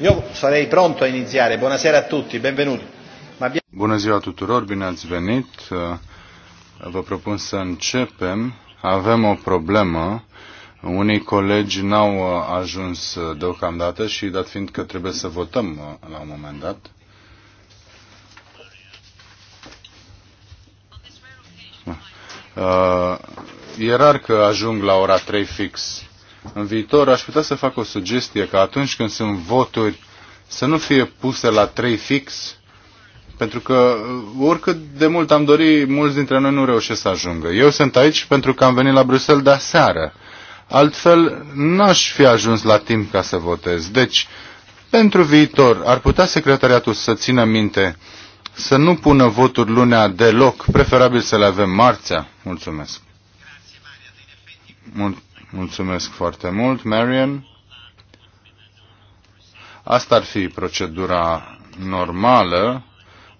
Eu sarei pronto a iniziare. Buonasera a tutti, benvenuti. Bună ziua tuturor, bine ați venit. Vă propun să începem. Avem o problemă. Unii colegi n-au ajuns deocamdată și dat fiind că trebuie să votăm la un moment dat. Ah. Ah, e rar că ajung la ora 3 fix în viitor, aș putea să fac o sugestie că atunci când sunt voturi să nu fie puse la trei fix, pentru că uh, oricât de mult am dori, mulți dintre noi nu reușesc să ajungă. Eu sunt aici pentru că am venit la Bruxelles de seară. Altfel, n-aș fi ajuns la timp ca să votez. Deci, pentru viitor, ar putea secretariatul să țină minte să nu pună voturi lunea deloc, preferabil să le avem marțea. Mulțumesc. Mulțumesc. Mulțumesc foarte mult, Marian. Asta ar fi procedura normală,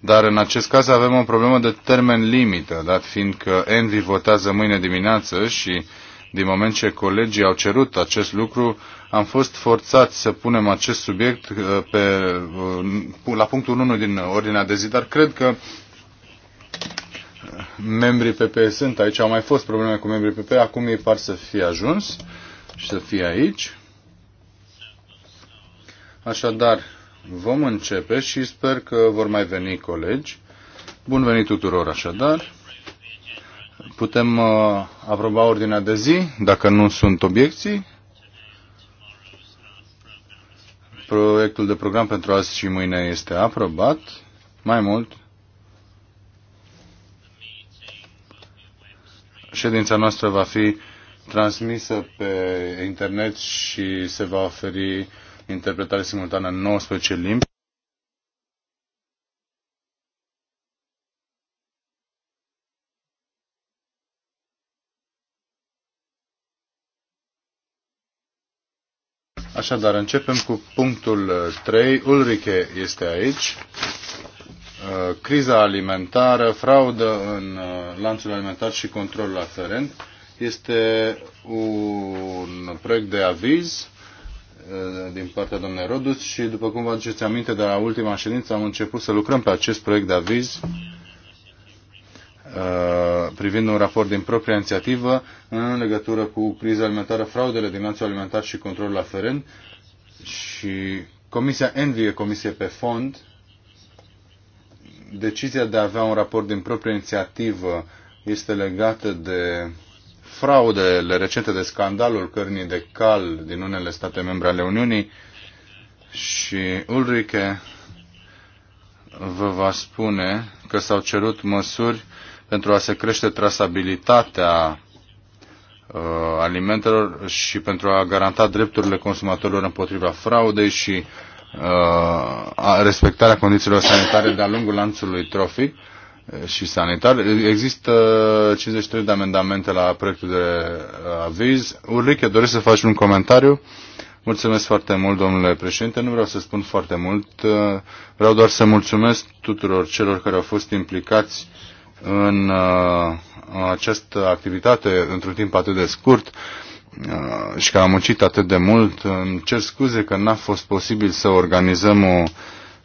dar în acest caz avem o problemă de termen limită, dat fiind că Envy votează mâine dimineață și din moment ce colegii au cerut acest lucru, am fost forțați să punem acest subiect uh, pe, uh, la punctul 1 din ordinea de zi, dar cred că membrii PP sunt aici. Au mai fost probleme cu membrii PP, acum ei par să fie ajuns și să fie aici. Așadar, vom începe și sper că vor mai veni colegi. Bun venit tuturor așadar. Putem uh, aproba ordinea de zi, dacă nu sunt obiecții. Proiectul de program pentru azi și mâine este aprobat. Mai mult, ședința noastră va fi transmisă pe internet și se va oferi interpretare simultană în 19 limbi. Așadar, începem cu punctul 3. Ulrike este aici. Uh, criza alimentară, fraudă în uh, lanțul alimentar și controlul aferent. Este un proiect de aviz uh, din partea domnului Rodus și după cum vă aduceți aminte de la ultima ședință am început să lucrăm pe acest proiect de aviz privind un raport din propria inițiativă în legătură cu criza alimentară, fraudele din lanțul alimentar și controlul aferent și Comisia Envie, comisie pe fond decizia de a avea un raport din proprie inițiativă este legată de fraudele recente de scandalul cărnii de cal din unele state membre ale Uniunii și Ulrike vă va spune că s-au cerut măsuri pentru a se crește trasabilitatea uh, alimentelor și pentru a garanta drepturile consumatorilor împotriva fraudei și Uh, respectarea condițiilor sanitare de-a lungul lanțului trofic uh, și sanitar. Există 53 de amendamente la proiectul de uh, aviz. Ulrike, doresc să faci un comentariu? Mulțumesc foarte mult, domnule președinte. Nu vreau să spun foarte mult. Vreau doar să mulțumesc tuturor celor care au fost implicați în această activitate într-un timp atât de scurt. Uh, și că am muncit atât de mult. Îmi cer scuze că n-a fost posibil să organizăm o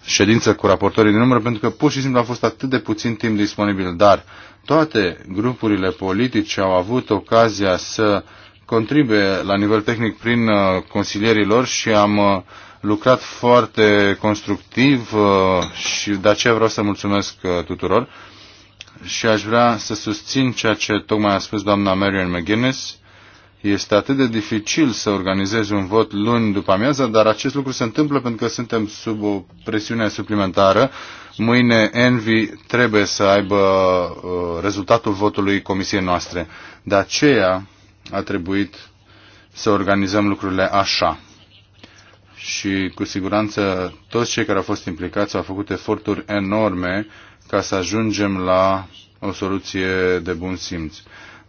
ședință cu raportorii de număr, pentru că pur și simplu a fost atât de puțin timp disponibil, dar toate grupurile politice au avut ocazia să contribuie la nivel tehnic prin uh, consilierii lor și am uh, lucrat foarte constructiv și de aceea vreau să mulțumesc tuturor și aș vrea să susțin ceea ce tocmai a spus doamna Marion McGuinness este atât de dificil să organizezi un vot luni după amiază, dar acest lucru se întâmplă pentru că suntem sub o presiune suplimentară. Mâine Envi trebuie să aibă uh, rezultatul votului comisiei noastre. De aceea a trebuit să organizăm lucrurile așa. Și cu siguranță toți cei care au fost implicați au făcut eforturi enorme ca să ajungem la o soluție de bun simț.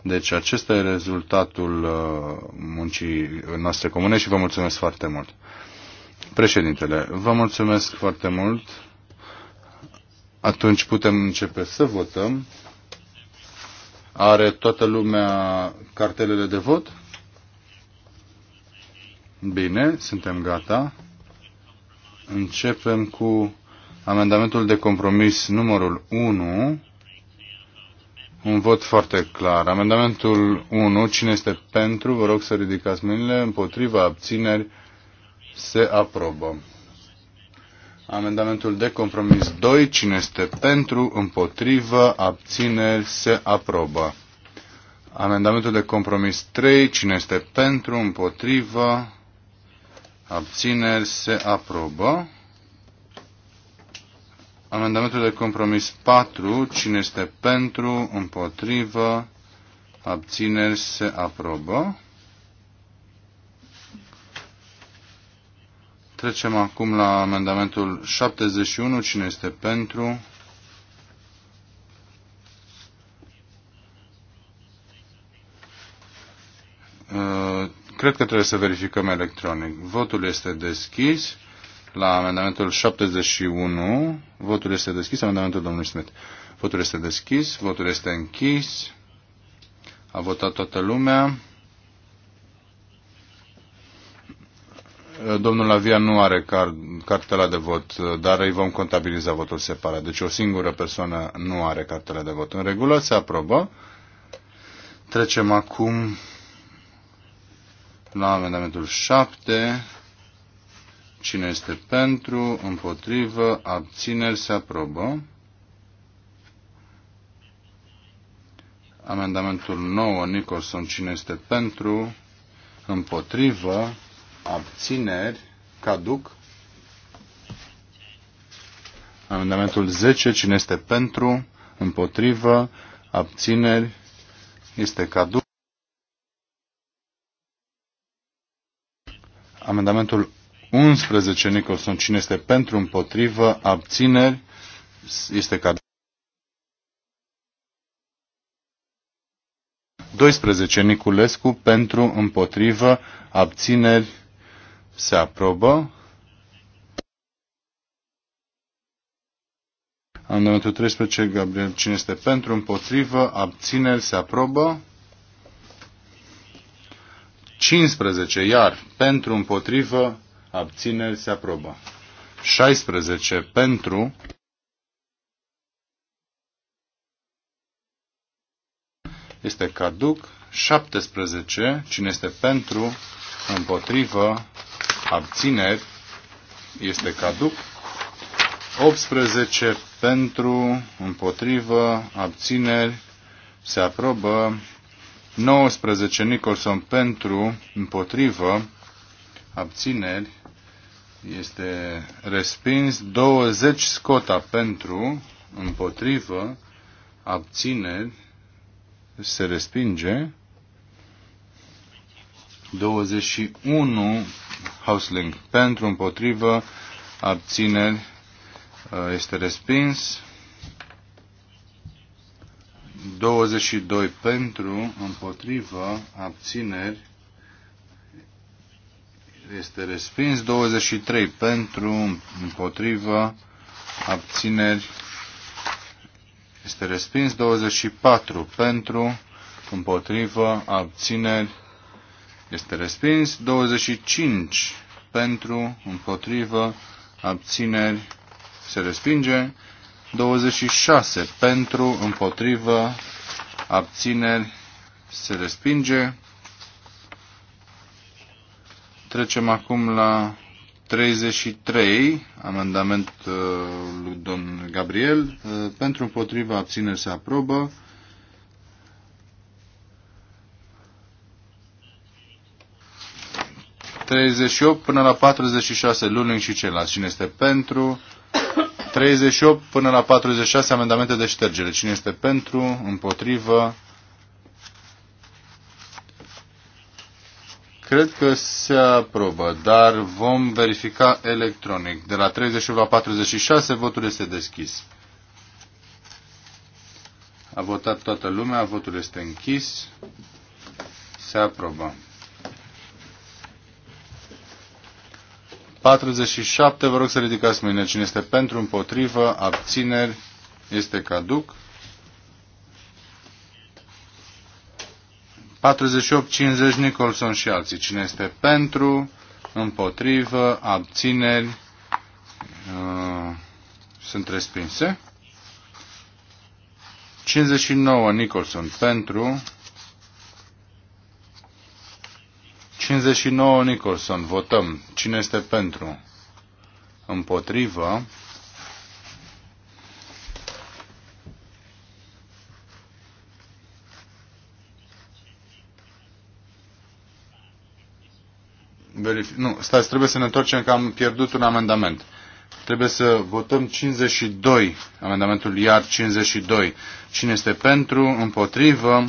Deci acesta e rezultatul uh, muncii noastre comune și vă mulțumesc foarte mult. Președintele, vă mulțumesc foarte mult. Atunci putem începe să votăm. Are toată lumea cartelele de vot? Bine, suntem gata. Începem cu amendamentul de compromis numărul 1 un vot foarte clar. Amendamentul 1. Cine este pentru? Vă rog să ridicați mâinile. Împotriva abțineri se aprobă. Amendamentul de compromis 2. Cine este pentru? Împotrivă? Abțineri se aprobă. Amendamentul de compromis 3. Cine este pentru? Împotrivă? Abțineri se aprobă. Amendamentul de compromis 4. Cine este pentru, împotrivă, abțineri, se aprobă. Trecem acum la amendamentul 71. Cine este pentru? Uh, cred că trebuie să verificăm electronic. Votul este deschis la amendamentul 71. Votul este deschis. Amendamentul domnului Smith. Votul este deschis. Votul este închis. A votat toată lumea. Domnul Avia nu are car- cartela de vot, dar îi vom contabiliza votul separat. Deci o singură persoană nu are cartela de vot. În regulă, se aprobă. Trecem acum la amendamentul 7. Cine este pentru, împotrivă, abțineri, se aprobă. Amendamentul 9, Nicholson, cine este pentru, împotrivă, abțineri, caduc. Amendamentul 10, cine este pentru, împotrivă, abțineri, este caduc. Amendamentul 11 Nicholson. Cine este pentru, împotrivă, abțineri, este ca... 12 Niculescu pentru, împotrivă, abțineri, se aprobă. Amendamentul 13, Gabriel, cine este pentru, împotrivă, abțineri, se aprobă. 15, iar, pentru, împotrivă, abțineri, se aprobă. 16 pentru, este caduc, 17, cine este pentru, împotrivă, abțineri, este caduc, 18 pentru, împotrivă, abțineri, se aprobă, 19 Nicholson pentru, împotrivă, abțineri, este respins. 20 scota pentru, împotrivă, abțineri, se respinge. 21 Hausling pentru, împotrivă, abțineri, uh, este respins. 22 pentru, împotrivă, abțineri, este respins. 23 pentru, împotrivă, abțineri, este respins. 24 pentru, împotrivă, abțineri, este respins. 25 pentru, împotrivă, abțineri, se respinge. 26 pentru, împotrivă, abțineri, se respinge. Trecem acum la 33, amendament uh, lui domn Gabriel. Uh, pentru împotriva abțineri se aprobă. Treizeci până la 46 și luling și celălalt. Cine este pentru? 38 până la 46 amendamente de ștergere. Cine este pentru? Împotrivă? Cred că se aprobă, dar vom verifica electronic. De la 38 la 46 votul este deschis. A votat toată lumea, votul este închis. Se aprobă. 47, vă rog să ridicați mâine. Cine este pentru, împotrivă, abțineri, este caduc. 48-50 Nicholson și alții. Cine este pentru, împotrivă, abțineri, uh, sunt respinse. 59 Nicholson pentru. 59 Nicholson, votăm. Cine este pentru? Împotrivă. verific... Nu, stați, trebuie să ne întoarcem că am pierdut un amendament. Trebuie să votăm 52, amendamentul iar 52. Cine este pentru, împotrivă?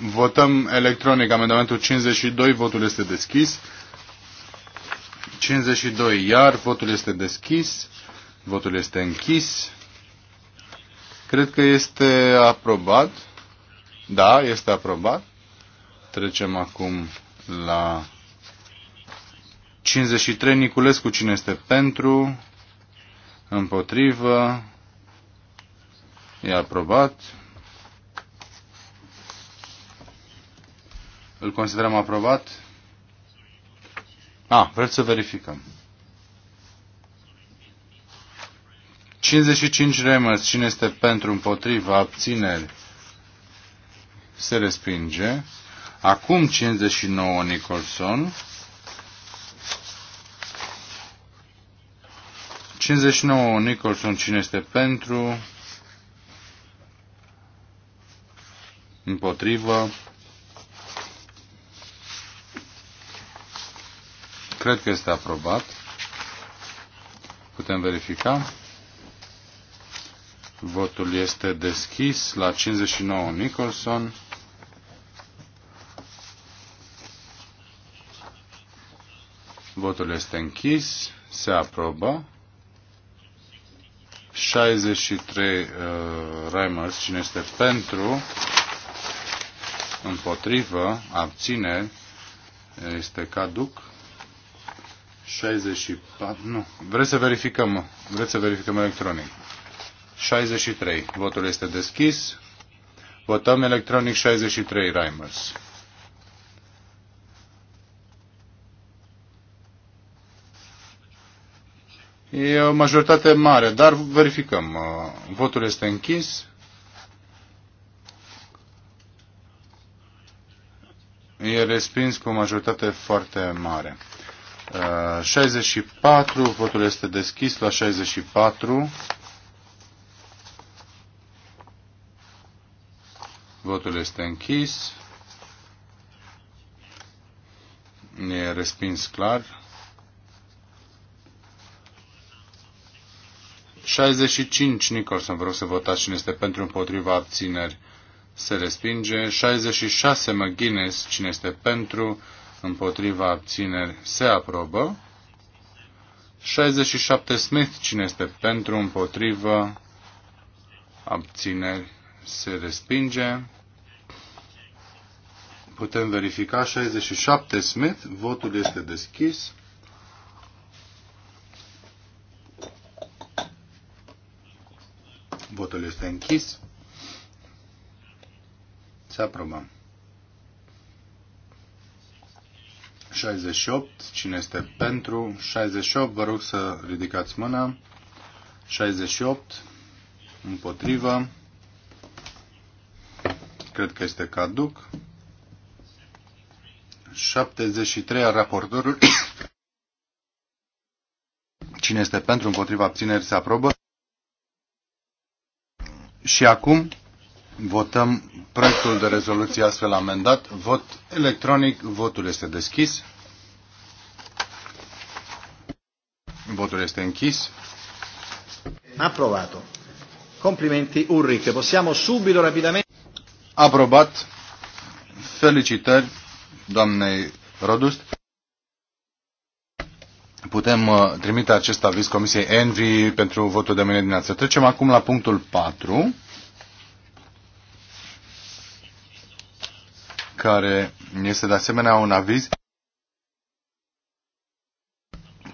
Votăm electronic amendamentul 52, votul este deschis. 52 iar, votul este deschis, votul este închis. Cred că este aprobat. Da, este aprobat. Trecem acum la 53. Niculescu, cine este pentru? Împotrivă. E aprobat. Îl considerăm aprobat? A, ah, vreți să verificăm. 55 Remers, cine este pentru, împotriva, abțineri, se respinge. Acum 59 Nicholson. 59 Nicholson, cine este pentru? Împotrivă. Cred că este aprobat. Putem verifica. Votul este deschis la 59 Nicholson. Votul este închis. Se aprobă. 63 uh, Reimers. Cine este pentru? Împotrivă. Abține? Este caduc. 64. Nu. Vreți să verificăm. Vreți să verificăm electronic. 63. Votul este deschis. Votăm electronic 63 Reimers. E o majoritate mare, dar verificăm. Uh, votul este închis. E respins cu o majoritate foarte mare. 64, uh, votul este deschis la 64. Votul este închis. E respins clar. 65 Nicholson, rog să votați cine este pentru împotriva abțineri se respinge. 66 McGuinness, cine este pentru împotriva abțineri se aprobă. 67 Smith, cine este pentru împotriva abțineri se respinge. Putem verifica 67 Smith, votul este deschis. Votul este închis. Se aprobăm. 68. Cine este pentru? 68. Vă rog să ridicați mâna. 68. Împotrivă. Cred că este caduc. 73 A raportorului. Cine este pentru, împotriva, abțineri, se aprobă. Și acum votăm proiectul de rezoluție astfel amendat. Vot electronic. Votul este deschis. Votul este închis. Aprobat. Complimenti Ulrich. Possiamo subito rapidamente. Aprobat. Felicitări doamnei Rodust putem uh, trimite acest aviz Comisiei Envi pentru votul de mâine dimineață. Trecem acum la punctul 4, care este de asemenea un aviz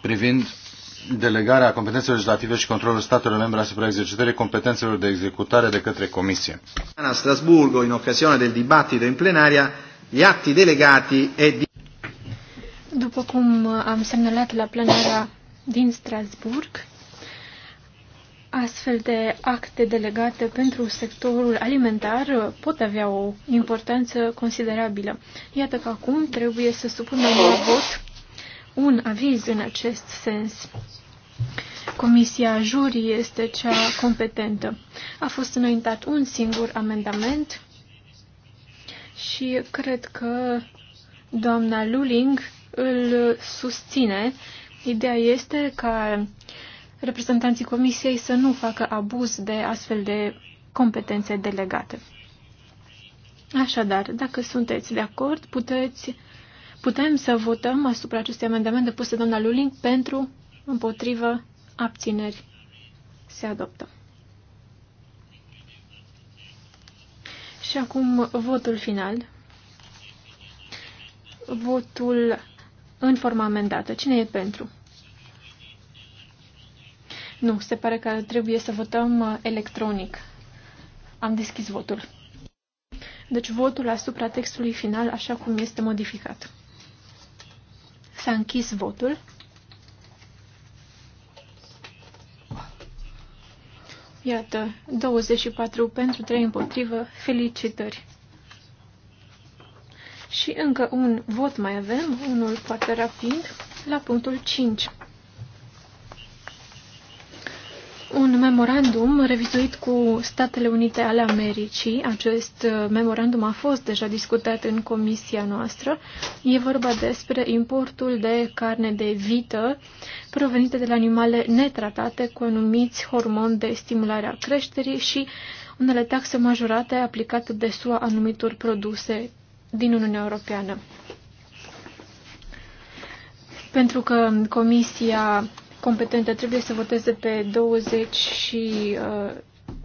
privind delegarea competențelor legislative și controlul statelor membre asupra exercitării competențelor de executare de către Comisie. A Strasburgo, în ocazia del dibattito în plenaria, gli atti delegati e di... După cum am semnalat la plenara din Strasburg, astfel de acte delegate pentru sectorul alimentar pot avea o importanță considerabilă. Iată că acum trebuie să supunem la vot un aviz în acest sens. Comisia jurii este cea competentă. A fost înaintat un singur amendament și cred că doamna Luling îl susține. Ideea este ca reprezentanții Comisiei să nu facă abuz de astfel de competențe delegate. Așadar, dacă sunteți de acord, puteți, putem să votăm asupra acestui amendament depus de doamna Luling pentru, împotrivă, abțineri. Se adoptă. Și acum votul final. Votul în forma amendată. Cine e pentru? Nu, se pare că trebuie să votăm uh, electronic. Am deschis votul. Deci votul asupra textului final așa cum este modificat. S-a închis votul. Iată, 24 pentru 3 împotrivă. Felicitări! Și încă un vot mai avem, unul foarte rapid, la punctul 5. Un memorandum revizuit cu Statele Unite ale Americii. Acest uh, memorandum a fost deja discutat în comisia noastră. E vorba despre importul de carne de vită provenită de la animale netratate cu anumiți hormoni de stimulare a creșterii și unele taxe majorate aplicate de SUA anumitor produse din Uniunea Europeană. Pentru că comisia competentă trebuie să voteze pe 20 și uh,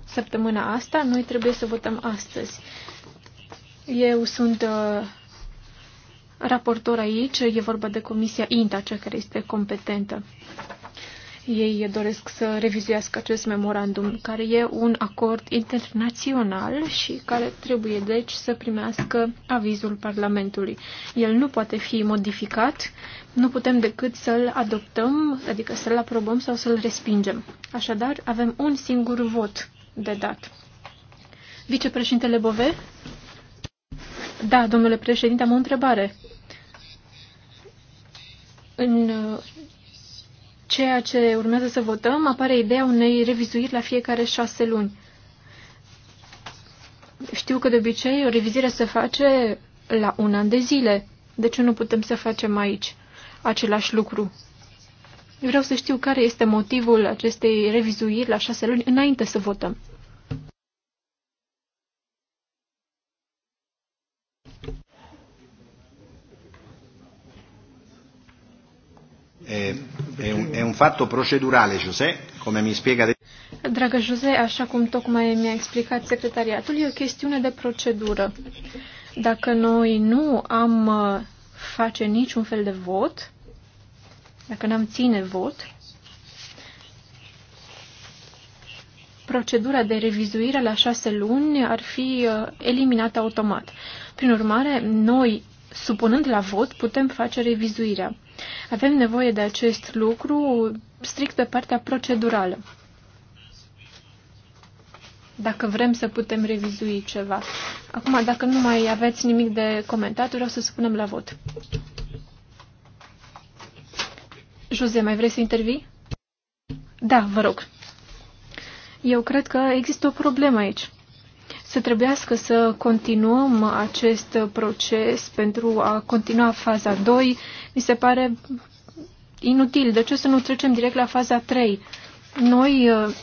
săptămâna asta, noi trebuie să votăm astăzi. Eu sunt uh, raportor aici, e vorba de comisia INTA, cea care este competentă. Ei doresc să revizuiască acest memorandum, care e un acord internațional și care trebuie, deci, să primească avizul Parlamentului. El nu poate fi modificat, nu putem decât să-l adoptăm, adică să-l aprobăm sau să-l respingem. Așadar, avem un singur vot de dat. Vicepreședintele Bove? Da, domnule președinte, am o întrebare. În ceea ce urmează să votăm apare ideea unei revizuiri la fiecare șase luni. Știu că de obicei o revizire se face la un an de zile. De ce nu putem să facem aici același lucru? Vreau să știu care este motivul acestei revizuiri la șase luni înainte să votăm. Eh. E un, è un fatto procedurale, José, come mi spiega. De... Dragă José, așa cum tocmai mi-a explicat secretariatul, e o chestiune de procedură. Dacă noi nu am uh, face niciun fel de vot, dacă n-am ține vot, procedura de revizuire la șase luni ar fi uh, eliminată automat. Prin urmare, noi, supunând la vot, putem face revizuirea. Avem nevoie de acest lucru strict pe partea procedurală. Dacă vrem să putem revizui ceva. Acum, dacă nu mai aveți nimic de comentat, vreau să spunem la vot. Jose, mai vrei să intervii? Da, vă rog. Eu cred că există o problemă aici să trebuiască să continuăm acest proces pentru a continua faza 2, mi se pare inutil. De ce să nu trecem direct la faza 3? Noi uh,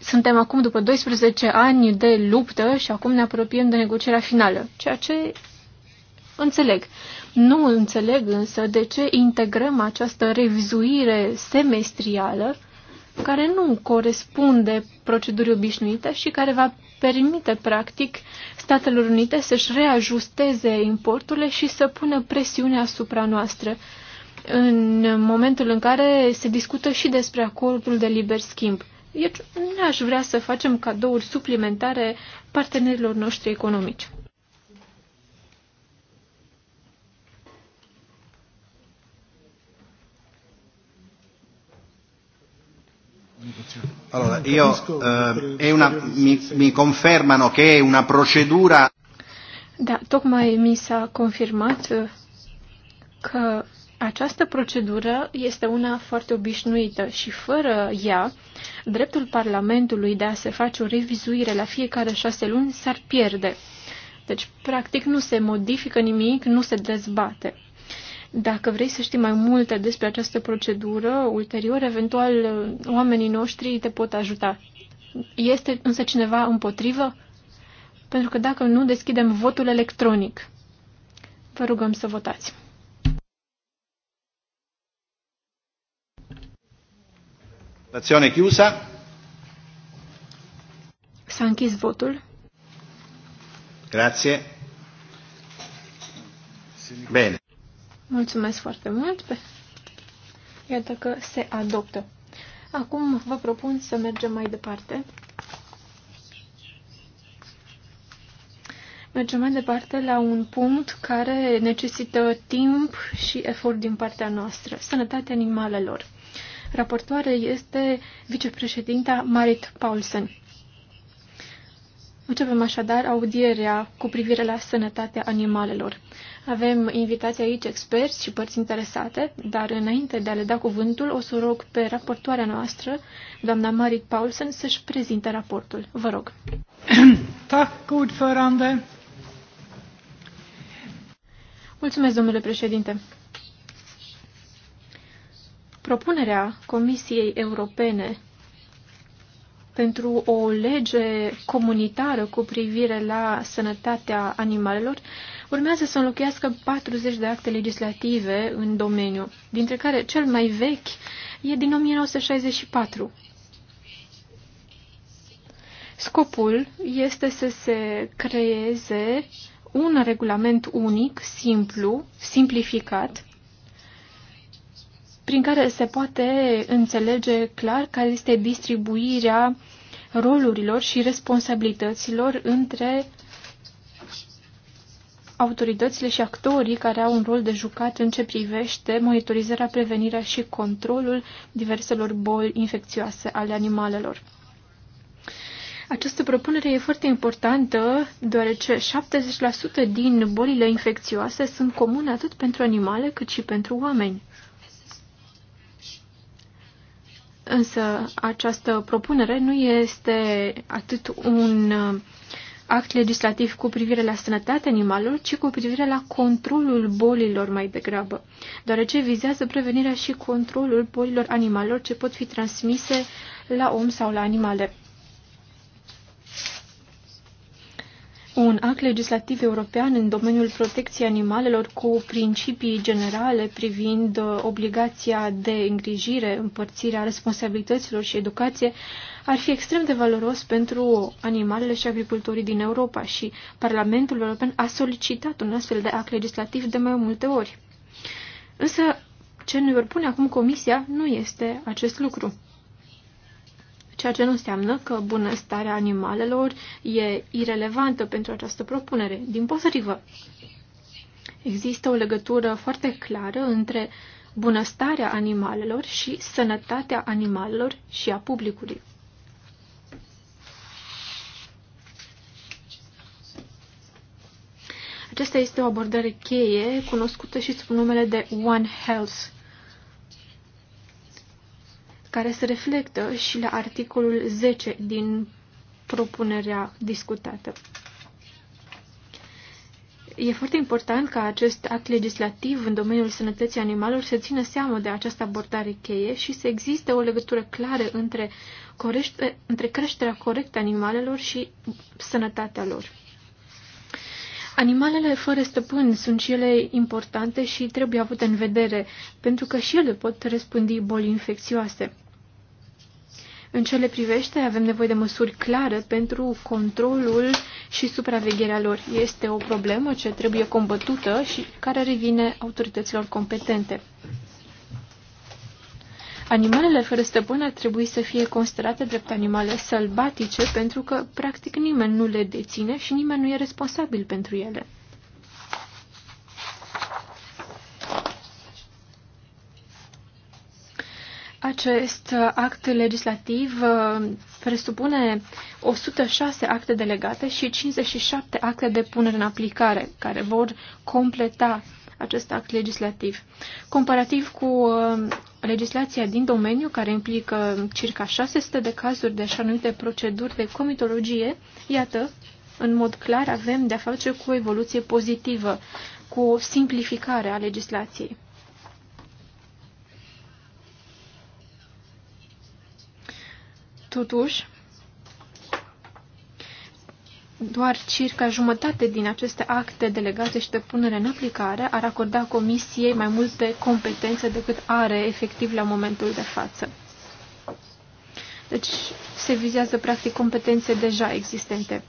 suntem acum după 12 ani de luptă și acum ne apropiem de negocierea finală, ceea ce înțeleg. Nu înțeleg însă de ce integrăm această revizuire semestrială care nu corespunde procedurii obișnuite și care va permite, practic, Statelor Unite să-și reajusteze importurile și să pună presiune asupra noastră în momentul în care se discută și despre acordul de liber schimb. Deci nu aș vrea să facem cadouri suplimentare partenerilor noștri economici. Allora, io, eh, è una, mi, mi confermano che è una procedura. Da, tocmai mi s-a confirmat eh, că această procedură este una foarte obișnuită și fără ea, dreptul Parlamentului de a se face o revizuire la fiecare șase luni s-ar pierde. Deci, practic, nu se modifică nimic, nu se dezbate. Dacă vrei să știi mai multe despre această procedură, ulterior, eventual, oamenii noștri te pot ajuta. Este însă cineva împotrivă? Pentru că dacă nu, deschidem votul electronic. Vă rugăm să votați. Votazione chiusa. S-a închis votul. Grazie. Bene. Mulțumesc foarte mult. Iată că se adoptă. Acum vă propun să mergem mai departe. Mergem mai departe la un punct care necesită timp și efort din partea noastră, sănătatea animalelor. Raportoare este vicepreședinta Marit Paulsen. Începem așadar audierea cu privire la sănătatea animalelor. Avem invitați aici experți și părți interesate, dar înainte de a le da cuvântul, o să rog pe raportoarea noastră, doamna Marit Paulsen, să-și prezinte raportul. Vă rog. Tack, ordförande. Mulțumesc, domnule președinte. Propunerea Comisiei Europene pentru o lege comunitară cu privire la sănătatea animalelor, urmează să înlocuiască 40 de acte legislative în domeniu, dintre care cel mai vechi e din 1964. Scopul este să se creeze un regulament unic, simplu, simplificat, prin care se poate înțelege clar care este distribuirea rolurilor și responsabilităților între autoritățile și actorii care au un rol de jucat în ce privește monitorizarea, prevenirea și controlul diverselor boli infecțioase ale animalelor. Această propunere e foarte importantă, deoarece 70% din bolile infecțioase sunt comune atât pentru animale cât și pentru oameni. Însă această propunere nu este atât un uh, act legislativ cu privire la sănătatea animalelor, ci cu privire la controlul bolilor mai degrabă, deoarece vizează prevenirea și controlul bolilor animalelor ce pot fi transmise la om sau la animale. un act legislativ european în domeniul protecției animalelor cu principii generale privind uh, obligația de îngrijire, împărțirea responsabilităților și educație ar fi extrem de valoros pentru animalele și agricultorii din Europa și Parlamentul European a solicitat un astfel de act legislativ de mai multe ori. Însă, ce ne propune acum Comisia nu este acest lucru ceea ce nu înseamnă că bunăstarea animalelor e irelevantă pentru această propunere. Din potrivă, există o legătură foarte clară între bunăstarea animalelor și sănătatea animalelor și a publicului. Aceasta este o abordare cheie cunoscută și sub numele de One Health care se reflectă și la articolul 10 din propunerea discutată. E foarte important ca acest act legislativ în domeniul sănătății animalelor să țină seamă de această abordare cheie și să existe o legătură clară între, corește, între creșterea corectă a animalelor și sănătatea lor. Animalele fără stăpân sunt și ele importante și trebuie avute în vedere, pentru că și ele pot răspândi boli infecțioase. În ce le privește, avem nevoie de măsuri clare pentru controlul și supravegherea lor. Este o problemă ce trebuie combătută și care revine autorităților competente. Animalele fără stăpân ar trebui să fie considerate drept animale sălbatice pentru că, practic, nimeni nu le deține și nimeni nu e responsabil pentru ele. Acest act legislativ uh, presupune 106 acte delegate și 57 acte de punere în aplicare, care vor completa acest act legislativ. Comparativ cu uh, legislația din domeniu, care implică circa 600 de cazuri de așa numite proceduri de comitologie, iată, în mod clar avem de-a face cu o evoluție pozitivă, cu o simplificare a legislației. Totuși, doar circa jumătate din aceste acte delegate și de punere în aplicare ar acorda Comisiei mai multe competențe decât are efectiv la momentul de față. Deci se vizează practic competențe deja existente.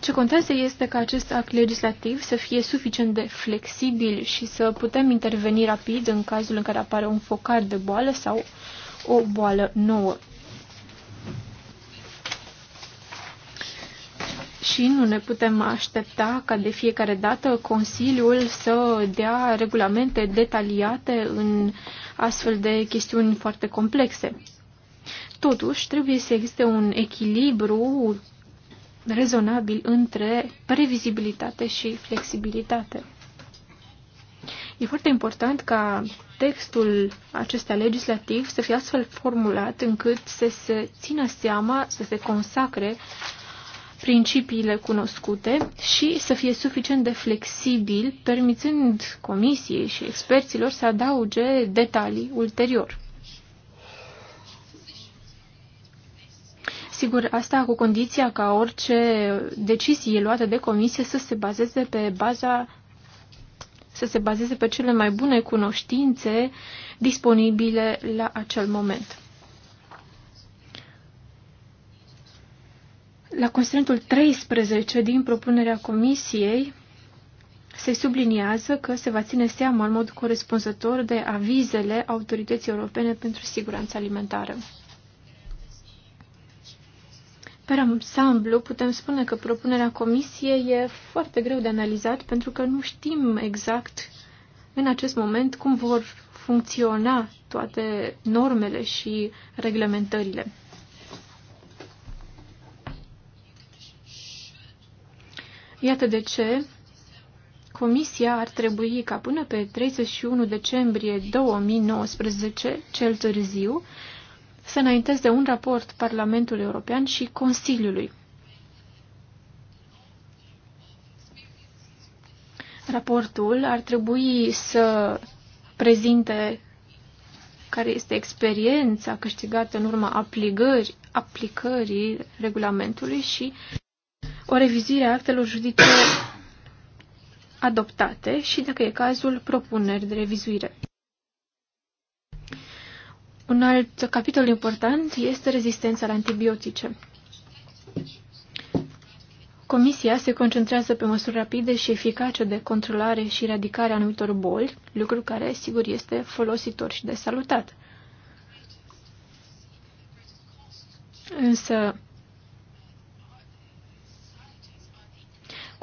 Ce contează este ca acest act legislativ să fie suficient de flexibil și să putem interveni rapid în cazul în care apare un focar de boală sau o boală nouă. și nu ne putem aștepta ca de fiecare dată Consiliul să dea regulamente detaliate în astfel de chestiuni foarte complexe. Totuși, trebuie să existe un echilibru rezonabil între previzibilitate și flexibilitate. E foarte important ca textul acesta legislativ să fie astfel formulat încât să se țină seama, să se consacre principiile cunoscute și să fie suficient de flexibil, permițând comisiei și experților să adauge detalii ulterior. Sigur, asta cu condiția ca orice decizie luată de comisie să se bazeze pe baza să se bazeze pe cele mai bune cunoștințe disponibile la acel moment. La constrentul 13 din propunerea comisiei se subliniază că se va ține seama în mod corespunzător de avizele Autorității Europene pentru Siguranța Alimentară. Pe ansamblu, putem spune că propunerea comisiei e foarte greu de analizat pentru că nu știm exact în acest moment cum vor funcționa toate normele și reglementările. Iată de ce Comisia ar trebui ca până pe 31 decembrie 2019, cel târziu, să înainteze un raport Parlamentului European și Consiliului. Raportul ar trebui să prezinte care este experiența câștigată în urma aplicării, aplicării regulamentului și o revizire a actelor judiciare adoptate și, dacă e cazul, propuneri de revizuire. Un alt capitol important este rezistența la antibiotice. Comisia se concentrează pe măsuri rapide și eficace de controlare și eradicare a anumitor boli, lucru care, sigur, este folositor și de salutat. Însă,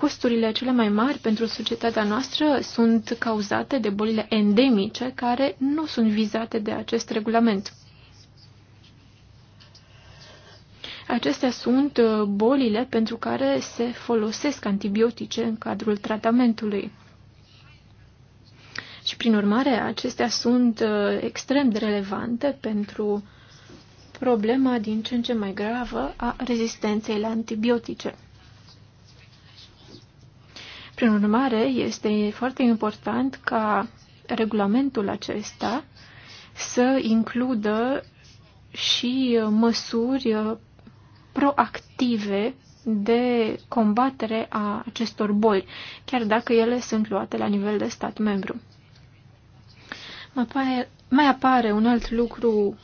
costurile cele mai mari pentru societatea noastră sunt cauzate de bolile endemice care nu sunt vizate de acest regulament. Acestea sunt uh, bolile pentru care se folosesc antibiotice în cadrul tratamentului. Și, prin urmare, acestea sunt uh, extrem de relevante pentru problema din ce în ce mai gravă a rezistenței la antibiotice. Prin urmare, este foarte important ca regulamentul acesta să includă și uh, măsuri uh, proactive de combatere a acestor boli, chiar dacă ele sunt luate la nivel de stat membru. Mai apare un alt lucru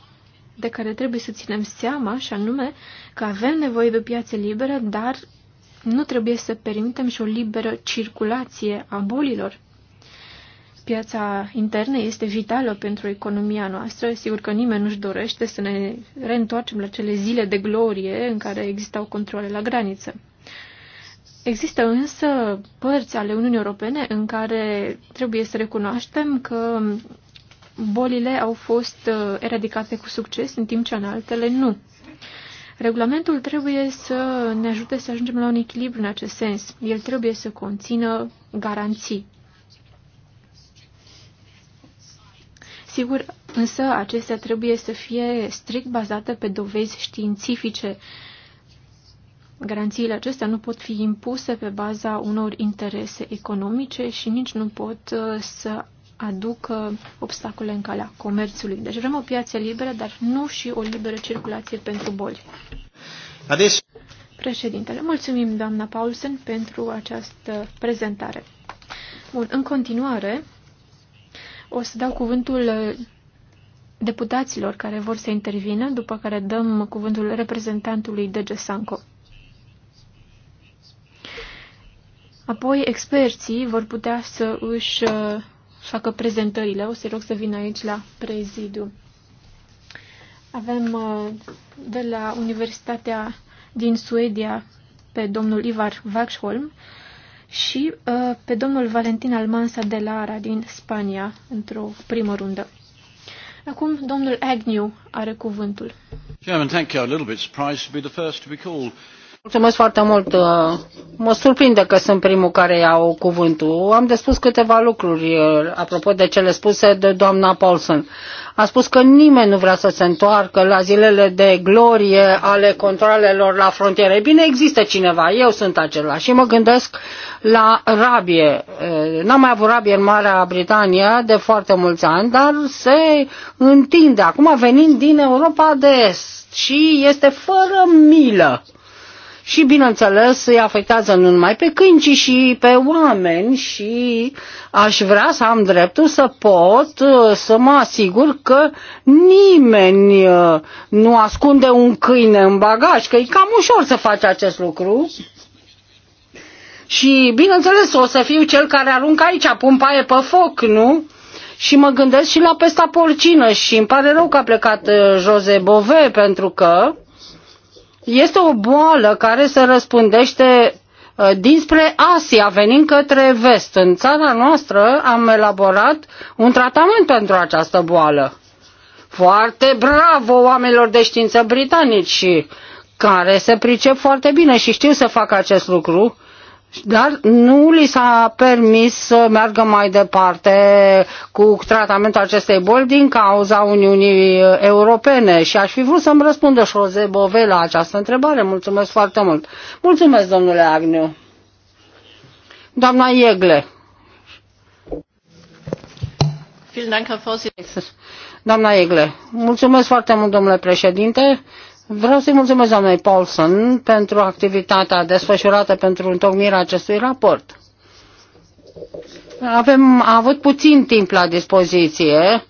de care trebuie să ținem seama, și anume că avem nevoie de piață liberă, dar nu trebuie să permitem și o liberă circulație a bolilor. Piața internă este vitală pentru economia noastră. Sigur că nimeni nu-și dorește să ne reîntoarcem la cele zile de glorie în care existau controle la graniță. Există însă părți ale Uniunii Europene în care trebuie să recunoaștem că bolile au fost uh, eradicate cu succes, în timp ce în altele nu. Regulamentul trebuie să ne ajute să ajungem la un echilibru în acest sens. El trebuie să conțină garanții. Sigur, însă acestea trebuie să fie strict bazate pe dovezi științifice. Garanțiile acestea nu pot fi impuse pe baza unor interese economice și nici nu pot uh, să aduc uh, obstacole în calea comerțului. Deci vrem o piață liberă, dar nu și o liberă circulație pentru boli. Ades. Președintele, mulțumim doamna Paulsen pentru această prezentare. Bun, în continuare o să dau cuvântul uh, deputaților care vor să intervină, după care dăm cuvântul reprezentantului DG Sanco. Apoi experții vor putea să își uh, facă prezentările. O să rog să vină aici la prezidiu. Avem uh, de la Universitatea din Suedia pe domnul Ivar Vaxholm și uh, pe domnul Valentin Almansa de Lara din Spania într-o primă rundă. Acum domnul Agnew are cuvântul. Chairman, thank you. A little bit surprised to be the first to be called. Mulțumesc foarte mult. Uh, mă surprinde că sunt primul care iau cuvântul. Am de spus câteva lucruri uh, apropo de cele spuse de doamna Paulson. A spus că nimeni nu vrea să se întoarcă la zilele de glorie ale controlelor la frontiere. Bine, există cineva, eu sunt acela și mă gândesc la rabie. Uh, n-am mai avut rabie în Marea Britanie de foarte mulți ani, dar se întinde acum venind din Europa de Est și este fără milă și, bineînțeles, îi afectează nu numai pe câini, ci și pe oameni și aș vrea să am dreptul să pot uh, să mă asigur că nimeni uh, nu ascunde un câine în bagaj, că e cam ușor să faci acest lucru. Și, bineînțeles, o să fiu cel care aruncă aici, pun paie pe foc, nu? Și mă gândesc și la pesta porcină și îmi pare rău că a plecat uh, Jose Bove, pentru că este o boală care se răspândește uh, dinspre Asia, venind către vest. În țara noastră am elaborat un tratament pentru această boală. Foarte bravo oamenilor de știință britanici care se pricep foarte bine și știu să facă acest lucru dar nu li s-a permis să meargă mai departe cu tratamentul acestei boli din cauza Uniunii Europene și aș fi vrut să-mi răspundă Jose Bove la această întrebare. Mulțumesc foarte mult. Mulțumesc, domnule Agniu. Doamna Iegle. Doamna Iegle, mulțumesc foarte mult, domnule președinte. Vreau să-i mulțumesc doamnei Paulson pentru activitatea desfășurată pentru întocmirea acestui raport. Avem a avut puțin timp la dispoziție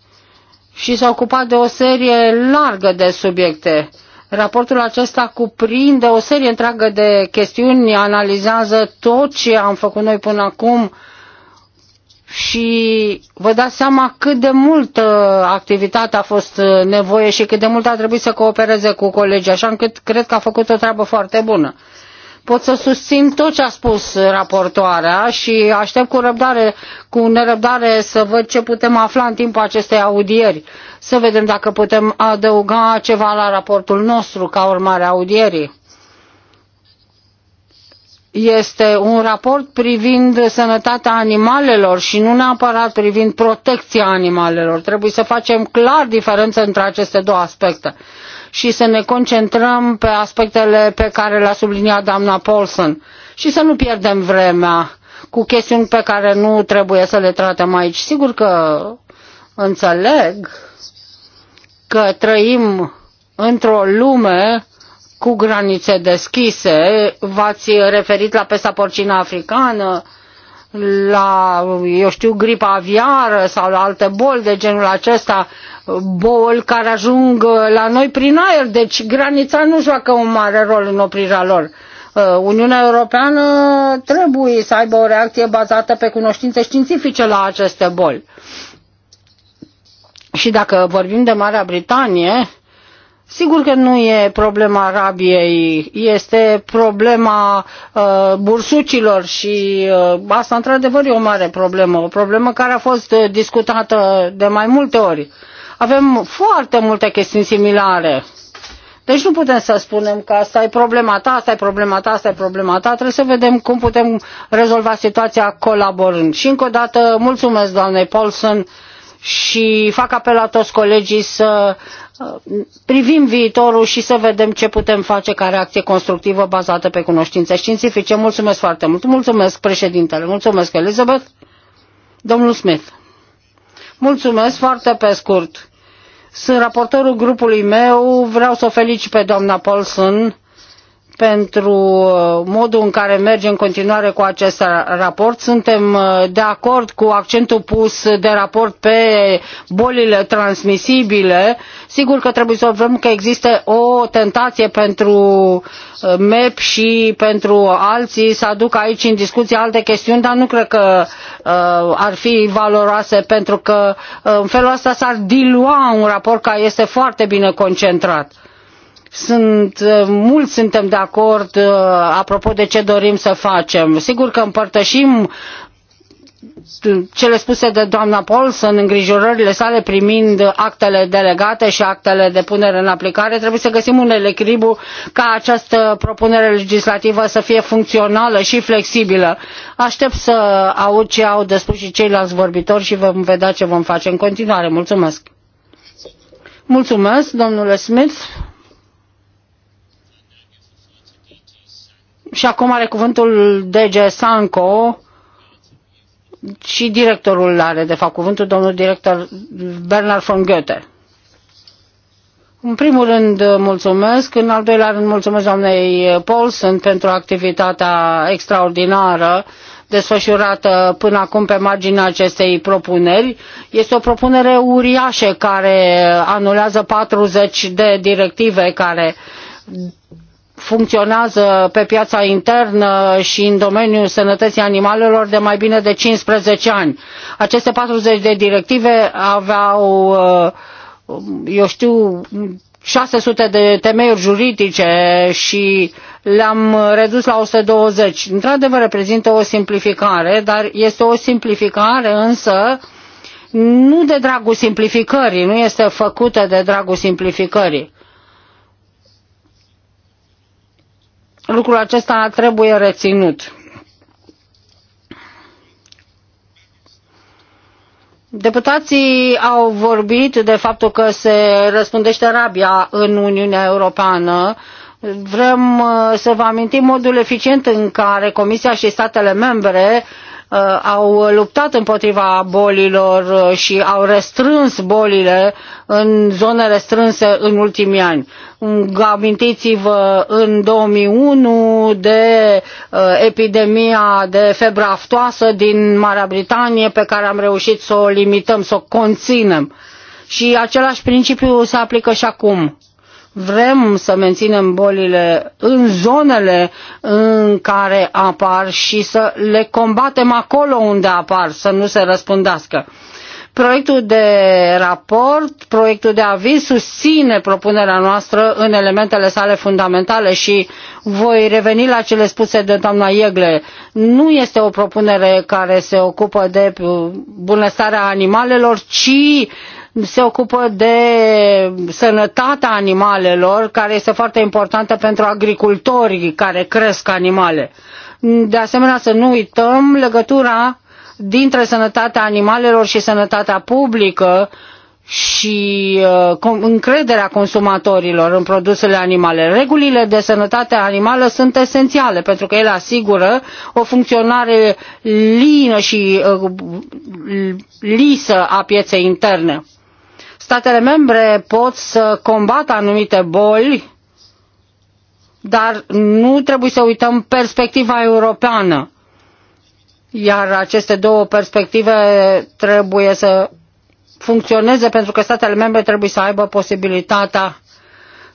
și s-a ocupat de o serie largă de subiecte. Raportul acesta cuprinde o serie întreagă de chestiuni, analizează tot ce am făcut noi până acum și vă dați seama cât de multă activitate a fost uh, nevoie și cât de mult a trebuit să coopereze cu colegii, așa încât cred că a făcut o treabă foarte bună. Pot să susțin tot ce a spus raportoarea și aștept cu răbdare, cu nerăbdare să văd ce putem afla în timpul acestei audieri, să vedem dacă putem adăuga ceva la raportul nostru ca urmare a audierii este un raport privind sănătatea animalelor și nu neapărat privind protecția animalelor. Trebuie să facem clar diferență între aceste două aspecte și să ne concentrăm pe aspectele pe care le-a subliniat doamna Paulson și să nu pierdem vremea cu chestiuni pe care nu trebuie să le tratăm aici. Sigur că înțeleg că trăim într-o lume cu granițe deschise. V-ați referit la pesta porcină africană, la, eu știu, gripa aviară sau la alte boli de genul acesta, boli care ajung la noi prin aer, deci granița nu joacă un mare rol în oprirea lor. Uh, Uniunea Europeană trebuie să aibă o reacție bazată pe cunoștințe științifice la aceste boli. Și dacă vorbim de Marea Britanie, Sigur că nu e problema Arabiei, este problema uh, bursucilor și uh, asta într-adevăr e o mare problemă, o problemă care a fost uh, discutată de mai multe ori. Avem foarte multe chestiuni similare. Deci nu putem să spunem că asta e problema ta, asta e problema ta, asta e problema ta. Trebuie să vedem cum putem rezolva situația colaborând. Și încă o dată mulțumesc doamnei Paulson și fac apel la toți colegii să uh, privim viitorul și să vedem ce putem face ca reacție constructivă bazată pe cunoștințe științifice. Mulțumesc foarte mult. Mulțumesc, președintele. Mulțumesc, Elizabeth. Domnul Smith. Mulțumesc foarte pe scurt. Sunt raportorul grupului meu. Vreau să o felicit pe doamna Paulson pentru uh, modul în care merge în continuare cu acest raport. Suntem uh, de acord cu accentul pus de raport pe bolile transmisibile. Sigur că trebuie să observăm că există o tentație pentru uh, MEP și pentru alții să aducă aici în discuție alte chestiuni, dar nu cred că ar fi valoroase pentru că în felul ăsta s-ar dilua un raport care este foarte bine concentrat sunt, uh, mulți suntem de acord uh, apropo de ce dorim să facem. Sigur că împărtășim uh, cele spuse de doamna Paulson, îngrijorările sale primind actele delegate și actele de punere în aplicare, trebuie să găsim un echilibru ca această propunere legislativă să fie funcțională și flexibilă. Aștept să aud ce au de spus și ceilalți vorbitori și vom vedea ce vom face în continuare. Mulțumesc! Mulțumesc, domnule Smith! Și acum are cuvântul DG Sanco și directorul are, de fapt, cuvântul domnul director Bernard von Goethe. În primul rând mulțumesc, în al doilea rând mulțumesc doamnei Paulson pentru activitatea extraordinară desfășurată până acum pe marginea acestei propuneri. Este o propunere uriașă care anulează 40 de directive care funcționează pe piața internă și în domeniul sănătății animalelor de mai bine de 15 ani. Aceste 40 de directive aveau, uh, eu știu, 600 de temeiuri juridice și le-am redus la 120. Într-adevăr, reprezintă o simplificare, dar este o simplificare însă nu de dragul simplificării, nu este făcută de dragul simplificării lucrul acesta trebuie reținut. Deputații au vorbit de faptul că se răspundește rabia în Uniunea Europeană. Vrem uh, să vă amintim modul eficient în care Comisia și statele membre uh, Uh, au luptat împotriva bolilor uh, și au restrâns bolile în zone restrânse în ultimii ani. Amintiți-vă în 2001 de uh, epidemia de febră aftoasă din Marea Britanie pe care am reușit să o limităm, să o conținem. Și același principiu se aplică și acum vrem să menținem bolile în zonele în care apar și să le combatem acolo unde apar, să nu se răspândească. Proiectul de raport, proiectul de aviz susține propunerea noastră în elementele sale fundamentale și voi reveni la cele spuse de doamna Iegle. Nu este o propunere care se ocupă de bunăstarea animalelor, ci se ocupă de sănătatea animalelor, care este foarte importantă pentru agricultorii care cresc animale. De asemenea, să nu uităm legătura dintre sănătatea animalelor și sănătatea publică și uh, încrederea consumatorilor în produsele animale. Regulile de sănătate animală sunt esențiale pentru că ele asigură o funcționare lină și uh, lisă a pieței interne statele membre pot să combată anumite boli, dar nu trebuie să uităm perspectiva europeană. Iar aceste două perspective trebuie să funcționeze pentru că statele membre trebuie să aibă posibilitatea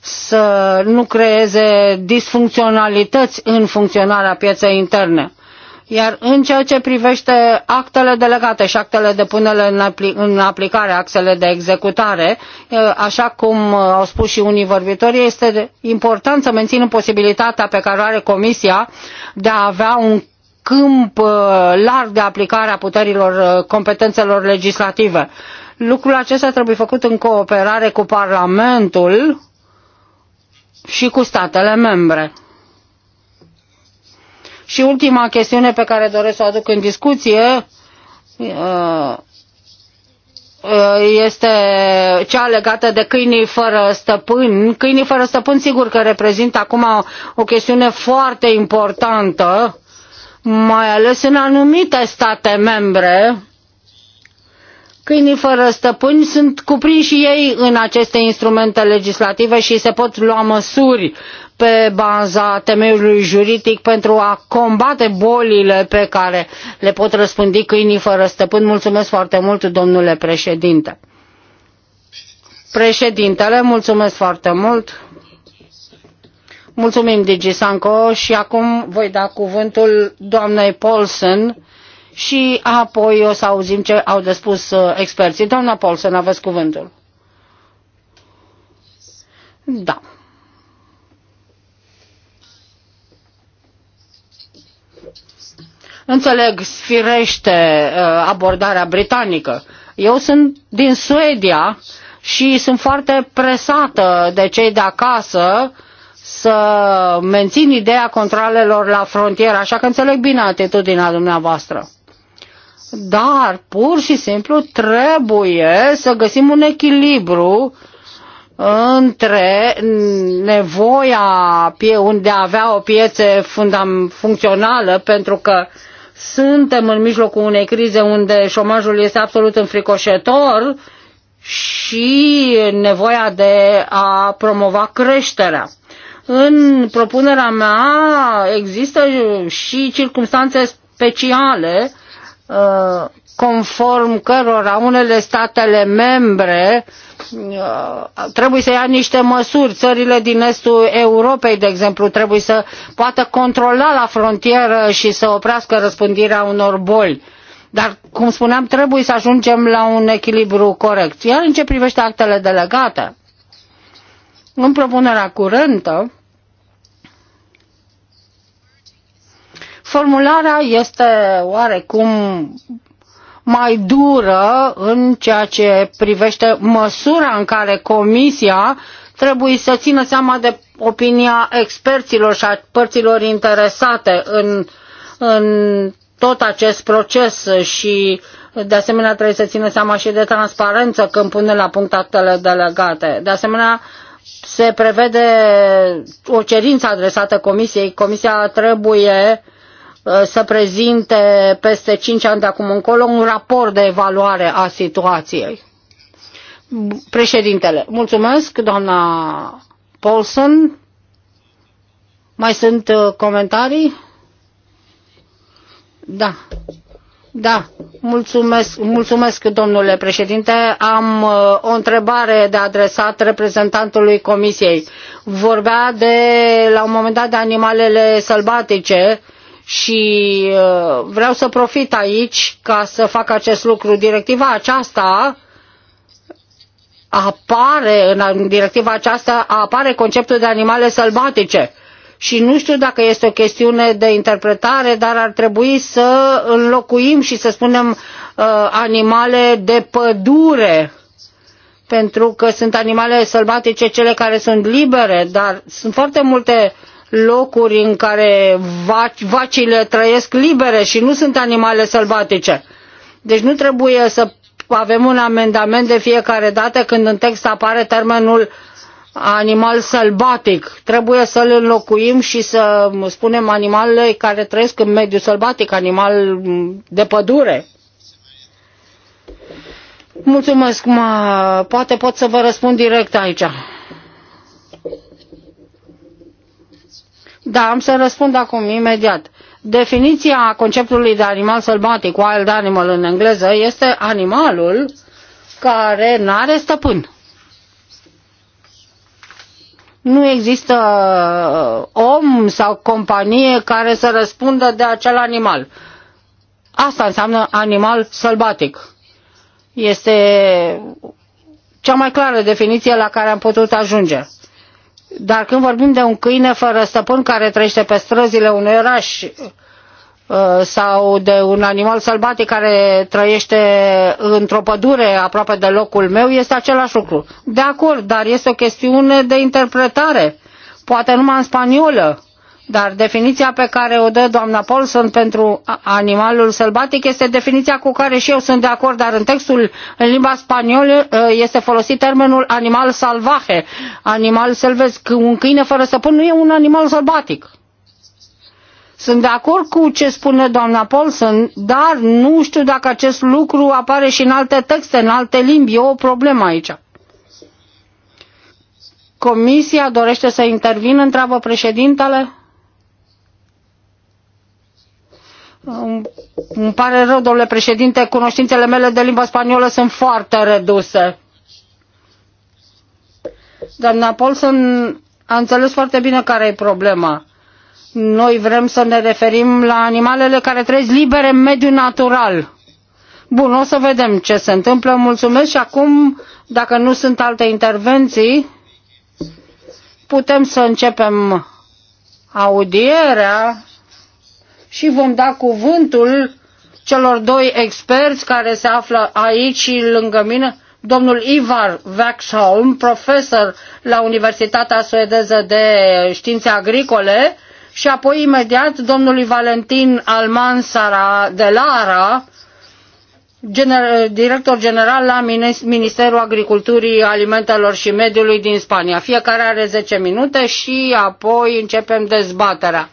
să nu creeze disfuncționalități în funcționarea pieței interne. Iar în ceea ce privește actele delegate și actele de punere în, aplicare, actele de executare, așa cum au spus și unii vorbitori, este important să menținem posibilitatea pe care o are Comisia de a avea un câmp larg de aplicare a puterilor, competențelor legislative. Lucrul acesta trebuie făcut în cooperare cu Parlamentul și cu statele membre. Și ultima chestiune pe care doresc să o aduc în discuție uh, uh, este cea legată de câinii fără stăpân. Câinii fără stăpân sigur că reprezintă acum o chestiune foarte importantă, mai ales în anumite state membre. Câinii fără stăpâni sunt cuprinși și ei în aceste instrumente legislative și se pot lua măsuri pe baza temeiului juridic pentru a combate bolile pe care le pot răspândi câinii fără stăpân. Mulțumesc foarte mult, domnule președinte. Președintele, mulțumesc foarte mult. Mulțumim, Digi Sanco, și acum voi da cuvântul doamnei Paulsen și apoi o să auzim ce au de spus uh, experții. Doamna Paulsen, aveți cuvântul. Da. Înțeleg firește uh, abordarea britanică. Eu sunt din Suedia și sunt foarte presată de cei de acasă să mențin ideea controlelor la frontieră, așa că înțeleg bine atitudinea dumneavoastră. Dar pur și simplu trebuie să găsim un echilibru între nevoia de a avea o piețe funcțională, pentru că suntem în mijlocul unei crize unde șomajul este absolut înfricoșător și nevoia de a promova creșterea. În propunerea mea există și circunstanțe speciale Uh, conform cărora unele statele membre uh, trebuie să ia niște măsuri. Țările din estul Europei, de exemplu, trebuie să poată controla la frontieră și să oprească răspândirea unor boli. Dar, cum spuneam, trebuie să ajungem la un echilibru corect. Iar în ce privește actele delegate, în propunerea curentă, Formularea este oarecum mai dură în ceea ce privește măsura în care Comisia trebuie să țină seama de opinia experților și a părților interesate în, în tot acest proces și de asemenea trebuie să țină seama și de transparență când pune la punct actele delegate. De asemenea, se prevede o cerință adresată Comisiei. Comisia trebuie Uh, să prezinte peste 5 ani de acum încolo un raport de evaluare a situației. Președintele, mulțumesc, doamna Paulson. Mai sunt uh, comentarii? Da. Da, mulțumesc, mulțumesc domnule președinte. Am uh, o întrebare de adresat reprezentantului Comisiei. Vorbea de, la un moment dat de animalele sălbatice și uh, vreau să profit aici ca să fac acest lucru. Directiva aceasta apare, în directiva aceasta apare conceptul de animale sălbatice și nu știu dacă este o chestiune de interpretare, dar ar trebui să înlocuim și să spunem uh, animale de pădure, pentru că sunt animale sălbatice cele care sunt libere, dar sunt foarte multe locuri în care vacile trăiesc libere și nu sunt animale sălbatice. Deci nu trebuie să avem un amendament de fiecare dată când în text apare termenul animal sălbatic. Trebuie să-l înlocuim și să spunem animalele care trăiesc în mediul sălbatic, animal de pădure. Mulțumesc, ma. poate pot să vă răspund direct aici. Da, am să răspund acum, imediat. Definiția conceptului de animal sălbatic, wild animal în engleză, este animalul care nu are stăpân. Nu există uh, om sau companie care să răspundă de acel animal. Asta înseamnă animal sălbatic. Este cea mai clară definiție la care am putut ajunge. Dar când vorbim de un câine fără stăpân care trăiește pe străzile unui oraș uh, sau de un animal sălbatic care trăiește într-o pădure aproape de locul meu, este același lucru. De acord, dar este o chestiune de interpretare. Poate numai în spaniolă dar definiția pe care o dă doamna Paulson pentru animalul sălbatic este definiția cu care și eu sunt de acord, dar în textul în limba spaniolă ă, este folosit termenul animal salvaje, animal sălvesc. Un câine fără săpun nu e un animal sălbatic. Sunt de acord cu ce spune doamna Paulson, dar nu știu dacă acest lucru apare și în alte texte, în alte limbi. E o problemă aici. Comisia dorește să intervină, întreabă președintele. Îmi pare rău, domnule președinte, cunoștințele mele de limba spaniolă sunt foarte reduse. Doamna Paulson a înțeles foarte bine care e problema. Noi vrem să ne referim la animalele care trăiesc libere în mediul natural. Bun, o să vedem ce se întâmplă. Mulțumesc și acum, dacă nu sunt alte intervenții, putem să începem audierea și vom da cuvântul celor doi experți care se află aici lângă mine, domnul Ivar Vaxholm, profesor la Universitatea Suedeză de Științe Agricole, și apoi imediat domnului Valentin Almansara de Lara, gener, director general la Ministerul Agriculturii, Alimentelor și Mediului din Spania. Fiecare are 10 minute și apoi începem dezbaterea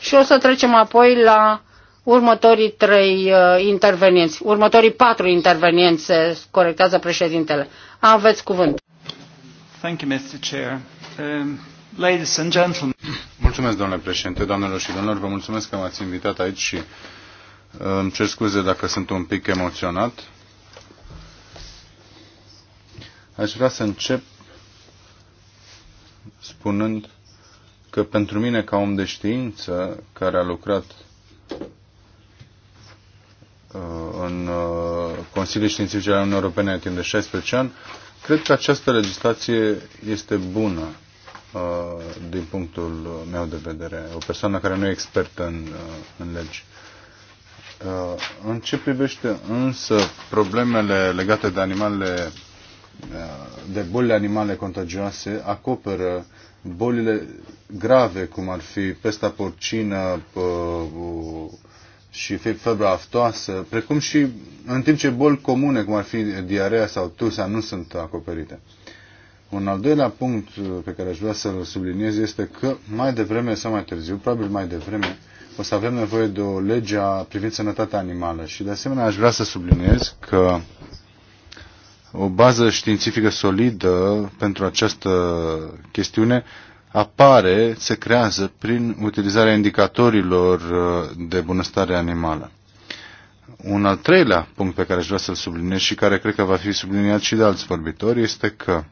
și o să trecem apoi la următorii trei uh, intervenienți, următorii patru intervenienți, corectează președintele. Aveți cuvânt. Thank you, Mr. Chair. Um, ladies and gentlemen. Mulțumesc, domnule președinte, doamnelor și domnilor, vă mulțumesc că m-ați invitat aici și uh, îmi cer scuze dacă sunt un pic emoționat. Aș vrea să încep spunând că pentru mine, ca om de știință, care a lucrat uh, în uh, Consiliul Științific al Uniunii Europene timp de 16 ani, cred că această legislație este bună uh, din punctul meu de vedere, o persoană care nu e expertă în, în legi. În ce privește însă problemele legate de animale, de bolile animale contagioase, acoperă bolile grave, cum ar fi pesta porcină și febra aftoasă, precum și în timp ce boli comune, cum ar fi diarea sau tusa, nu sunt acoperite. Un al doilea punct uh, pe care aș vrea să-l subliniez este că mai devreme sau mai târziu, probabil mai devreme, o să avem nevoie de o lege privind sănătatea animală. Și de asemenea aș vrea să subliniez că o bază științifică solidă pentru această chestiune apare, se creează prin utilizarea indicatorilor uh, de bunăstare animală. Un al treilea punct pe care aș vrea să-l subliniez și care cred că va fi subliniat și de alți vorbitori este că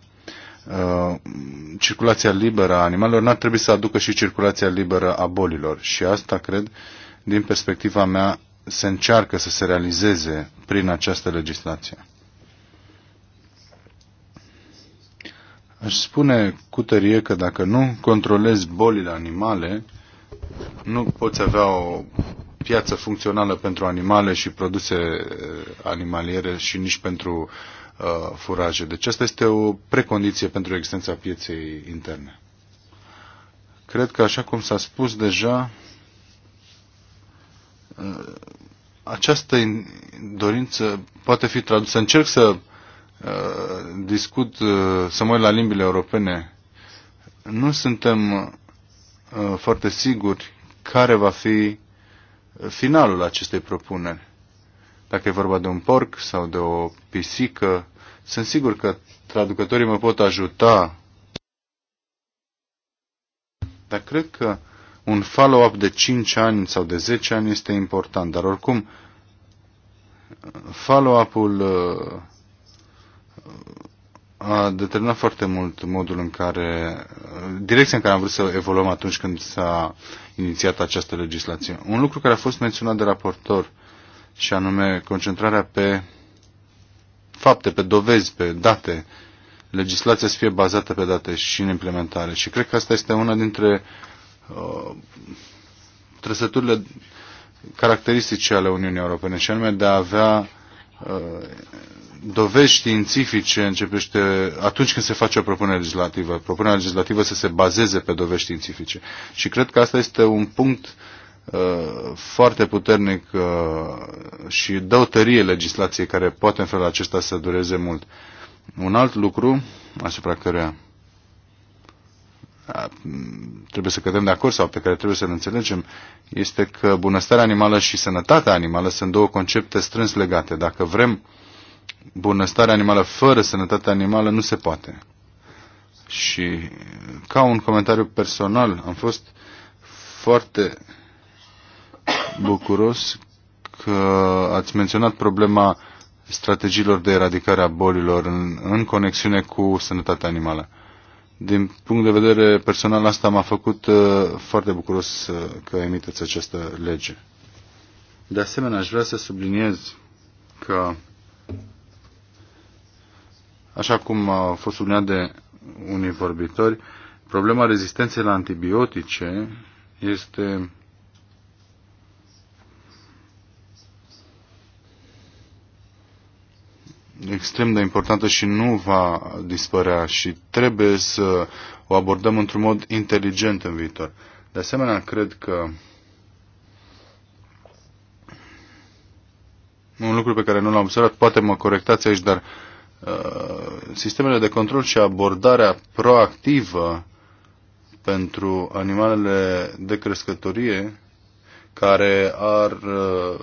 uh, circulația liberă a animalelor n-ar trebui să aducă și circulația liberă a bolilor. Și asta, cred, din perspectiva mea, se încearcă să se realizeze prin această legislație. Aș spune cu tărie că dacă nu controlezi bolile animale, nu poți avea o piață funcțională pentru animale și produse eh, animaliere și nici pentru uh, furaje. Deci asta este o precondiție pentru existența pieței interne. Cred că, așa cum s-a spus deja, uh, această dorință poate fi tradusă. Încerc să Uh, discut, uh, să mă uit la limbile europene, nu suntem uh, foarte siguri care va fi finalul acestei propuneri. Dacă e vorba de un porc sau de o pisică, sunt sigur că traducătorii mă pot ajuta. Dar cred că un follow-up de 5 ani sau de 10 ani este important. Dar oricum, follow-up-ul a determinat foarte mult modul în care, direcția în care am vrut să evoluăm atunci când s-a inițiat această legislație. Un lucru care a fost menționat de raportor și anume concentrarea pe fapte, pe dovezi, pe date, legislația să fie bazată pe date și în implementare. Și cred că asta este una dintre uh, trăsăturile caracteristice ale Uniunii Europene și anume de a avea uh, dovezi științifice începește atunci când se face o propunere legislativă. Propunerea legislativă să se bazeze pe dovezi științifice. Și cred că asta este un punct uh, foarte puternic uh, și dă o tărie legislației care poate în felul acesta să dureze mult. Un alt lucru asupra căruia uh, trebuie să cădem de acord sau pe care trebuie să-l înțelegem este că bunăstarea animală și sănătatea animală sunt două concepte strâns legate. Dacă vrem uh, bunăstarea animală fără sănătatea animală nu se poate. Și ca un comentariu personal, am fost foarte bucuros că ați menționat problema strategiilor de eradicare a bolilor în, în conexiune cu sănătatea animală. Din punct de vedere personal, asta m-a făcut uh, foarte bucuros uh, că emiteți această lege. De asemenea, aș vrea să subliniez că Așa cum a fost subliniat de unii vorbitori, problema rezistenței la antibiotice este extrem de importantă și nu va dispărea și trebuie să o abordăm într-un mod inteligent în viitor. De asemenea, cred că un lucru pe care nu l-am observat, poate mă corectați aici, dar uh, Uh, sistemele de control și abordarea proactivă pentru animalele de crescătorie care ar uh,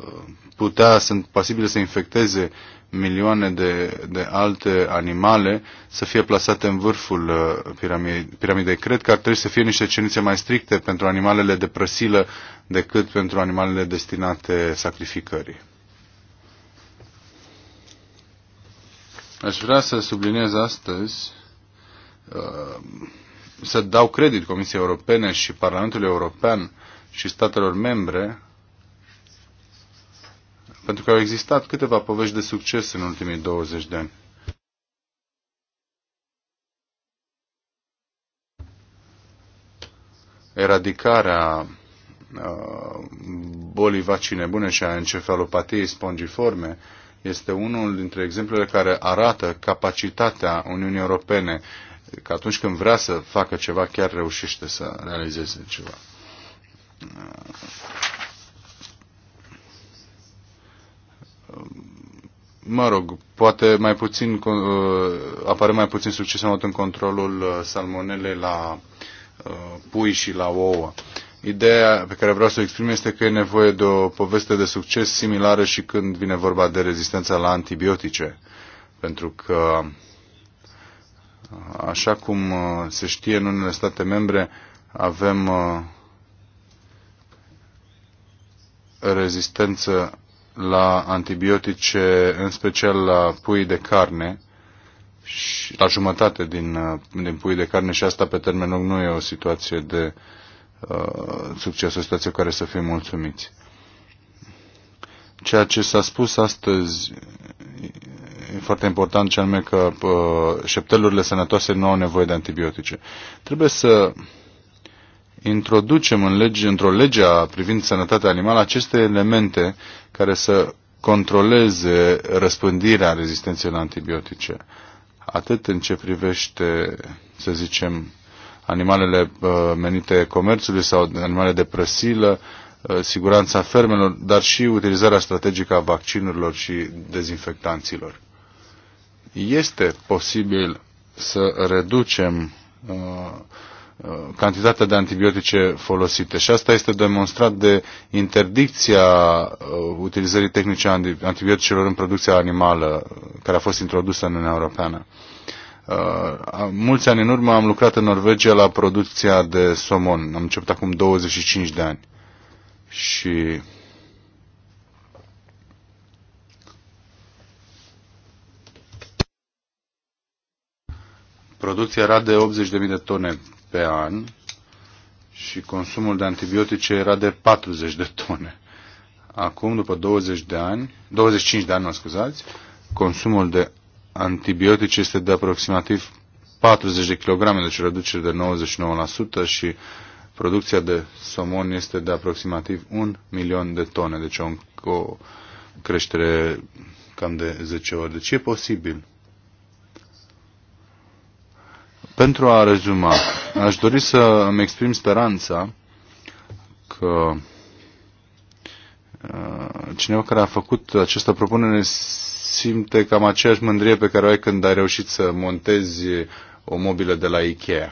putea, sunt pasibile să infecteze milioane de, de alte animale să fie plasate în vârful uh, piramidei. piramidei. Cred că ar trebui să fie niște cerințe mai stricte pentru animalele de prăsilă decât pentru animalele destinate sacrificării. Aș vrea să subliniez astăzi, uh, să dau credit Comisiei Europene și Parlamentului European și statelor membre, pentru că au existat câteva povești de succes în ultimii 20 de ani. Eradicarea uh, bolii vaccinebune și a encefalopatiei spongiforme, este unul dintre exemplele care arată capacitatea Uniunii Europene, că atunci când vrea să facă ceva, chiar reușește să realizeze ceva. Mă rog, poate mai puțin, uh, apare mai puțin succes în controlul uh, salmonelei la uh, pui și la ouă. Ideea pe care vreau să o exprim este că e nevoie de o poveste de succes similară și când vine vorba de rezistența la antibiotice. Pentru că, așa cum uh, se știe în unele state membre, avem uh, rezistență la antibiotice, în special la pui de carne, și la jumătate din, uh, din pui de carne și asta pe termen lung nu e o situație de uh, Uh, succes, o situație cu care să fim mulțumiți. Ceea ce s-a spus astăzi e foarte important, ce anume că uh, șeptelurile sănătoase nu au nevoie de antibiotice. Trebuie să introducem în lege, într-o lege privind sănătatea animală aceste elemente care să controleze răspândirea rezistenței la antibiotice. Atât în ce privește, să zicem, animalele uh, menite comerțului sau animale de prăsilă, uh, siguranța fermelor, dar și utilizarea strategică a vaccinurilor și dezinfectanților. Este posibil să reducem uh, cantitatea de antibiotice folosite. Și asta este demonstrat de interdicția utilizării tehnice antibioticelor în producția animală care a fost introdusă în Uniunea Europeană. Uh, mulți ani în urmă am lucrat în Norvegia la producția de somon. Am început acum 25 de ani. Și producția era de 80.000 de tone pe an și consumul de antibiotice era de 40 de tone. Acum, după 20 de ani, 25 de ani, mă scuzați, consumul de antibiotice este de aproximativ 40 de kg, deci reducere de 99% și producția de somon este de aproximativ 1 milion de tone, deci o, o creștere cam de 10 ori. Deci e posibil. Pentru a rezuma, aș dori să îmi exprim speranța că uh, cineva care a făcut această propunere simte cam aceeași mândrie pe care o ai când ai reușit să montezi o mobilă de la Ikea.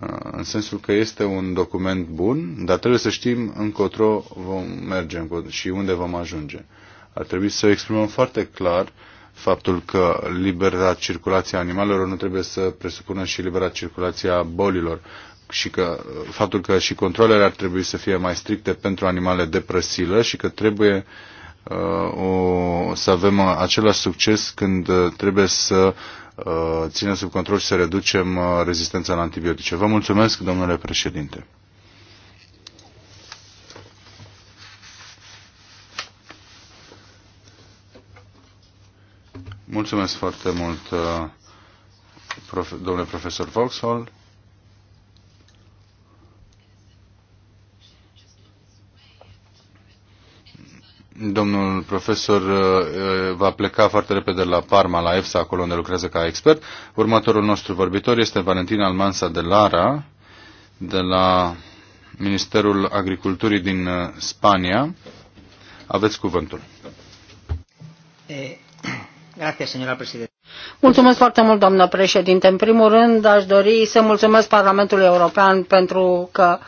Uh, în sensul că este un document bun, dar trebuie să știm încotro vom merge și unde vom ajunge. Ar trebui să exprimăm foarte clar faptul că libera circulația animalelor nu trebuie să presupună și libera circulația bolilor și că faptul că și controlele ar trebui să fie mai stricte pentru animale de prăsilă și că trebuie uh, Uh, o, să avem uh, același succes când uh, trebuie să ținem sub control și să reducem rezistența la antibiotice. Vă mulțumesc, domnule președinte. Mulțumesc foarte mult, prof, domnule profesor Vauxhall. Domnul profesor uh, uh, va pleca foarte repede la Parma, la EFSA, acolo unde lucrează ca expert. Următorul nostru vorbitor este Valentin Almansa de Lara, de la Ministerul Agriculturii din uh, Spania. Aveți cuvântul. Eh, gracias, señora presidenta. Mulțumesc foarte mult, doamnă președinte. În primul rând, aș dori să mulțumesc Parlamentului European pentru că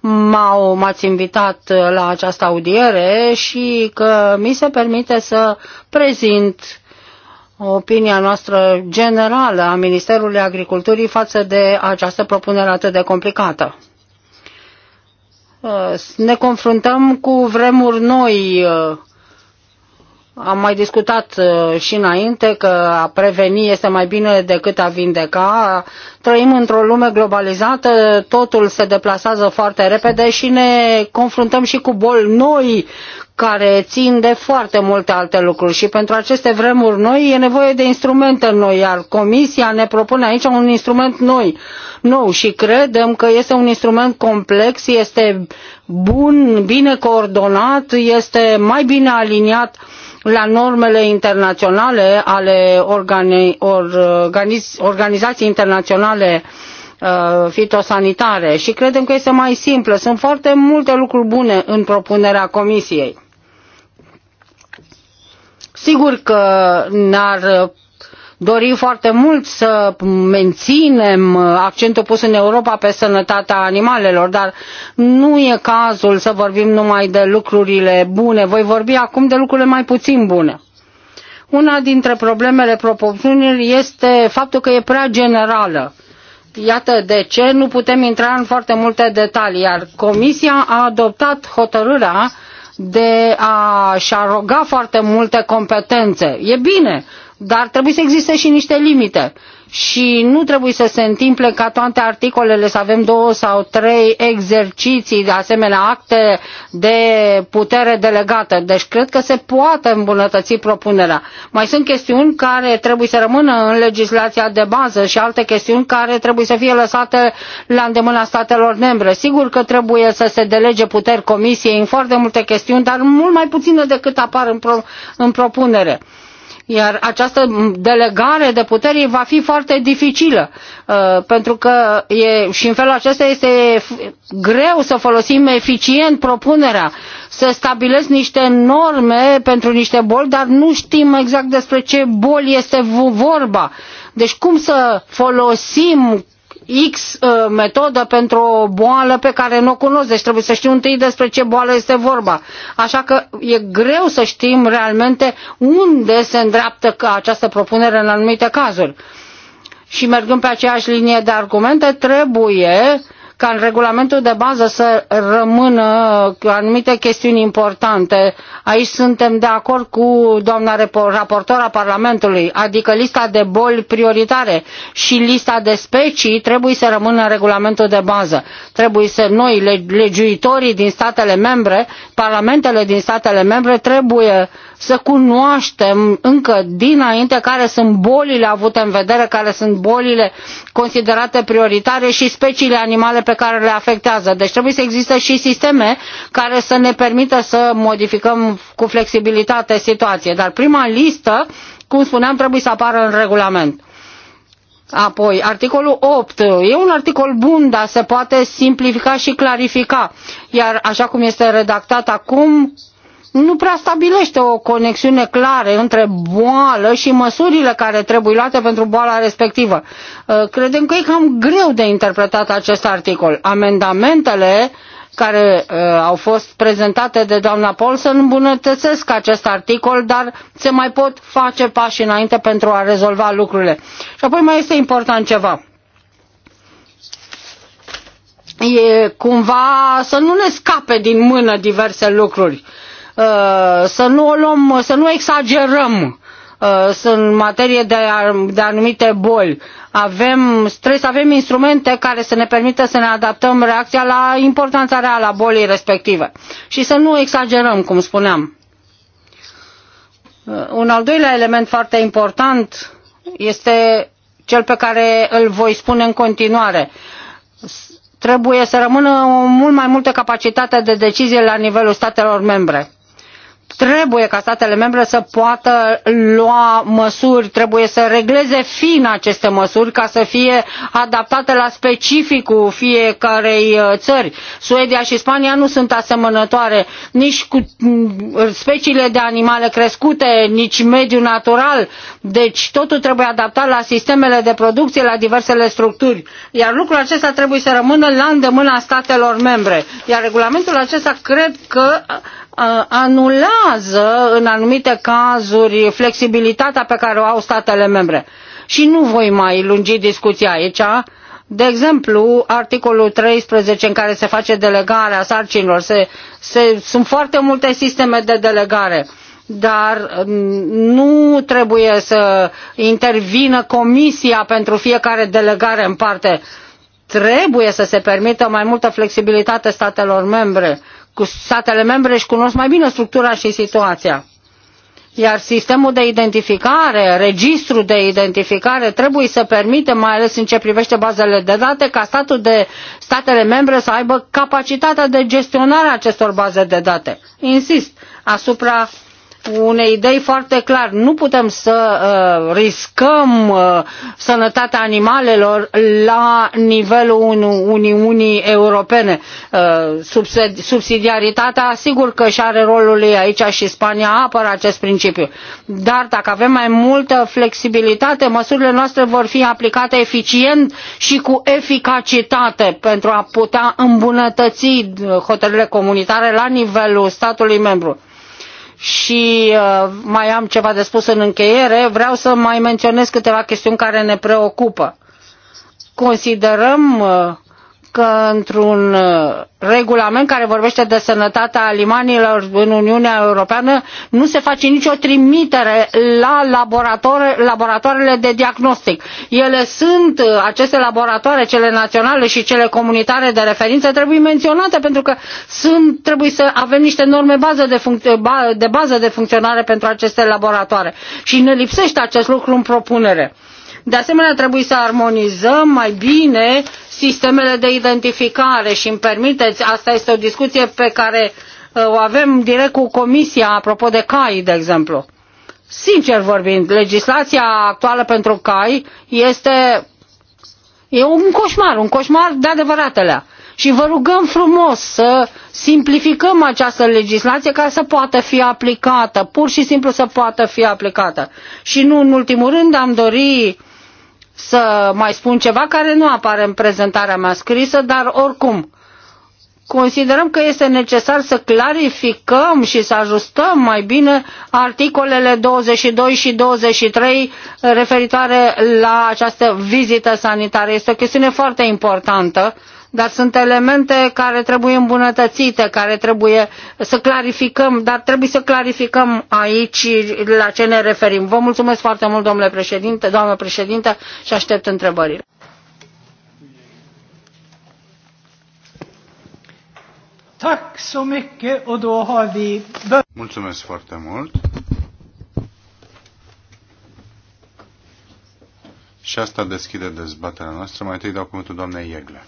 m-au, m-ați invitat la această audiere și că mi se permite să prezint opinia noastră generală a Ministerului Agriculturii față de această propunere atât de complicată. Ă, ne confruntăm cu vremuri noi ă, am mai discutat uh, și înainte că a preveni este mai bine decât a vindeca. Trăim într-o lume globalizată, totul se deplasează foarte repede și ne confruntăm și cu boli noi care țin de foarte multe alte lucruri și pentru aceste vremuri noi e nevoie de instrumente noi, iar Comisia ne propune aici un instrument noi, nou și credem că este un instrument complex, este bun, bine coordonat, este mai bine aliniat uh, la normele internaționale ale organizației internaționale uh, fitosanitare și credem că este mai simplă. Sunt foarte multe lucruri bune în propunerea Comisiei. Sigur că ne-ar dori foarte mult să menținem uh, accentul pus în Europa pe sănătatea animalelor, dar nu e cazul să vorbim numai de lucrurile bune. Voi vorbi acum de lucrurile mai puțin bune. Una dintre problemele propunerii este faptul că e prea generală. Iată de ce nu putem intra în foarte multe detalii, iar Comisia a adoptat hotărârea de a-și aroga foarte multe competențe. E bine, dar trebuie să existe și niște limite și nu trebuie să se întâmple ca toate articolele să avem două sau trei exerciții de asemenea acte de putere delegată. Deci cred că se poate îmbunătăți propunerea. Mai sunt chestiuni care trebuie să rămână în legislația de bază și alte chestiuni care trebuie să fie lăsate la îndemâna statelor membre. Sigur că trebuie să se delege puteri comisiei în foarte multe chestiuni, dar mult mai puține decât apar în, pro- în propunere. Iar această delegare de puteri va fi foarte dificilă, uh, pentru că e, și în felul acesta este greu să folosim eficient propunerea, să stabilesc niște norme pentru niște boli, dar nu știm exact despre ce boli este vorba. Deci cum să folosim X uh, metodă pentru o boală pe care nu o cunosc, deci trebuie să știu întâi despre ce boală este vorba. Așa că e greu să știm realmente unde se îndreaptă această propunere în anumite cazuri. Și mergând pe aceeași linie de argumente, trebuie uh, ca în regulamentul de bază să rămână anumite chestiuni importante. Aici suntem de acord cu doamna raportor a Parlamentului, adică lista de boli prioritare și lista de specii trebuie să rămână în regulamentul de bază. Trebuie să noi, legiuitorii din statele membre, parlamentele din statele membre, trebuie să cunoaștem încă dinainte care sunt bolile avute în vedere, care sunt bolile considerate prioritare și speciile animale pe care le afectează. Deci trebuie să existe și sisteme care să ne permită să modificăm cu flexibilitate situație. Dar prima listă, cum spuneam, trebuie să apară în regulament. Apoi, articolul 8. E un articol bun, dar se poate simplifica și clarifica. Iar așa cum este redactat acum, nu prea stabilește o conexiune clară între boală și măsurile care trebuie luate pentru boala respectivă. Uh, credem că e cam greu de interpretat acest articol. Amendamentele care uh, au fost prezentate de doamna Paulsen îmbunătățesc acest articol, dar se mai pot face pași înainte pentru a rezolva lucrurile. Și apoi mai este important ceva. E cumva să nu ne scape din mână diverse lucruri. Uh, Uh, să nu o luăm, să nu exagerăm uh, în materie de, de anumite boli. Avem, trebuie să avem instrumente care să ne permită să ne adaptăm reacția la importanța reală a bolii respective și să nu exagerăm, cum spuneam. Uh, un al doilea element foarte important este cel pe care îl voi spune în continuare. Trebuie să rămână mult mai multă capacitate de decizie la nivelul statelor membre Trebuie ca statele membre să poată lua măsuri, trebuie să regleze fin aceste măsuri ca să fie adaptate la specificul fiecarei uh, țări. Suedia și Spania nu sunt asemănătoare nici cu mm, speciile de animale crescute, nici mediul natural. Deci totul trebuie adaptat la sistemele de producție, la diversele structuri. Iar lucrul acesta trebuie să rămână la îndemâna statelor membre. Iar regulamentul acesta cred că anulează în anumite cazuri flexibilitatea pe care o au statele membre. Și nu voi mai lungi discuția aici. De exemplu, articolul 13 în care se face delegarea sarcinilor, se, se, sunt foarte multe sisteme de delegare dar nu trebuie să intervină comisia pentru fiecare delegare în parte. Trebuie să se permită mai multă flexibilitate statelor membre statele membre își cunosc mai bine structura și situația. Iar sistemul de identificare, registrul de identificare trebuie să permite, mai ales în ce privește bazele de date, ca statul de statele membre să aibă capacitatea de gestionare a acestor baze de date. Insist asupra unei idei foarte clar. Nu putem să uh, riscăm uh, sănătatea animalelor la nivelul Uniunii Europene. Uh, subsidiaritatea, sigur că și are rolul ei aici și Spania apără acest principiu. Dar dacă avem mai multă flexibilitate, măsurile noastre vor fi aplicate eficient și cu eficacitate pentru a putea îmbunătăți uh, hotărârile comunitare la nivelul statului membru și uh, mai am ceva de spus în încheiere, vreau să mai menționez câteva chestiuni care ne preocupă. Considerăm uh, că într-un uh, regulament care vorbește de sănătatea alimanilor în Uniunea Europeană nu se face nicio trimitere la laboratoarele de diagnostic. Ele sunt, uh, aceste laboratoare, cele naționale și cele comunitare de referință, trebuie menționate pentru că sunt, trebuie să avem niște norme bază de, de bază de funcționare pentru aceste laboratoare. Și ne lipsește acest lucru în propunere. De asemenea, trebuie să armonizăm mai bine sistemele de identificare și îmi permiteți, asta este o discuție pe care uh, o avem direct cu Comisia, apropo de CAI, de exemplu. Sincer vorbind, legislația actuală pentru CAI este e un coșmar, un coșmar de adevăratele. Și vă rugăm frumos să simplificăm această legislație ca să poată fi aplicată, pur și simplu să poată fi aplicată. Și nu în ultimul rând am dori să mai spun ceva care nu apare în prezentarea mea scrisă, dar oricum considerăm că este necesar să clarificăm și să ajustăm mai bine articolele 22 și 23 referitoare la această vizită sanitară. Este o chestiune foarte importantă dar sunt elemente care trebuie îmbunătățite, care trebuie să clarificăm, dar trebuie să clarificăm aici la ce ne referim. Vă mulțumesc foarte mult, domnule președinte, doamnă președinte, și aștept întrebările. Mulțumesc foarte mult. Și asta deschide dezbaterea noastră. Mai întâi dau cuvântul doamnei Iegle.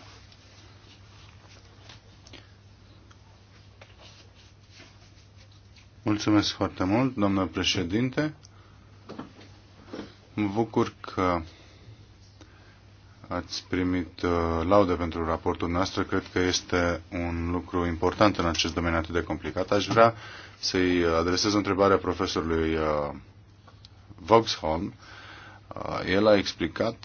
Mulțumesc foarte mult, domnule președinte. Mă bucur că ați primit uh, laude pentru raportul noastră. Cred că este un lucru important în acest domeniu atât de complicat. Aș vrea să-i adresez o întrebare profesorului uh, Voxholm. Uh, el a explicat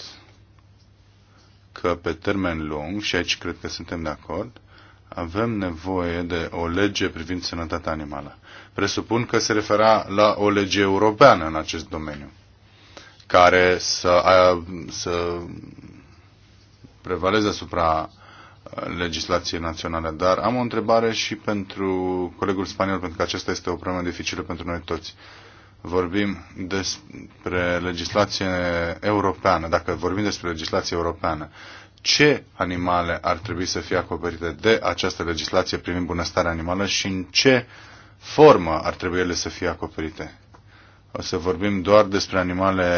că pe termen lung, și aici cred că suntem de acord, avem nevoie de o lege privind sănătatea animală presupun că se refera la o lege europeană în acest domeniu, care să, să prevaleze asupra uh, legislației naționale. Dar am o întrebare și pentru colegul spaniol, pentru că aceasta este o problemă dificilă pentru noi toți. Vorbim despre legislație europeană, dacă vorbim despre legislație europeană, ce animale ar trebui să fie acoperite de această legislație privind bunăstarea animală și în ce uh, formă ar trebui ele să fie acoperite. O să vorbim doar despre animale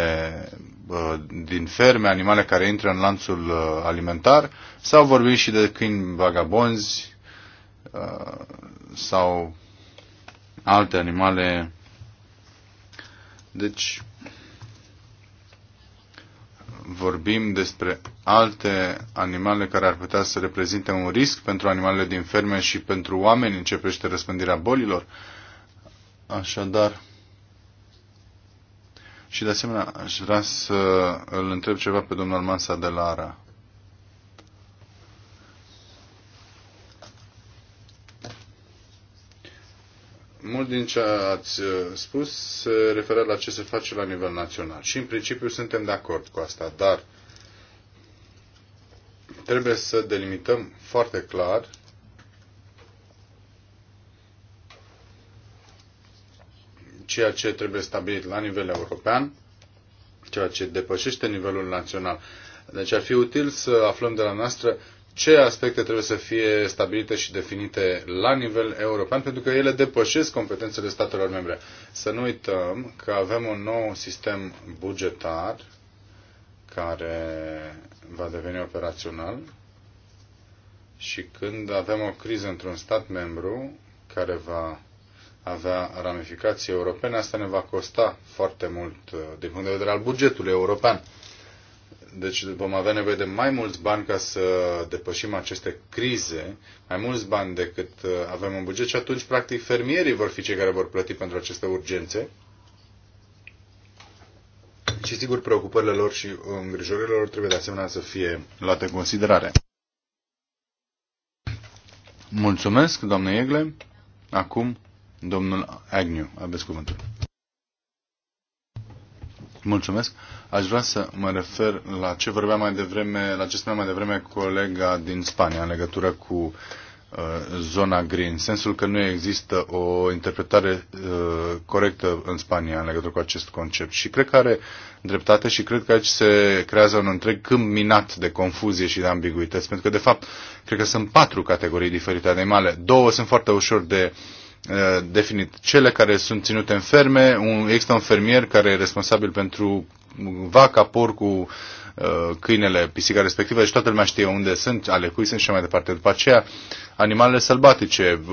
din ferme, animale care intră în lanțul uh, alimentar, sau vorbim și de câini vagabonzi uh, sau alte animale. Deci, vorbim despre alte animale care ar putea să reprezinte un risc pentru animalele din ferme și pentru oameni în ce privește răspândirea bolilor. Așadar, și de asemenea, aș vrea să îl întreb ceva pe domnul Mansa de Lara. mult din ce ați uh, spus se referă la ce se face la nivel național și în principiu suntem de acord cu asta, dar trebuie să delimităm foarte clar ceea ce trebuie stabilit la nivel european, ceea ce depășește nivelul național. Deci ar fi util să aflăm de la noastră ce aspecte trebuie să fie stabilite și definite la nivel european, pentru că ele depășesc competențele statelor membre. Să nu uităm că avem un nou sistem bugetar care va deveni operațional și când avem o criză într-un stat membru care va avea ramificații europene, asta ne va costa foarte mult uh, din punct de vedere al bugetului european. Deci vom avea nevoie de mai mulți bani ca să depășim aceste crize, mai mulți bani decât uh, avem în buget și atunci, practic, fermierii vor fi cei care vor plăti pentru aceste urgențe. Și, sigur, preocupările lor și uh, îngrijorările lor trebuie de asemenea să fie luate în considerare. Mulțumesc, doamne Iegle. Acum, domnul Agnew, aveți cuvântul. Mulțumesc. Aș vrea să mă refer la ce vorbea mai devreme, la ce spunea mai devreme colega din Spania în legătură cu uh, zona green, în sensul că nu există o interpretare uh, corectă în Spania în legătură cu acest concept. Și cred că are dreptate și cred că aici se creează un întreg câmp minat de confuzie și de ambiguități, pentru că, de fapt, cred că sunt patru categorii diferite de animale. Două sunt foarte ușor de uh, Eh, definit. Cele care sunt ținute în ferme, un, există un fermier care e responsabil pentru vaca, porcul, eh, câinele, pisica respectivă, deci toată lumea știe unde sunt, ale cui sunt și mai departe. După aceea, animalele sălbatice, eh,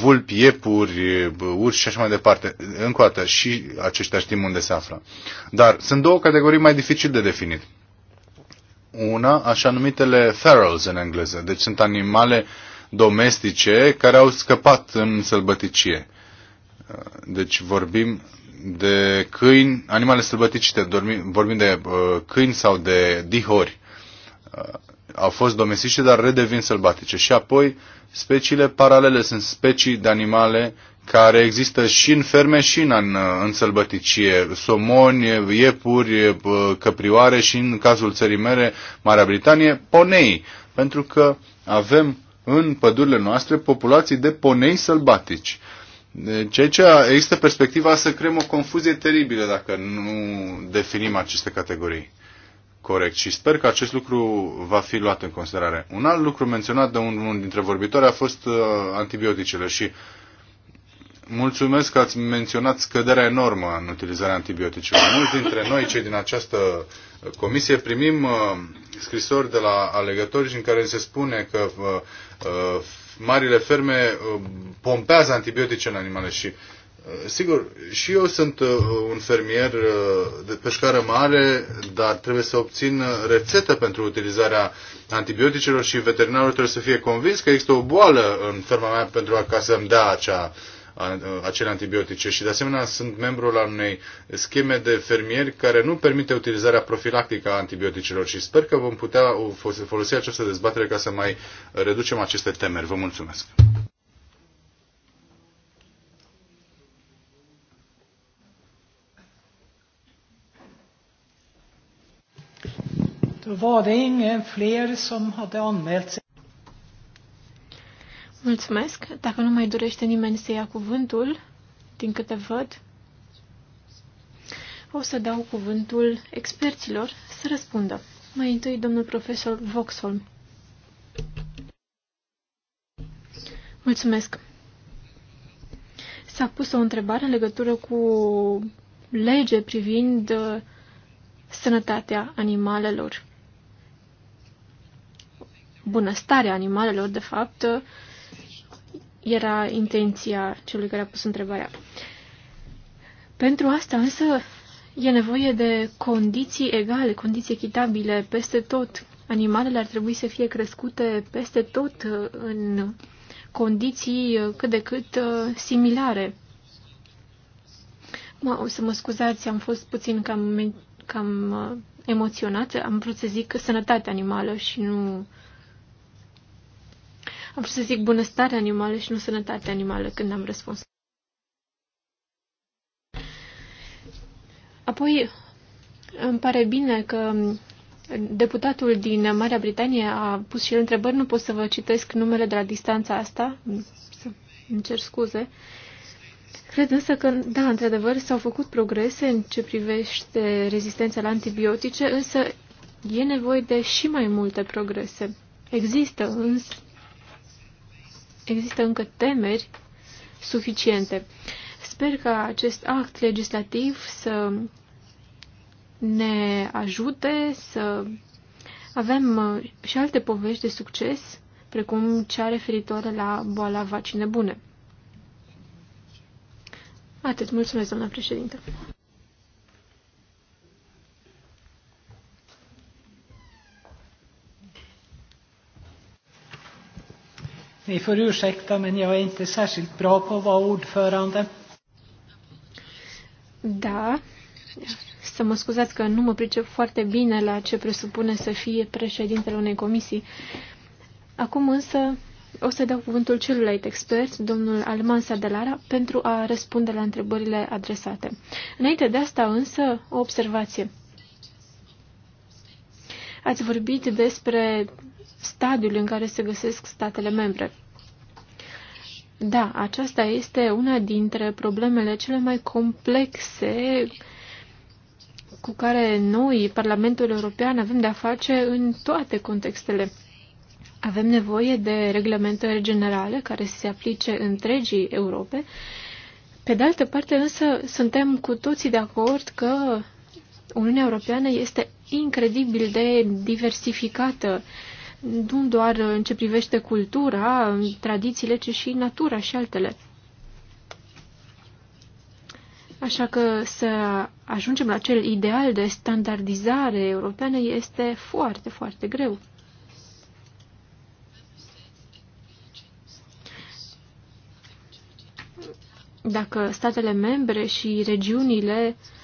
vulpi, iepuri, urși și așa mai departe. Încă o dată, și aceștia știm unde se află. Dar sunt două categorii mai dificil de definit. Una, așa numitele ferals în engleză, deci sunt animale uh, domestice care au scăpat în sălbăticie. Deci vorbim de câini, animale sălbăticite, vorbim de uh, câini sau de dihori. Uh, au fost domestice, dar redevin sălbatice. Și apoi, speciile paralele sunt specii de animale care există și în ferme și în, în, în sălbăticie. Somoni, iepuri, uh, căprioare și în cazul țării mere, Marea Britanie, ponei. Pentru că avem în pădurile noastre populații de ponei sălbatici. Ceea deci ce există perspectiva să creăm o confuzie teribilă dacă nu definim aceste categorii corect și sper că acest lucru va fi luat în considerare. Un alt lucru menționat de unul dintre vorbitori a fost uh, antibioticele și Mulțumesc că ați menționat scăderea enormă în utilizarea antibioticelor. Mulți dintre noi, cei din această comisie, primim uh, scrisori de la alegători în care se spune că uh, uh, marile ferme pompează antibiotice în animale și Sigur, și eu sunt un fermier de pescară mare, dar trebuie să obțin rețetă pentru utilizarea antibioticelor și veterinarul trebuie să fie convins că există o boală în ferma mea pentru a, ca să-mi dea acea uh, acele antibiotice și de asemenea sunt membru al unei scheme de fermieri care nu permite utilizarea profilactică a antibioticelor și sper că vom putea folosi această dezbatere ca să mai reducem aceste temeri. Vă mulțumesc! Då var det ingen fler som hade anmält sig. Mulțumesc. Dacă nu mai dorește nimeni să ia cuvântul, din câte văd, o să dau cuvântul experților să răspundă. Mai întâi, domnul profesor Voxholm. Mulțumesc. S-a pus o întrebare în legătură cu lege privind uh, sănătatea animalelor. Bunăstarea animalelor, de fapt, uh, era intenția celui care a pus întrebarea. Pentru asta însă e nevoie de condiții egale, condiții echitabile peste tot. Animalele ar trebui să fie crescute peste tot uh, în condiții uh, cât de cât uh, similare. Mă, o să mă scuzați, am fost puțin cam, cam emoționată. Am vrut să zic sănătatea animală și nu am vrut să zic bunăstare animală și nu sănătate animală când am răspuns. Apoi, îmi pare bine că deputatul din Marea Britanie a pus și el întrebări. Nu pot să vă citesc numele de la distanța asta. Să îmi cer scuze. Cred însă că, da, într-adevăr, s-au făcut progrese în ce privește rezistența la antibiotice, însă e nevoie de și mai multe progrese. Există însă există încă temeri suficiente. Sper că acest act legislativ să ne ajute să avem uh, și alte povești de succes, precum cea referitoare la boala bune. Atât. Mulțumesc, doamna președintă. Ni får ursäkta, men jag är inte särskilt bra på att vara ordförande. Da, să mă scuzați că nu mă pricep foarte bine la ce presupune să fie președintele unei comisii. Acum însă o să dau cuvântul celuilalt expert, domnul Alman Sadelara, pentru a răspunde la întrebările adresate. Înainte de asta însă, o observație. Ați vorbit despre stadiul în care se găsesc statele membre. Da, aceasta este una dintre problemele cele mai complexe cu care noi, Parlamentul European, avem de-a face în toate contextele. Avem nevoie de reglementări generale care să se aplice întregii Europe. Pe de altă parte, însă, suntem cu toții de acord că Uniunea Europeană este incredibil de diversificată nu doar în ce privește cultura, tradițiile, ci și natura și altele. Așa că să ajungem la acel ideal de standardizare europeană este foarte, foarte greu. Dacă statele membre și regiunile uh,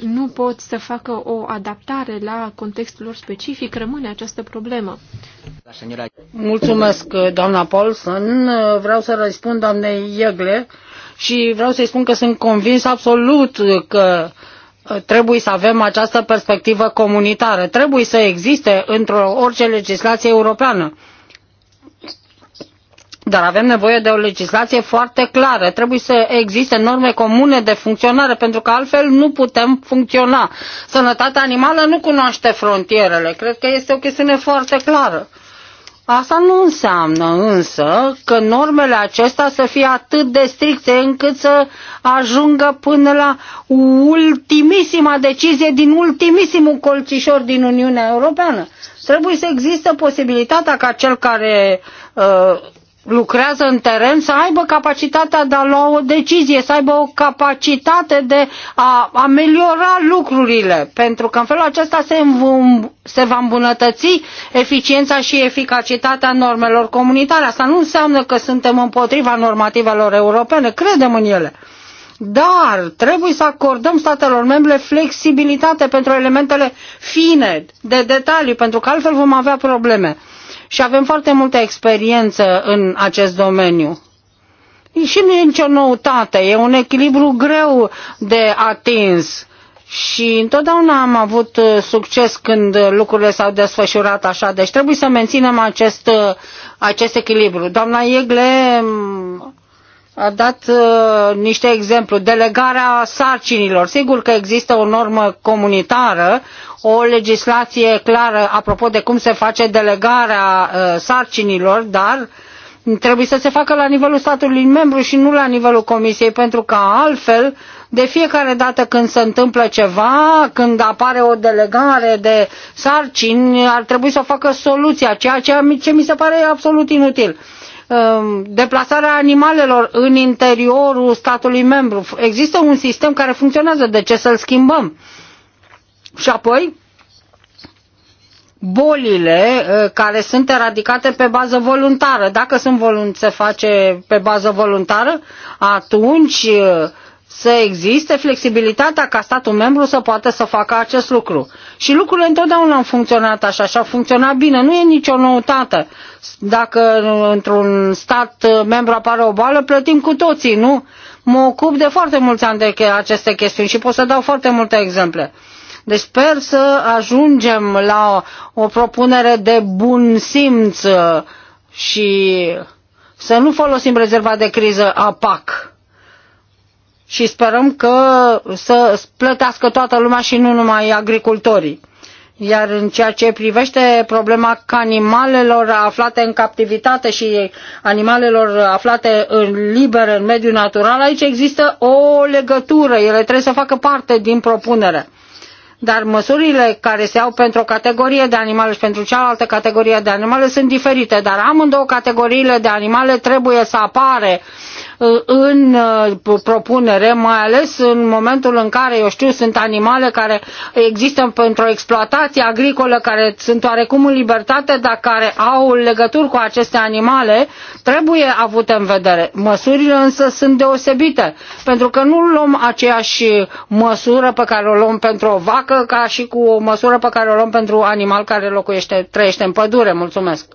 nu pot să facă o adaptare la contextul lor specific, rămâne această problemă. Mulțumesc, doamna Paulson. Vreau să răspund doamnei Iegle și vreau să-i spun că sunt convins absolut că uh, trebuie să avem această perspectivă comunitară. Trebuie să existe într-o orice legislație europeană dar avem nevoie de o legislație foarte clară. Trebuie să existe norme comune de funcționare, pentru că altfel nu putem funcționa. Sănătatea animală nu cunoaște frontierele. Cred că este o chestiune foarte clară. Asta nu înseamnă însă că normele acestea să fie atât de stricte încât să ajungă până la ultimisima decizie din ultimisimul colțișor din Uniunea Europeană. Trebuie să existe posibilitatea ca cel care uh, lucrează în teren să aibă capacitatea de a lua o decizie, să aibă o capacitate de a ameliora lucrurile, pentru că în felul acesta se, se va îmbunătăți eficiența și eficacitatea normelor comunitare. Asta nu înseamnă că suntem împotriva normativelor europene, credem în ele dar trebuie să acordăm statelor membre flexibilitate pentru elementele fine, de detaliu, pentru că altfel vom avea probleme și avem foarte multă experiență în acest domeniu. Și nu e nicio noutate, e un echilibru greu de atins. Și întotdeauna am avut uh, succes când lucrurile s-au desfășurat așa, deci trebuie să menținem acest, uh, acest echilibru. Doamna Iegle mm, a dat uh, niște exemplu. Delegarea sarcinilor. Sigur că există o normă comunitară, o legislație clară apropo de cum se face delegarea uh, sarcinilor, dar trebuie să se facă la nivelul statului membru și nu la nivelul comisiei, pentru că altfel, de fiecare dată când se întâmplă ceva, când apare o delegare de sarcini, ar trebui să o facă soluția, ceea ce mi se pare absolut inutil Um, deplasarea animalelor în interiorul statului membru. Există un sistem care funcționează, de ce să-l schimbăm? Și apoi, bolile uh, care sunt eradicate pe bază voluntară. Dacă sunt volunt se face pe bază voluntară, atunci uh, să existe flexibilitatea ca statul membru să poată să facă acest lucru. Și lucrurile întotdeauna au funcționat așa și au funcționat bine. Nu e nicio noutate. Dacă într-un stat membru apare o boală, plătim cu toții, nu? Mă ocup de foarte mulți ani de aceste chestiuni și pot să dau foarte multe exemple. Deci sper să ajungem la o, o propunere de bun simț și să nu folosim rezerva de criză a PAC și sperăm că să plătească toată lumea și nu numai agricultorii. Iar în ceea ce privește problema animalelor aflate în captivitate și animalelor aflate în liber în mediul natural, aici există o legătură. Ele trebuie să facă parte din propunere. Dar măsurile care se au pentru o categorie de animale și pentru cealaltă categorie de animale sunt diferite, dar amândouă categoriile de animale trebuie să apare uh, în uh, propunere, mai ales în momentul în care, eu știu, sunt animale care există pentru o exploatație agricolă, care sunt oarecum în libertate, dar care au legături cu aceste animale, trebuie avute în vedere. Măsurile însă sunt deosebite, pentru că nu luăm aceeași măsură pe care o luăm pentru o vacă ca și cu o măsură pe care o luăm pentru un animal care locuiește, trăiește în pădure. Mulțumesc!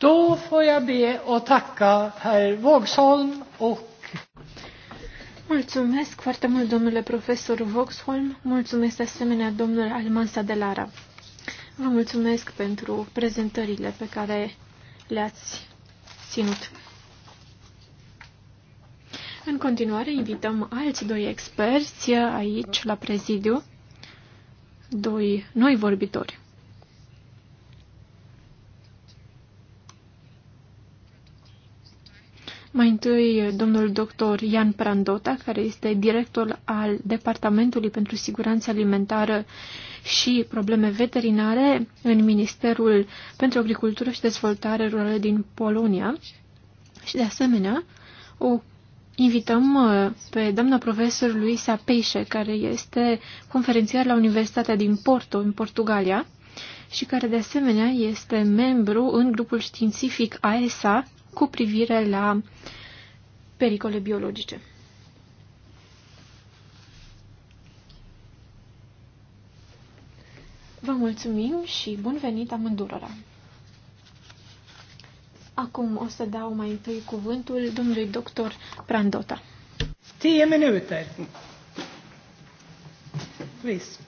Då får jag be och tacka herr Vågsholm och Mulțumesc foarte mult, domnule profesor Voxholm. Mulțumesc de asemenea, domnul Almansa de Lara. Vă mulțumesc pentru prezentările pe care le-ați ținut. În continuare, invităm alți doi experți aici, la prezidiu, doi noi vorbitori. Mai întâi, domnul doctor Ian Prandota, care este director al Departamentului pentru Siguranță Alimentară și Probleme Veterinare în Ministerul pentru Agricultură și Dezvoltare Rurală din Polonia. Și, de asemenea, o invităm uh, pe doamna profesor Luisa Peixe, care este conferențiar la Universitatea din Porto, în Portugalia, și care, de asemenea, este membru în grupul științific AESA, cu privire la pericole biologice. Vă mulțumim și bun venit amândurora! Acum o să dau mai întâi cuvântul domnului doctor Prandota. Tie minute. Please.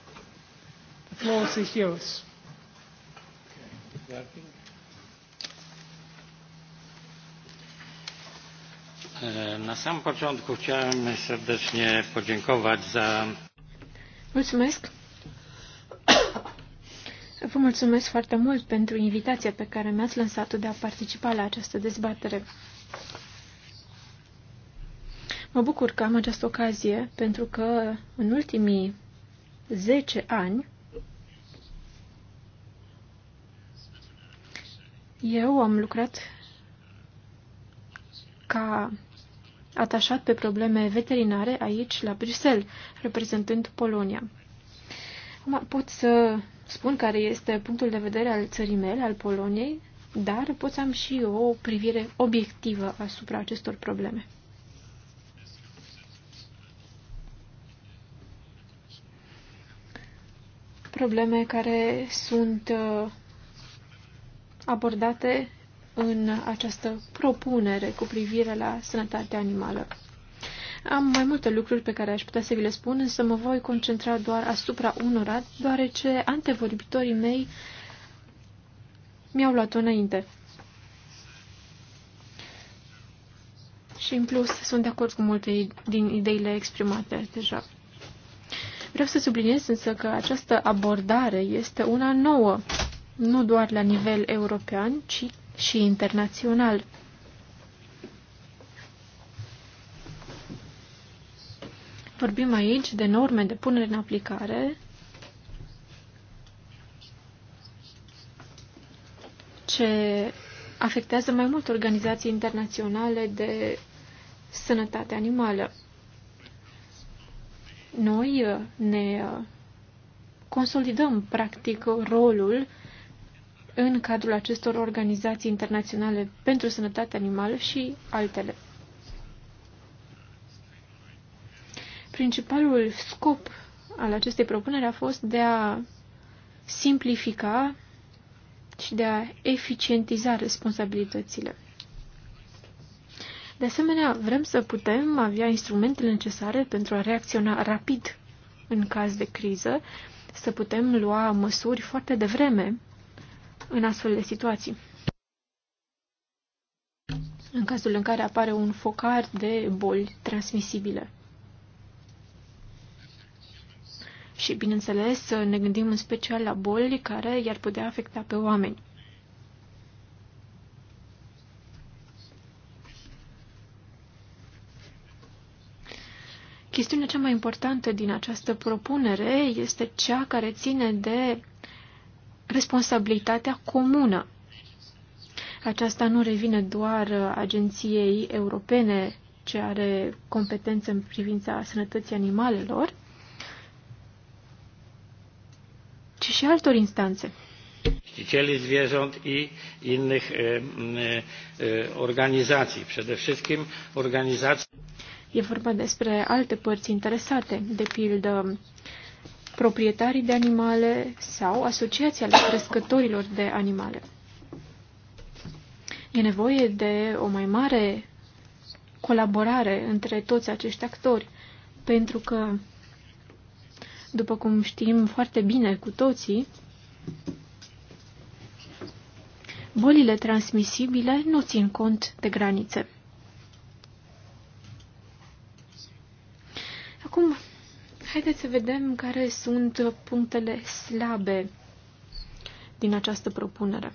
The floor is yours. Okay. Na sam początku chciałem serdecznie podziękować za... Mulțumesc! Vă mulțumesc foarte mult pentru invitația pe care mi-ați lansat-o de a participa la această dezbatere. Mă bucur că am această ocazie pentru că în ultimii 10 ani eu am lucrat ca atașat pe probleme veterinare aici, la Bruxelles, reprezentând Polonia. Acum pot să spun care este punctul de vedere al țării mele, al Poloniei, dar pot să am și eu o privire obiectivă asupra acestor probleme. Probleme care sunt uh, abordate în această propunere cu privire la sănătatea animală. Am mai multe lucruri pe care aș putea să vi le spun, însă mă voi concentra doar asupra unora, deoarece antevorbitorii mei mi-au luat-o înainte. Și în plus sunt de acord cu multe din ideile exprimate deja. Vreau să subliniez însă că această abordare este una nouă, nu doar la nivel european, ci și internațional. Vorbim aici de norme de punere în aplicare ce afectează mai mult organizații internaționale de sănătate animală. Noi uh, ne uh, consolidăm, practic, rolul în cadrul acestor organizații internaționale pentru sănătatea animală și altele. Principalul scop al acestei propuneri a fost de a simplifica și de a eficientiza responsabilitățile. De asemenea, vrem să putem avea instrumentele necesare pentru a reacționa rapid în caz de criză, să putem lua măsuri foarte devreme în astfel de situații. În cazul în care apare un focar de boli transmisibile. Și, bineînțeles, ne gândim în special la boli care i-ar putea afecta pe oameni. Chestiunea cea mai importantă din această propunere este cea care ține de responsabilitatea comună. Aceasta nu revine doar agenției europene ce are competență în privința sănătății animalelor, ci și altor instanțe. Ścicieli zvierząt i innych e, e, organizacji, przede wszystkim organizații. E vorba despre alte părți interesate, de pildă proprietarii de animale sau asociația de crescătorilor de animale. E nevoie de o mai mare colaborare între toți acești actori, pentru că, după cum știm foarte bine cu toții, bolile transmisibile nu țin cont de granițe. Acum, Haideți să vedem care sunt punctele slabe din această propunere.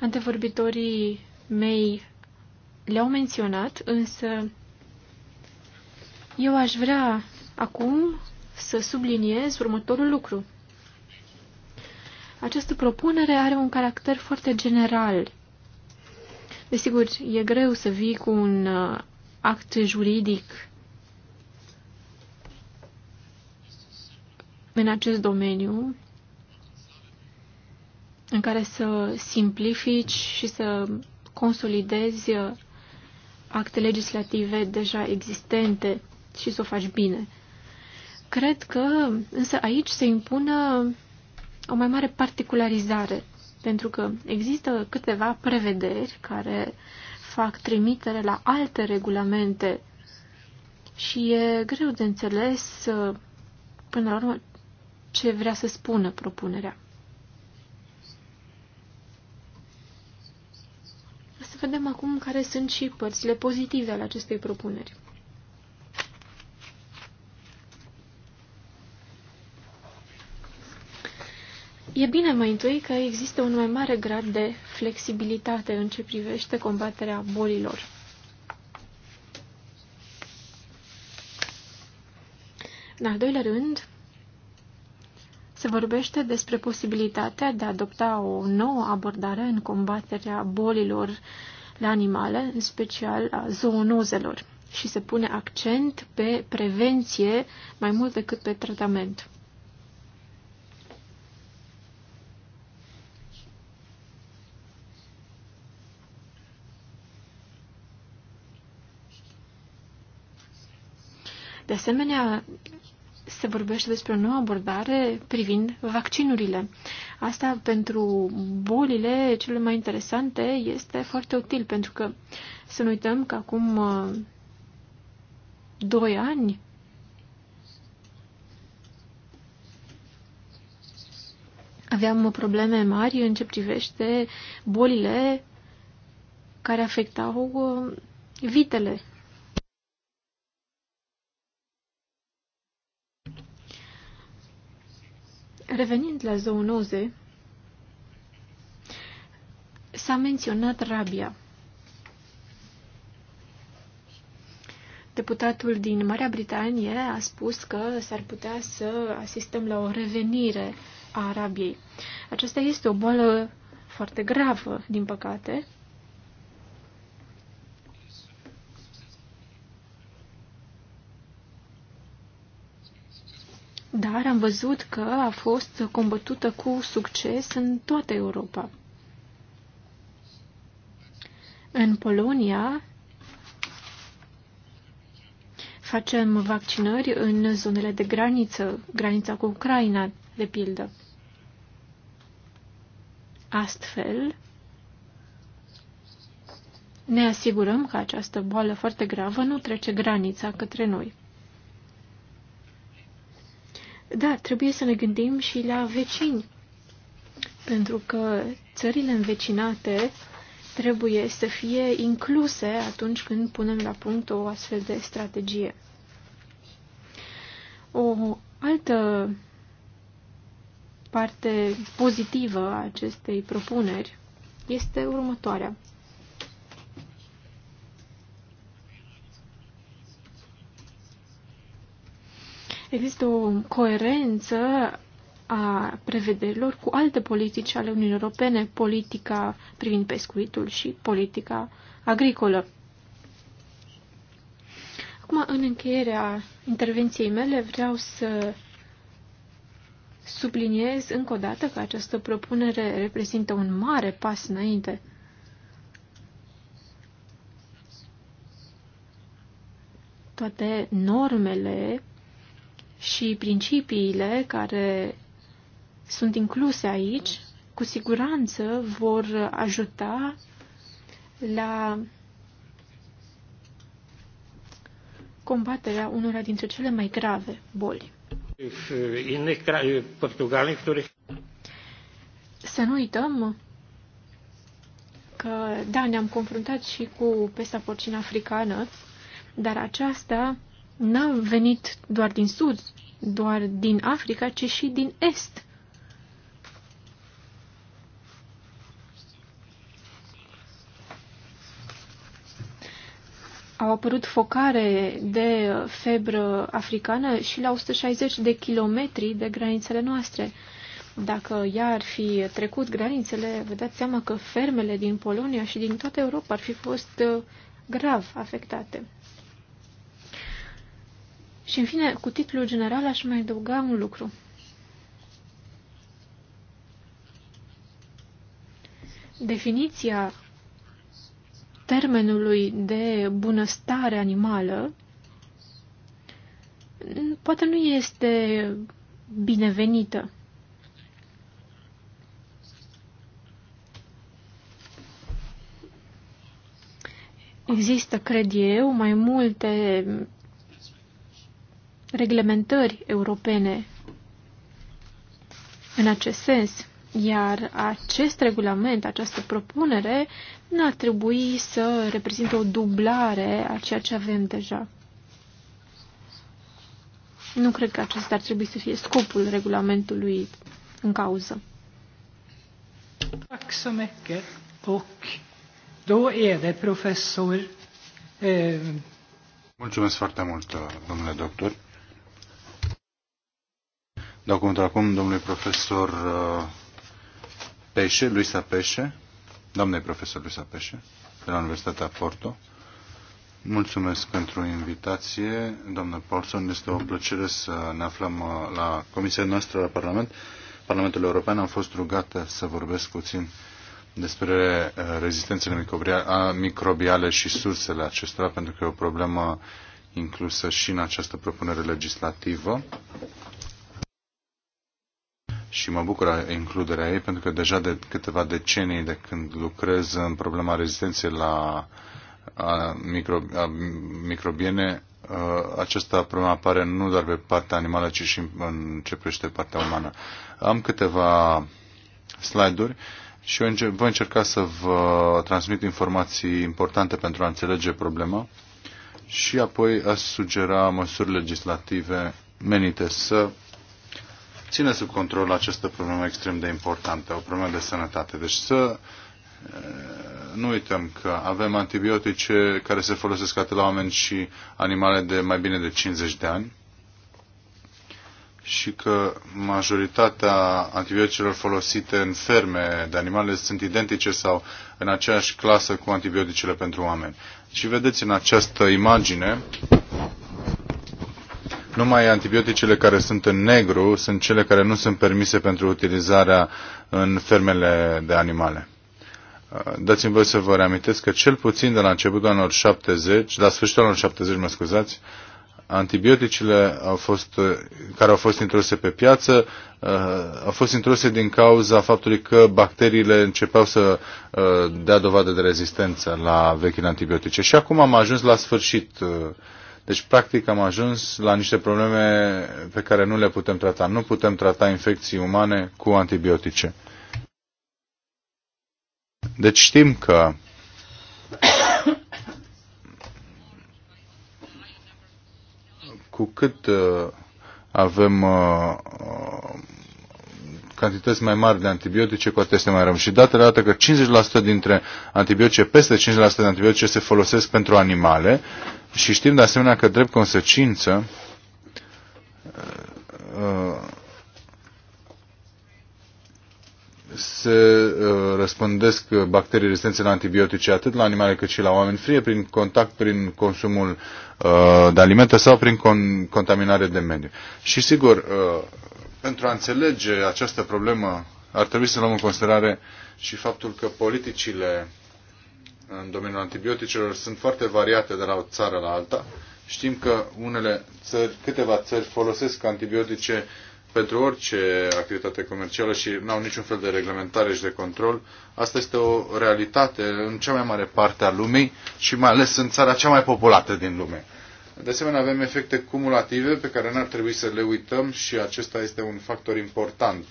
Antevorbitorii mei le-au menționat, însă eu aș vrea acum să subliniez următorul lucru. Această propunere are un caracter foarte general. Desigur, e greu să vii cu un uh, act juridic în acest domeniu în care să simplifici și să consolidezi uh, acte legislative deja existente și să o faci bine. Cred că însă aici se impună o mai mare particularizare, pentru că există câteva prevederi care fac trimitere la alte regulamente și e greu de înțeles uh, până la urmă ce vrea să spună propunerea. Să vedem acum care sunt și părțile pozitive ale acestei propuneri. E bine mai întâi că există un mai mare grad de flexibilitate în ce privește combaterea bolilor. În al doilea rând, se vorbește despre posibilitatea de a adopta o nouă abordare în combaterea bolilor la animale, în special a zoonozelor, și se pune accent pe prevenție mai mult decât pe tratament. De asemenea, se vorbește despre o nouă abordare privind vaccinurile. Asta pentru bolile cele mai interesante este foarte util, pentru că să nu uităm că acum uh, doi ani aveam probleme mari în ce privește bolile care afectau uh, vitele Revenind la zoonoze, s-a menționat rabia. Deputatul din Marea Britanie a spus că s-ar putea să asistăm la o revenire a rabiei. Aceasta este o boală foarte gravă, din păcate, dar am văzut că a fost combătută cu succes în toată Europa. În Polonia facem vaccinări în zonele de graniță, granița cu Ucraina, de pildă. Astfel, ne asigurăm că această boală foarte gravă nu trece granița către noi. Da, trebuie să ne gândim și la vecini, pentru că țările învecinate trebuie să fie incluse atunci când punem la punct o astfel de strategie. O altă parte pozitivă a acestei propuneri este următoarea. Există o coerență a prevederilor cu alte politici ale Uniunii Europene, politica privind pescuitul și politica agricolă. Acum, în încheierea intervenției mele, vreau să subliniez încă o dată că această propunere reprezintă un mare pas înainte. Toate normele și principiile care sunt incluse aici, cu siguranță vor ajuta la combaterea unora dintre cele mai grave boli. Să nu uităm că, da, ne-am confruntat și cu pesta porcină africană, dar aceasta n-a venit doar din sud, doar din Africa, ci și din est. Au apărut focare de febră africană și la 160 de kilometri de granițele noastre. Dacă ea ar fi trecut granițele, vă dați seama că fermele din Polonia și din toată Europa ar fi fost uh, grav afectate. Și, în fine, cu titlul general aș mai adăuga un lucru. Definiția termenului de bunăstare animală poate nu este binevenită. Există, cred eu, mai multe reglementări europene în acest sens. Iar acest regulament, această propunere, nu ar trebui să reprezinte o dublare a ceea ce avem deja. Nu cred că acesta ar trebui să fie scopul regulamentului în cauză. Eh, Mulțumesc foarte mult, domnule doctor. Dau cuvântul acum domnului profesor uh, Peșe, Luisa Peșe, doamnei profesor Luisa Peșe, de la Universitatea Porto. Mulțumesc pentru invitație, doamnă Paulson. Este o plăcere să ne aflăm uh, la Comisia noastră la Parlament. Parlamentul European am fost rugată să vorbesc puțin despre uh, rezistențele microbiale și sursele acestora, pentru că e o problemă inclusă și în această propunere legislativă și mă bucură includerea ei pentru că deja de câteva decenii de când lucrez în problema rezistenței la a micro, a microbiene, această problemă apare nu doar pe partea animală, ci și în ce privește partea umană. Am câteva slide-uri și voi încerca să vă transmit informații importante pentru a înțelege problema și apoi a sugera măsuri legislative menite să ține sub control această problemă extrem de importantă, o problemă de sănătate. Deci să nu uităm că avem antibiotice care se folosesc atât la oameni și animale de mai bine de 50 de ani și că majoritatea antibioticelor folosite în ferme de animale sunt identice sau în aceeași clasă cu antibioticele pentru oameni. Și vedeți în această imagine numai antibioticele care sunt în negru sunt cele care nu sunt permise pentru utilizarea în fermele de animale. Uh, dați-mi voi să vă reamintesc că cel puțin de la începutul anilor 70, la sfârșitul anilor 70, mă scuzați, antibioticele au fost, uh, care au fost introduse pe piață uh, au fost introduse din cauza faptului că bacteriile începeau să dea dovadă de rezistență la vechile antibiotice. Și acum am ajuns la sfârșit deci, practic, am ajuns la niște probleme pe care nu le putem trata. Nu putem trata infecții umane cu antibiotice. Deci știm că cu cât uh, avem uh, uh, cantități mai mari de antibiotice, cu atât este mai rău. Și datele arată că 50% dintre antibiotice, peste 50% de antibiotice se folosesc pentru animale și știm de asemenea că drept consecință uh, se uh, răspândesc bacterii rezistențe la antibiotice atât la animale cât și la oameni, fie prin contact, prin consumul uh, de alimente sau prin contaminare de mediu. Și sigur, pentru a înțelege această problemă ar trebui să luăm în considerare și faptul că politicile în domeniul antibioticelor sunt foarte variate de la o țară la alta. Știm că unele țări, câteva țări folosesc antibiotice pentru orice activitate comercială și nu au niciun fel de reglementare și de control. Asta este o realitate în cea mai mare parte a lumii și mai ales în țara cea mai populată din lume. De asemenea, avem efecte cumulative pe care n-ar trebui să le uităm și acesta este un factor important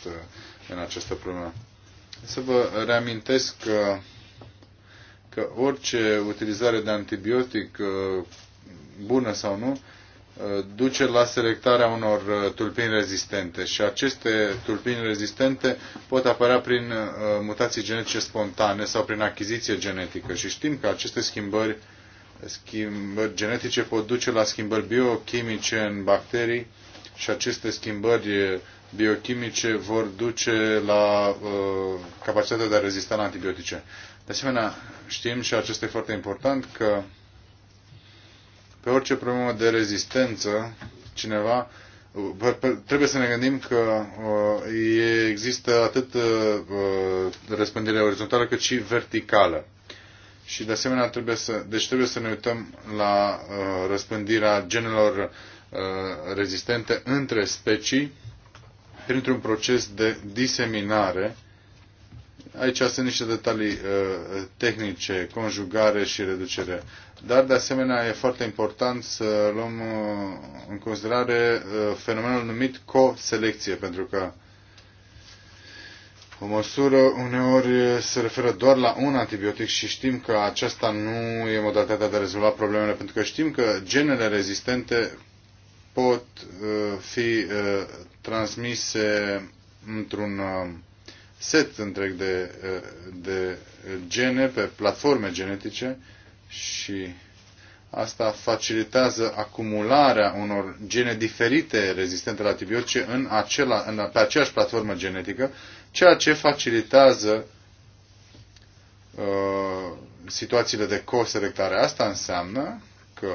în această problemă. Să vă reamintesc că că orice utilizare de antibiotic, uh, bună sau nu, uh, duce la selectarea unor uh, tulpini rezistente și aceste tulpini rezistente pot apărea prin mutații genetice spontane sau prin achiziție genetică și știm că aceste schimbări, schimbări genetice pot duce la schimbări biochimice în bacterii și aceste schimbări biochimice vor duce la uh, capacitatea de a rezista la antibiotice. De asemenea, știm și acesta e foarte important că pe orice problemă de rezistență, cineva trebuie să ne gândim că uh, există atât uh, uh, răspândirea orizontală cât și verticală. Și de asemenea trebuie să, deci trebuie să ne uităm la răspândirea genelor rezistente între specii printr-un proces de diseminare Aici sunt niște detalii uh, tehnice, conjugare și reducere. Dar, de asemenea, e foarte important să luăm uh, în considerare uh, fenomenul numit co-selecție, pentru că o măsură uneori se referă doar la un antibiotic și știm că aceasta nu e modalitatea de a rezolva problemele, pentru că știm că genele rezistente pot uh, fi uh, transmise într-un uh, set întreg de, de gene pe platforme genetice și asta facilitează acumularea unor gene diferite rezistente la antibiotice în acela, în, pe aceeași platformă genetică, ceea ce facilitează uh, situațiile de coselectare. Asta înseamnă că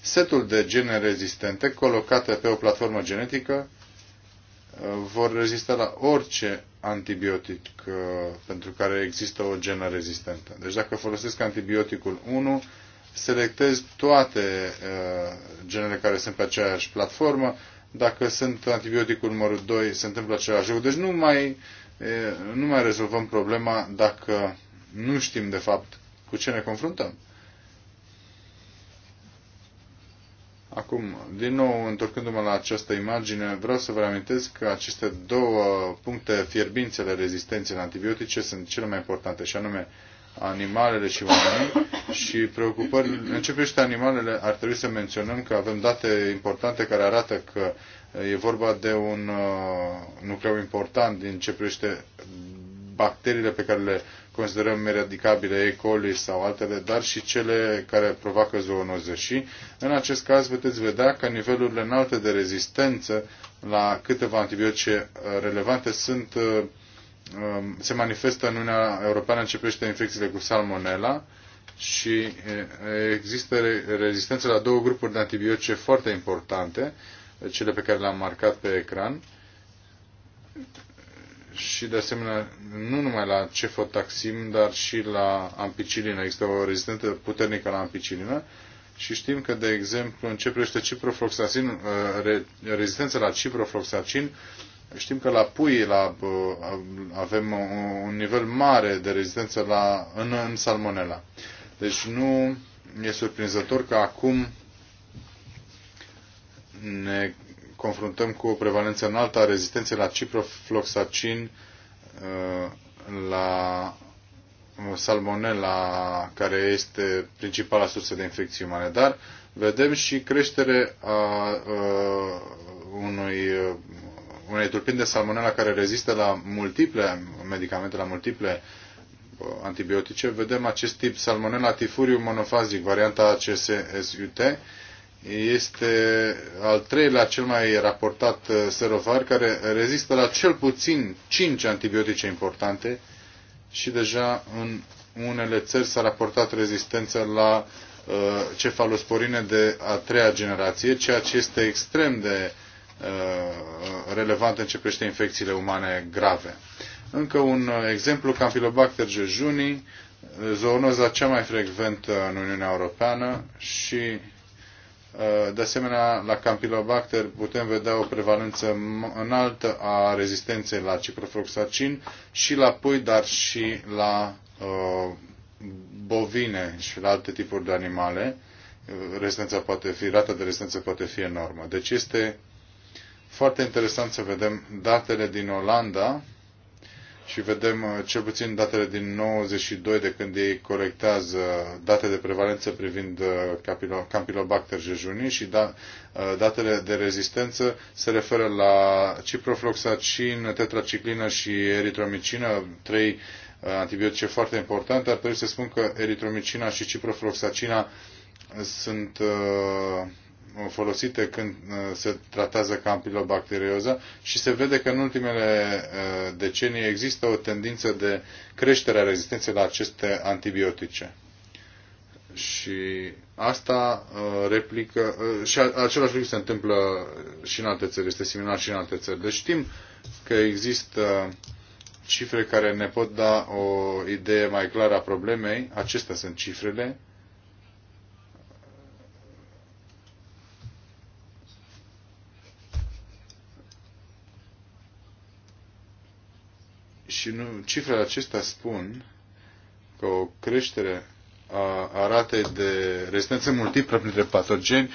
setul de gene rezistente colocate pe o platformă genetică uh, vor rezista la orice antibiotic uh, pentru care există o genă rezistentă. Deci dacă folosesc antibioticul 1, selectez toate uh, genele care sunt pe aceeași platformă. Dacă sunt antibioticul numărul 2, se întâmplă același lucru. Deci nu mai, uh, nu mai rezolvăm problema dacă nu știm de fapt cu ce ne confruntăm. Acum, din nou, întorcându-mă la această imagine, vreau să vă reamintesc că aceste două puncte fierbințe ale rezistenței la antibiotice sunt cele mai importante, și anume animalele și oamenii și preocupări. În ce privește animalele, ar trebui să menționăm că avem date importante care arată că e vorba de un uh, nucleu important din ce privește bacteriile pe care le considerăm eradicabile E. coli sau altele, dar și cele care provoacă zoonoze. Și în acest caz puteți vedea că nivelurile înalte de rezistență la câteva antibiotice uh, relevante sunt, uh, um, se manifestă în Uniunea Europeană, începește infecțiile cu salmonella și uh, există rezistență la două grupuri de antibiotice foarte importante, cele pe care le-am marcat pe ecran și de asemenea nu numai la cefotaxim, dar și la ampicilină. Există o rezistentă puternică la ampicilină și știm că, de exemplu, în ce privește ciprofloxacin, uh, rezistența la ciprofloxacin, știm că la pui la, uh, avem un nivel mare de rezistență la, în, în salmonella. Deci nu e surprinzător că acum ne confruntăm cu o prevalență înaltă a rezistenței la ciprofloxacin, uh, la salmonella, care este principala sursă de infecții umane, dar vedem și creștere a, uh, unui, uh, unei tulpini de salmonella care rezistă la multiple medicamente, la multiple antibiotice. Vedem acest tip salmonella tifurium monofazic, varianta ACSSUT, este al treilea cel mai raportat uh, serovar, care rezistă la cel puțin 5 antibiotice importante și deja în unele țări s-a raportat rezistență la uh, cefalosporine de a treia generație, ceea ce este extrem de uh, relevant în ce privește infecțiile umane grave. Încă un uh, exemplu, Campylobacter jejuni, zoonoza cea mai frecventă în Uniunea Europeană și Uh, de asemenea, la Campylobacter putem vedea o prevalență înaltă a rezistenței la ciprofloxacin și la pui, dar și la uh, bovine și la alte tipuri de animale. Uh, rezistența poate fi, rata de rezistență poate fi enormă. Deci este foarte interesant să vedem datele din Olanda și vedem uh, cel puțin datele din 92 de când ei colectează date de prevalență privind uh, Campylobacter jejuni și da, uh, datele de rezistență se referă la ciprofloxacin, tetraciclină și eritromicină, trei antibiotice foarte importante. Ar trebui să spun că eritromicina și ciprofloxacina sunt uh, folosite când uh, se tratează campilobacterioză și se vede că în ultimele uh, decenii există o tendință de creștere a rezistenței la aceste antibiotice. Și asta uh, replică, și același lucru se întâmplă și în alte țări, este similar și în alte țări. Deci știm că există cifre care ne pot da o idee mai clară a problemei, acestea sunt cifrele, Și nu, cifrele acestea spun că o creștere a ratei de rezistență multiplă printre patogeni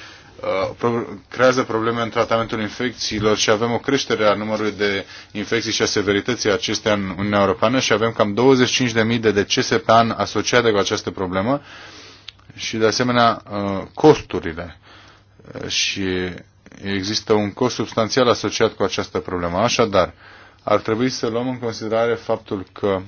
creează probleme în tratamentul infecțiilor și avem o creștere a numărului de infecții și a severității acestea în Uniunea Europeană și avem cam 25.000 de decese pe an asociate cu această problemă și de asemenea costurile și există un cost substanțial asociat cu această problemă. Așadar, ar trebui să luăm în considerare faptul că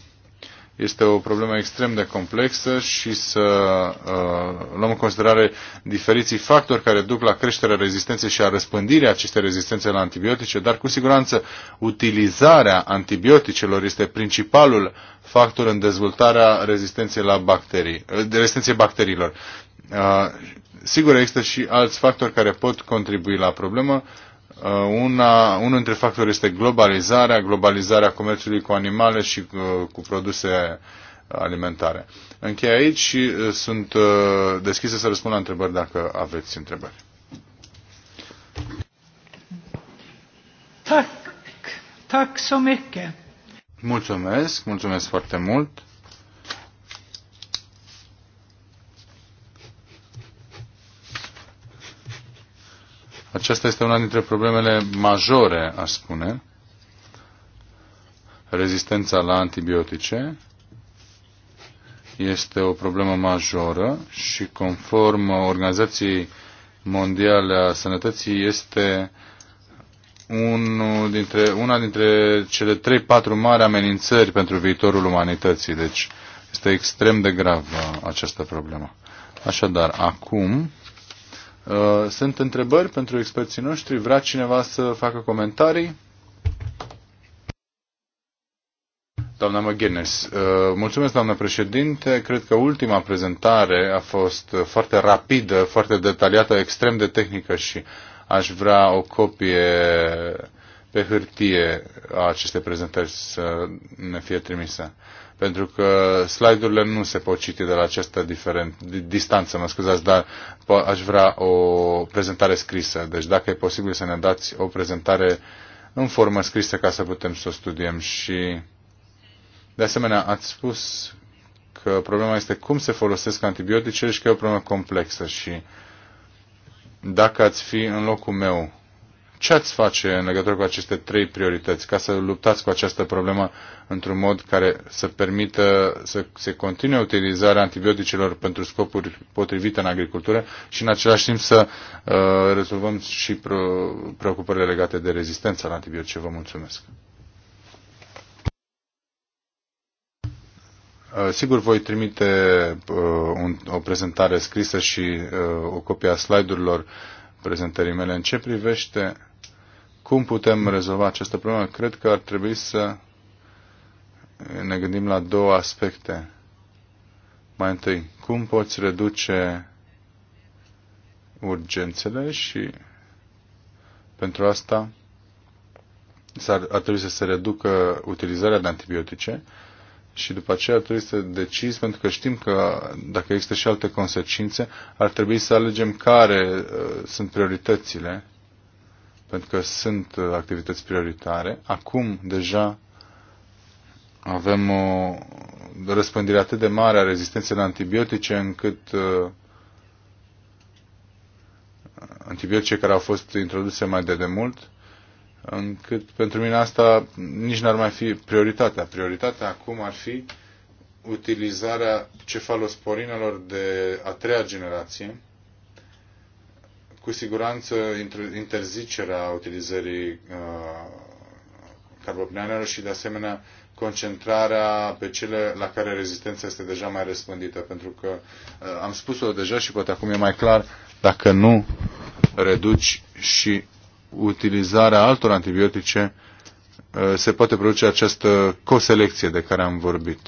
este o problemă extrem de complexă și să uh, luăm în considerare diferiții factori care duc la creșterea rezistenței și a răspândirii acestei rezistențe la antibiotice, dar cu siguranță utilizarea antibioticelor este principalul factor în dezvoltarea rezistenței la bacterii, rezistenței bacteriilor. Uh, sigur, există și alți factori care pot contribui la problemă, Uh, una, unul dintre factori este globalizarea, globalizarea comerțului cu animale și uh, cu produse alimentare. Închei aici și uh, sunt deschise să răspund la întrebări dacă aveți întrebări. Tak, tak, so mycket. Mulțumesc, mulțumesc foarte mult. Aceasta este una dintre problemele majore, aș spune, rezistența la antibiotice este o problemă majoră și conform Organizației Mondiale a Sănătății este unul dintre, una dintre cele 3-4 mari amenințări pentru viitorul umanității. Deci este extrem de grav această problemă. Așadar, acum Uh, sunt întrebări pentru experții noștri? Vrea cineva să facă comentarii? Doamna McGuinness, uh, mulțumesc, doamna președinte. Cred că ultima prezentare a fost foarte rapidă, foarte detaliată, extrem de tehnică și aș vrea o copie pe hârtie a acestei prezentări să ne fie trimisă pentru că slide-urile nu se pot citi de la această diferent, distanță, mă scuzați, dar aș vrea o prezentare scrisă. Deci dacă e posibil să ne dați o prezentare în formă scrisă ca să putem să o studiem și de asemenea ați spus că problema este cum se folosesc antibioticele și că e o problemă complexă și dacă ați fi în locul meu ce ați face în legătură cu aceste trei priorități ca să luptați cu această problemă într-un mod care să permită să se continue utilizarea antibioticelor pentru scopuri potrivite în agricultură și în același timp să uh, rezolvăm și preocupările legate de rezistența la antibiotice? Vă mulțumesc! Uh, sigur, voi trimite uh, un, o prezentare scrisă și uh, o copie a slide-urilor prezentării mele. În ce privește cum putem rezolva această problemă? Cred că ar trebui să ne gândim la două aspecte. Mai întâi, cum poți reduce urgențele și pentru asta ar, ar trebui să se reducă utilizarea de antibiotice și după aceea ar trebui să decizi, pentru că știm că dacă există și alte consecințe, ar trebui să alegem care uh, sunt prioritățile pentru că sunt uh, activități prioritare. Acum deja avem o răspândire atât de mare a rezistenței la antibiotice încât uh, antibiotice care au fost introduse mai de demult, încât pentru mine asta nici n-ar mai fi prioritatea. Prioritatea acum ar fi utilizarea cefalosporinelor de a treia generație, cu siguranță interzicerea utilizării uh, carbopneanelor și de asemenea concentrarea pe cele la care rezistența este deja mai răspândită, pentru că uh, am spus-o deja și poate acum e mai clar, dacă nu reduci și utilizarea altor antibiotice, uh, se poate produce această coselecție de care am vorbit.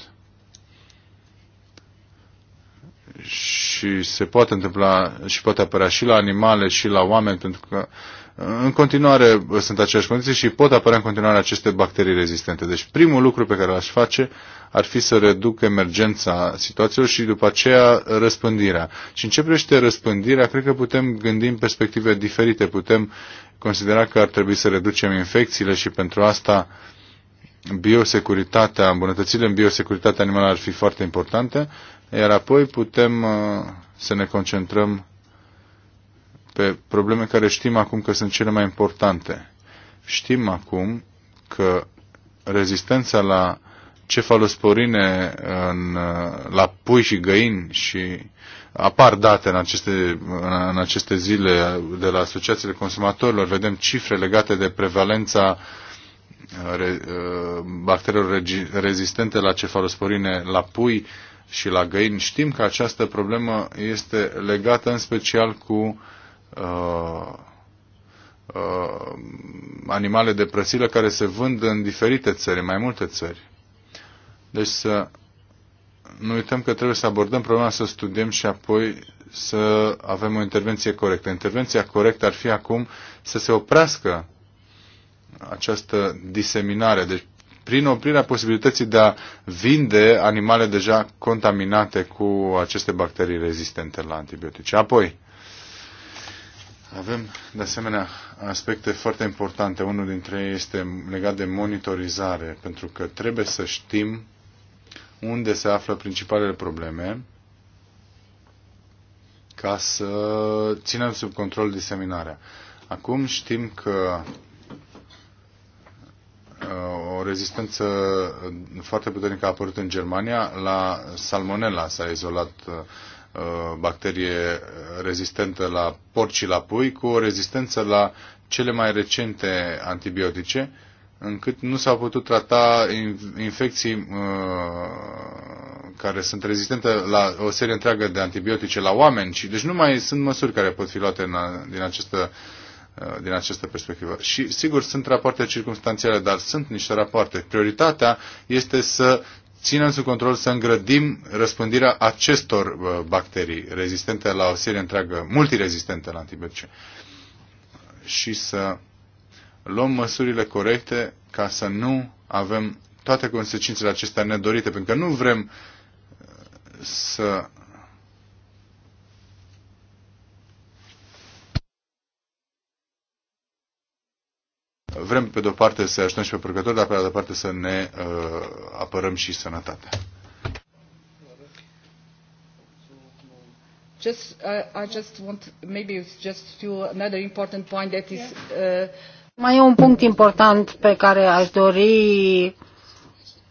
Și și se poate întâmpla și poate apărea și la animale și la oameni, pentru că uh, în continuare uh, sunt aceleași condiții și pot apărea în continuare aceste bacterii rezistente. Deci primul lucru pe care l-aș face ar fi să reduc emergența situațiilor și după aceea răspândirea. Și în ce privește răspândirea, cred că putem gândi în perspective diferite. Putem considera că ar trebui să reducem infecțiile și pentru asta biosecuritatea, îmbunătățirile în biosecuritatea animală ar fi foarte importante, iar apoi putem uh, să ne concentrăm pe probleme care știm acum că sunt cele mai importante. Știm acum că rezistența la cefalosporine în, uh, la pui și găini și apar date în aceste, în aceste zile de la asociațiile consumatorilor, vedem cifre legate de prevalența uh, bacteriilor rezistente la cefalosporine la pui și la găini, știm că această problemă este legată în special cu uh, uh, animale de prăsilă care se vând în diferite țări, mai multe țări. Deci să nu uităm că trebuie să abordăm problema, să studiem și apoi să avem o intervenție corectă. Intervenția corectă ar fi acum să se oprească această diseminare. Deci prin oprirea posibilității de a vinde animale deja contaminate cu aceste bacterii rezistente la antibiotice. Apoi, avem, de asemenea, aspecte foarte importante. Unul dintre ei este legat de monitorizare, pentru că trebuie să știm unde se află principalele probleme ca să ținem sub control diseminarea. Acum știm că rezistență uh, foarte puternică a apărut în Germania. La salmonella s-a izolat uh, bacterie rezistentă la porci și la pui cu o rezistență la cele mai recente antibiotice, încât nu s-au putut trata infecții uh, care sunt rezistente la o serie întreagă de antibiotice la oameni. Deci nu mai sunt măsuri care pot fi luate din această Uh, din această perspectivă. Și sigur sunt rapoarte circumstanțiale, dar sunt niște rapoarte. Prioritatea este să ținem sub control, să îngrădim răspândirea acestor uh, bacterii rezistente la o serie întreagă, multirezistente la antibiotice. Și să luăm măsurile corecte ca să nu avem toate consecințele acestea nedorite, pentru că nu vrem uh, să Vrem, pe de-o parte, să ajutăm și pe producători, dar pe de-altă parte să ne uh, apărăm și sănătatea. Just, uh, I just want, maybe it's just to another important point that is... Uh, mai e un punct important pe care aș dori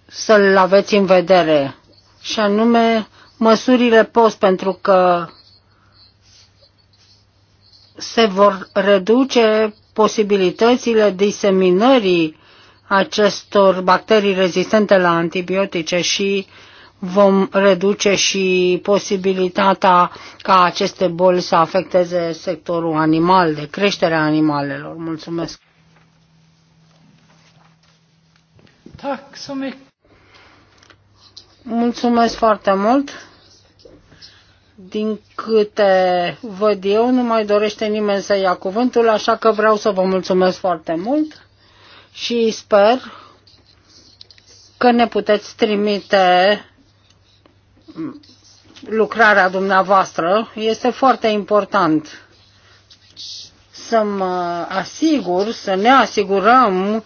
să-l aveți în vedere, și anume măsurile post, pentru că se vor reduce posibilitățile diseminării acestor bacterii rezistente la antibiotice și vom reduce și posibilitatea ca aceste boli să afecteze sectorul animal, de a animalelor. Mulțumesc! Mulțumesc foarte mult! Din câte văd eu, nu mai dorește nimeni să ia cuvântul, așa că vreau să vă mulțumesc foarte mult și sper că ne puteți trimite lucrarea dumneavoastră. Este foarte important să mă asigur, să ne asigurăm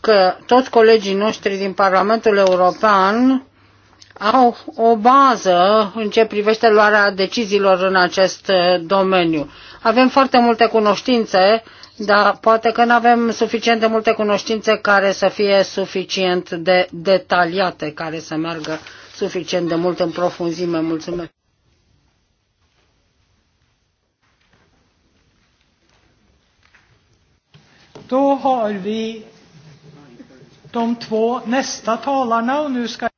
că toți colegii noștri din Parlamentul European au o bază în ce privește luarea deciziilor în acest eh, domeniu. Avem foarte multe cunoștințe, dar poate că nu avem suficient de multe cunoștințe care să fie suficient de detaliate, care să meargă suficient de mult în profunzime. Mulțumesc! Då har vi de två nästa talarna och nu ska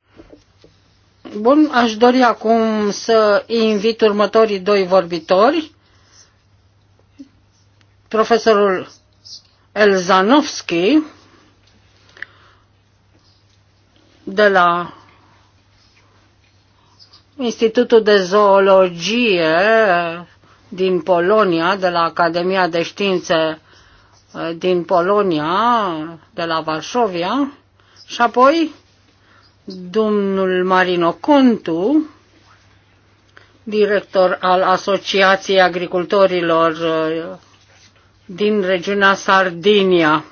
Bun, aș dori acum să invit următorii doi vorbitori. Profesorul Elzanovski de la Institutul de Zoologie din Polonia, de la Academia de Științe eh, din Polonia, de la Varșovia, și apoi domnul Marino Contu, director al Asociației Agricultorilor uh, din regiunea Sardinia.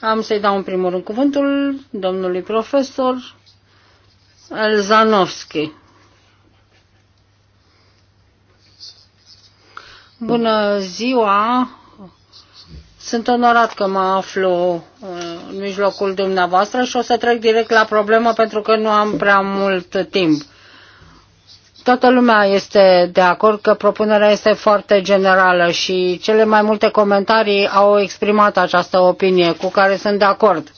Am să-i dau în primul rând cuvântul domnului profesor Elzanovski. Bună ziua! Sunt onorat că mă aflu uh, în mijlocul dumneavoastră și o să trec direct la problemă pentru că nu am prea mult timp. Toată lumea este de acord că propunerea este foarte generală și cele mai multe comentarii au exprimat această opinie cu care sunt de acord.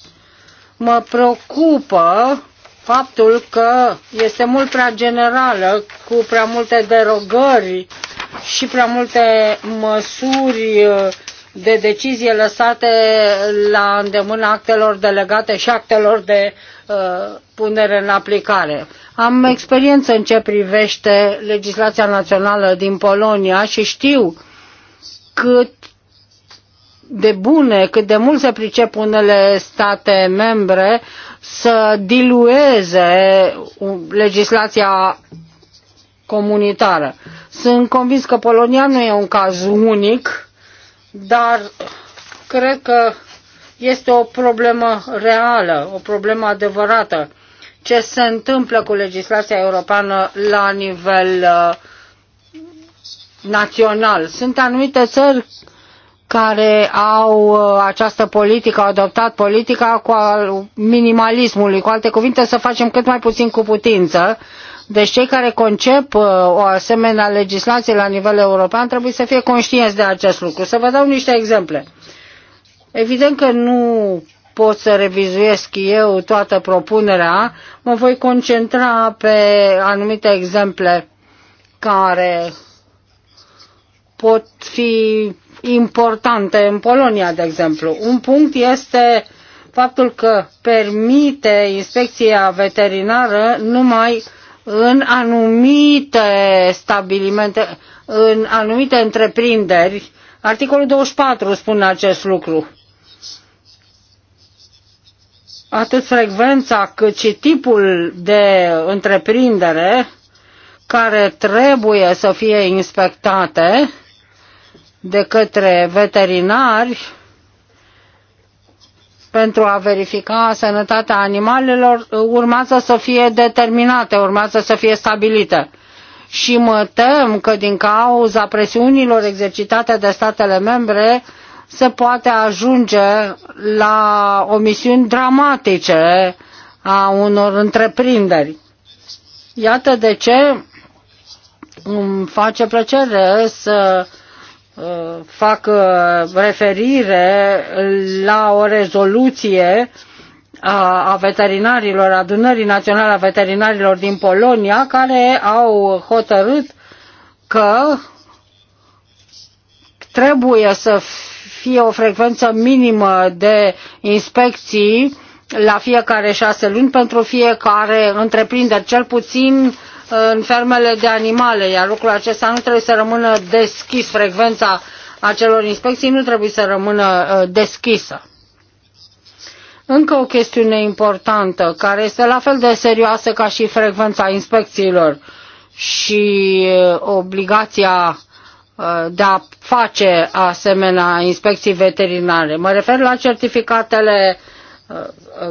Mă preocupă faptul că este mult prea generală, cu prea multe derogări și prea multe măsuri de decizie lăsate la îndemâna actelor delegate și actelor de uh, punere în aplicare. Am experiență în ce privește legislația națională din Polonia și știu cât de bune, cât de mult se pricep unele state membre să dilueze legislația comunitară. Sunt convins că Polonia nu e un caz unic, dar cred că este o problemă reală, o problemă adevărată. Ce se întâmplă cu legislația europeană la nivel uh, național? Sunt anumite țări care au uh, această politică, au adoptat politica cu minimalismului, cu alte cuvinte, să facem cât mai puțin cu putință deci cei care concep uh, o asemenea legislație la nivel european trebuie să fie conștienți de acest lucru. Să vă dau niște exemple. Evident că nu pot să revizuiesc eu toată propunerea, mă voi concentra pe anumite exemple care pot fi importante în Polonia, de exemplu. Un punct este faptul că permite inspecția veterinară numai în anumite stabilimente, în anumite întreprinderi. Articolul 24 spune acest lucru. Atât frecvența cât și tipul de întreprindere care trebuie să fie inspectate de către veterinari pentru a verifica sănătatea animalelor urmează să fie determinate, urmează să fie stabilite. Și mă tem că din cauza presiunilor exercitate de statele membre se poate ajunge la omisiuni dramatice a unor întreprinderi. Iată de ce îmi face plăcere să fac referire la o rezoluție a veterinarilor, adunării naționale a veterinarilor din Polonia, care au hotărât că trebuie să fie o frecvență minimă de inspecții la fiecare șase luni pentru fiecare întreprindere, cel puțin în fermele de animale, iar lucrul acesta nu trebuie să rămână deschis. Frecvența acelor inspecții nu trebuie să rămână uh, deschisă. Încă o chestiune importantă, care este la fel de serioasă ca și frecvența inspecțiilor și uh, obligația uh, de a face asemenea inspecții veterinare. Mă refer la certificatele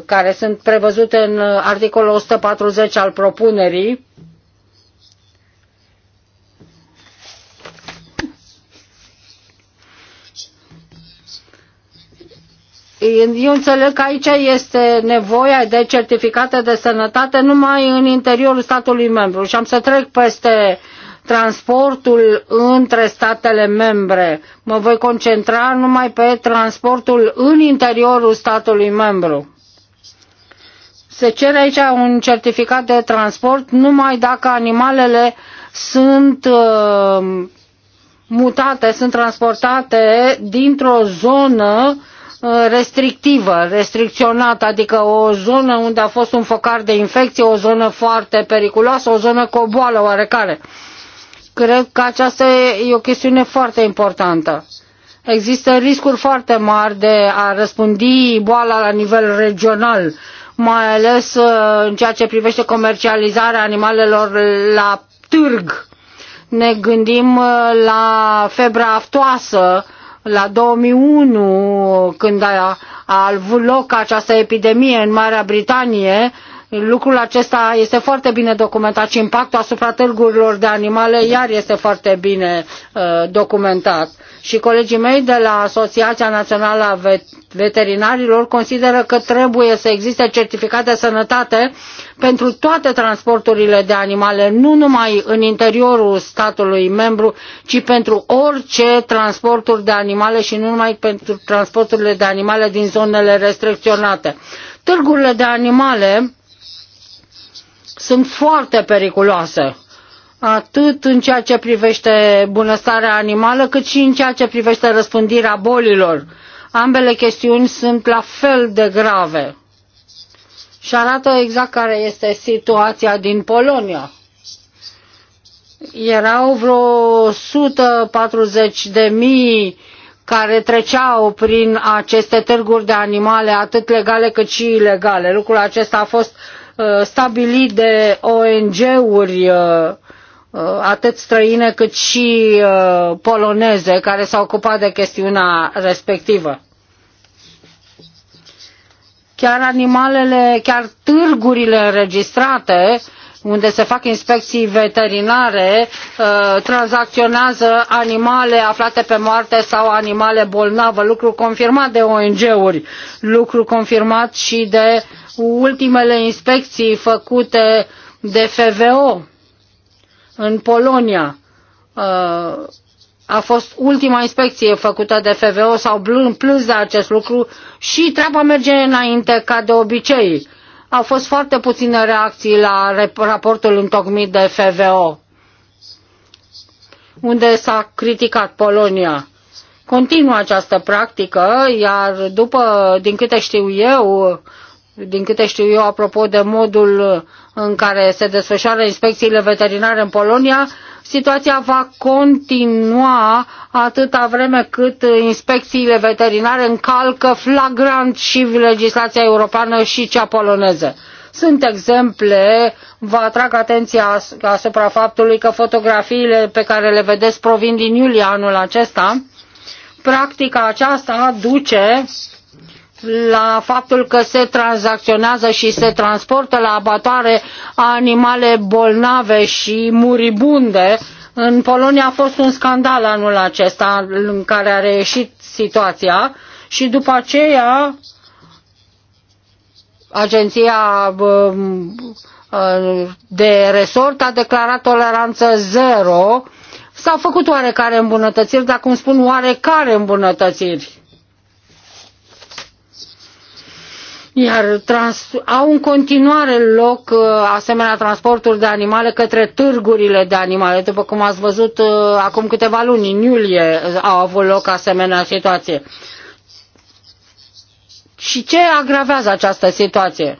care sunt prevăzute în articolul 140 al propunerii Eu înțeleg că aici este nevoia de certificate de sănătate numai în interiorul statului membru și am să trec peste transportul între statele membre. Mă voi concentra numai pe transportul în interiorul statului membru. Se cere aici un certificat de transport numai dacă animalele sunt uh, mutate, sunt transportate dintr-o zonă uh, Uh, restrictivă, restricționată, adică o zonă unde a fost un focar de infecție, o zonă foarte periculoasă, o zonă cu o boală oarecare. Cred că aceasta e o chestiune foarte importantă. Există riscuri foarte mari de a răspândi boala la nivel regional, mai ales uh, în ceea ce privește comercializarea animalelor la târg. Ne gândim uh, la febra aftoasă, la 2001, când a, a avut loc această epidemie în Marea Britanie, lucrul acesta este foarte bine documentat și impactul asupra târgurilor de animale iar este foarte bine uh, documentat și colegii mei de la Asociația Națională a Veterinarilor consideră că trebuie să existe certificate de sănătate pentru toate transporturile de animale, nu numai în interiorul statului membru, ci pentru orice transporturi de animale și nu numai pentru transporturile de animale din zonele restricționate. Târgurile de animale sunt foarte periculoase atât în ceea ce privește bunăstarea animală, cât și în ceea ce privește răspândirea bolilor. Ambele chestiuni sunt la fel de grave și arată exact care este situația din Polonia. Erau vreo 140 de mii care treceau prin aceste târguri de animale, atât legale cât și ilegale. Lucrul acesta a fost uh, stabilit de ONG-uri uh, Uh, atât străine cât și uh, poloneze care s-au ocupat de chestiunea respectivă. Chiar animalele, chiar târgurile înregistrate unde se fac inspecții veterinare, uh, tranzacționează animale aflate pe moarte sau animale bolnavă, lucru confirmat de ONG-uri, lucru confirmat și de ultimele inspecții făcute de FVO în Polonia. Uh, a fost ultima inspecție făcută de FVO, s-au plâns de acest lucru și treaba merge înainte ca de obicei. Au fost foarte puține reacții la raportul întocmit de FVO, unde s-a criticat Polonia. Continuă această practică, iar după, din câte știu eu, din câte știu eu, apropo de modul în care se desfășoară inspecțiile veterinare în Polonia, situația va continua atâta vreme cât inspecțiile veterinare încalcă flagrant și legislația europeană și cea poloneză. Sunt exemple, vă atrag atenția asupra faptului că fotografiile pe care le vedeți provin din iulie anul acesta. Practica aceasta duce la faptul că se tranzacționează și se transportă la abatoare animale bolnave și muribunde. În Polonia a fost un scandal anul acesta în care a reieșit situația și după aceea agenția um, uh, de resort a declarat toleranță zero. S-au făcut oarecare îmbunătățiri, dar cum spun oarecare îmbunătățiri iar trans, au în continuare loc uh, asemenea transporturi de animale către târgurile de animale. După cum ați văzut uh, acum câteva luni, în iulie, uh, au avut loc asemenea situație. Și ce agravează această situație?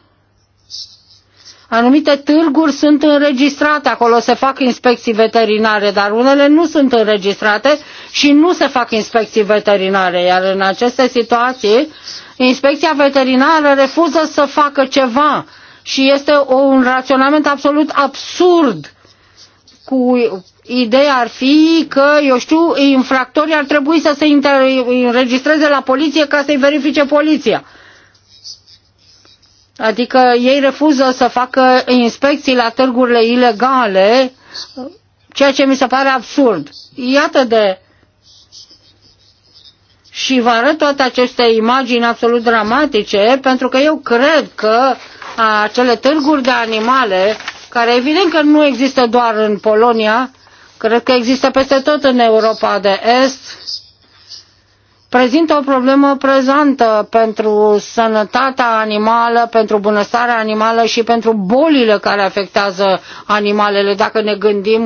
Anumite târguri sunt înregistrate, acolo se fac inspecții veterinare, dar unele nu sunt înregistrate și nu se fac inspecții veterinare, iar în aceste situații inspecția veterinară refuză să facă ceva și este un raționament absolut absurd cu ideea ar fi că, eu știu, infractorii ar trebui să se înregistreze la poliție ca să-i verifice poliția. Adică ei refuză să facă inspecții la târgurile ilegale, ceea ce mi se pare absurd. Iată de... Și vă arăt toate aceste imagini absolut dramatice, pentru că eu cred că acele târguri de animale, care evident că nu există doar în Polonia, cred că există peste tot în Europa de Est, prezintă o problemă prezentă pentru sănătatea animală, pentru bunăstarea animală și pentru bolile care afectează animalele. Dacă ne gândim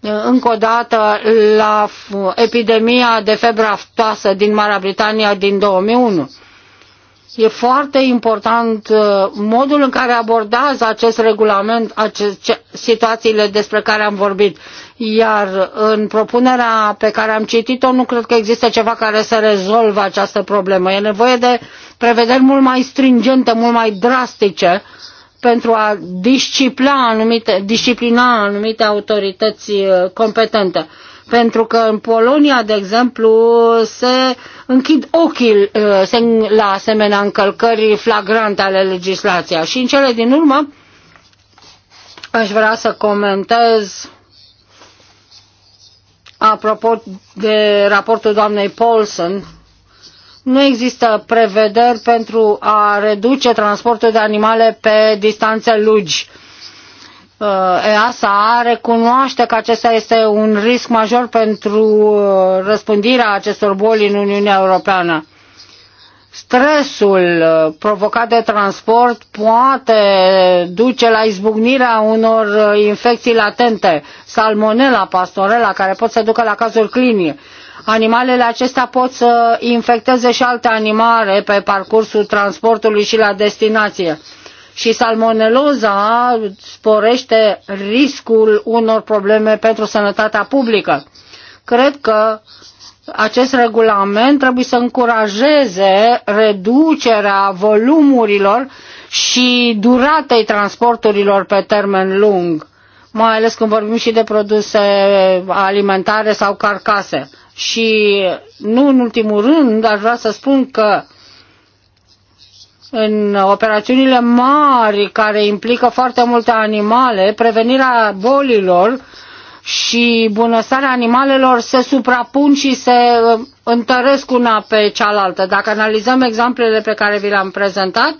uh, încă o dată la epidemia de febră aftoasă din Marea Britanie din 2001. E foarte important uh, modul în care abordează acest regulament acest, situațiile despre care am vorbit. Iar în propunerea pe care am citit-o, nu cred că există ceva care să rezolve această problemă. E nevoie de prevederi mult mai stringente, mult mai drastice pentru a disciplina anumite, disciplina anumite autorități uh, competente. Pentru că în Polonia, de exemplu, se închid ochii uh, la asemenea încălcări flagrante ale legislației. Și în cele din urmă aș vrea să comentez apropo de raportul doamnei Paulson, nu există prevederi pentru a reduce transportul de animale pe distanțe lungi. Uh, EASA recunoaște că acesta este un risc major pentru uh, răspândirea acestor boli în Uniunea Europeană. Stresul uh, provocat de transport poate duce la izbucnirea unor infecții latente, salmonella, pastorela, care pot să ducă la cazuri clinice. Animalele acestea pot să infecteze și alte animale pe parcursul transportului și la destinație și salmoneloza sporește riscul unor probleme pentru sănătatea publică. Cred că acest regulament trebuie să încurajeze reducerea volumurilor și duratei transporturilor pe termen lung, mai ales când vorbim și de produse alimentare sau carcase. Și nu în ultimul rând aș vrea să spun că în operațiunile mari care implică foarte multe animale, prevenirea bolilor și bunăstarea animalelor se suprapun și se uh, întăresc una pe cealaltă. Dacă analizăm exemplele pe care vi le-am prezentat,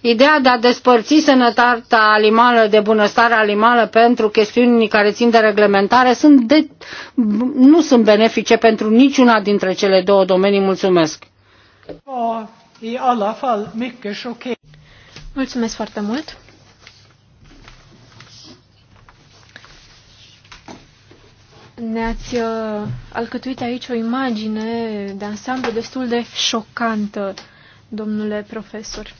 ideea de a despărți sănătatea animală de bunăstare animală pentru chestiuni care țin de reglementare sunt de, nu sunt benefice pentru niciuna dintre cele două domenii. Mulțumesc! Oh. I alla fall mycket Mulțumesc foarte mult. Ne-ați uh, alcătuit aici o imagine de ansamblu destul de șocantă, domnule profesor.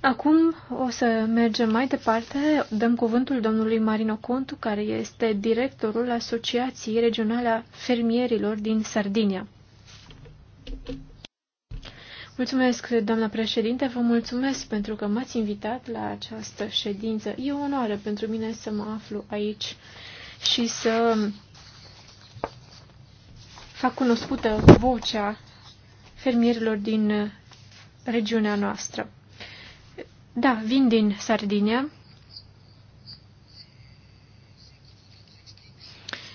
Acum o să mergem mai departe. Dăm cuvântul domnului Marino Contu, care este directorul Asociației Regionale a Fermierilor din Sardinia. Mulțumesc, doamna președinte, vă mulțumesc pentru că m-ați invitat la această ședință. E o onoare pentru mine să mă aflu aici și să fac cunoscută vocea fermierilor din regiunea noastră. Da, vin din Sardinia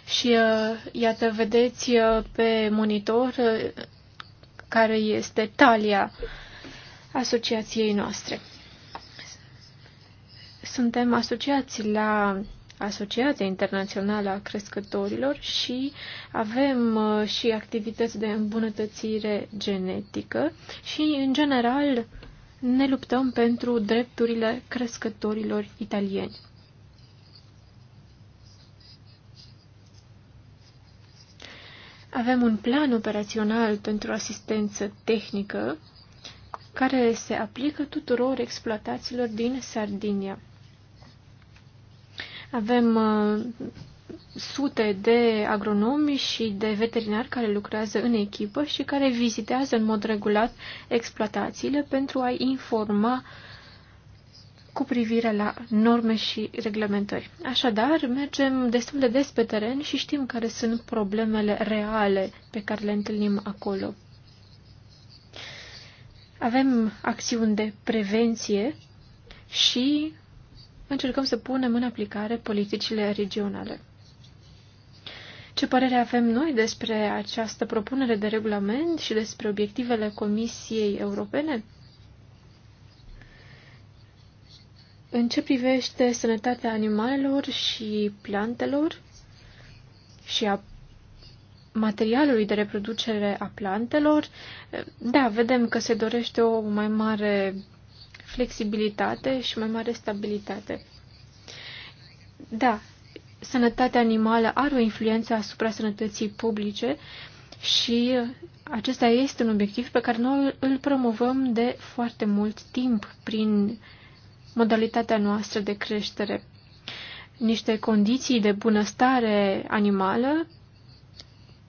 și uh, iată, vedeți uh, pe monitor uh, care este talia asociației noastre. Suntem asociați la Asociația Internațională a Crescătorilor și avem uh, și activități de îmbunătățire genetică și, în general, ne luptăm pentru drepturile crescătorilor italieni. Avem un plan operațional pentru asistență tehnică care se aplică tuturor exploatațiilor din Sardinia. Avem uh, sute de agronomi și de veterinari care lucrează în echipă și care vizitează în mod regulat exploatațiile pentru a informa uh, cu privire la norme și reglementări. Așadar, mergem destul de des pe teren și știm care sunt problemele reale pe care le întâlnim acolo. Avem acțiuni de prevenție și încercăm să punem în aplicare politicile regionale. Ce părere avem noi despre această propunere de regulament și despre obiectivele Comisiei Europene? În ce privește sănătatea animalelor și plantelor și a materialului de reproducere a plantelor, da, vedem că se dorește o mai mare flexibilitate și mai mare stabilitate. Da, sănătatea animală are o influență asupra sănătății publice și acesta este un obiectiv pe care noi îl promovăm de foarte mult timp prin modalitatea noastră de creștere, niște condiții de bunăstare animală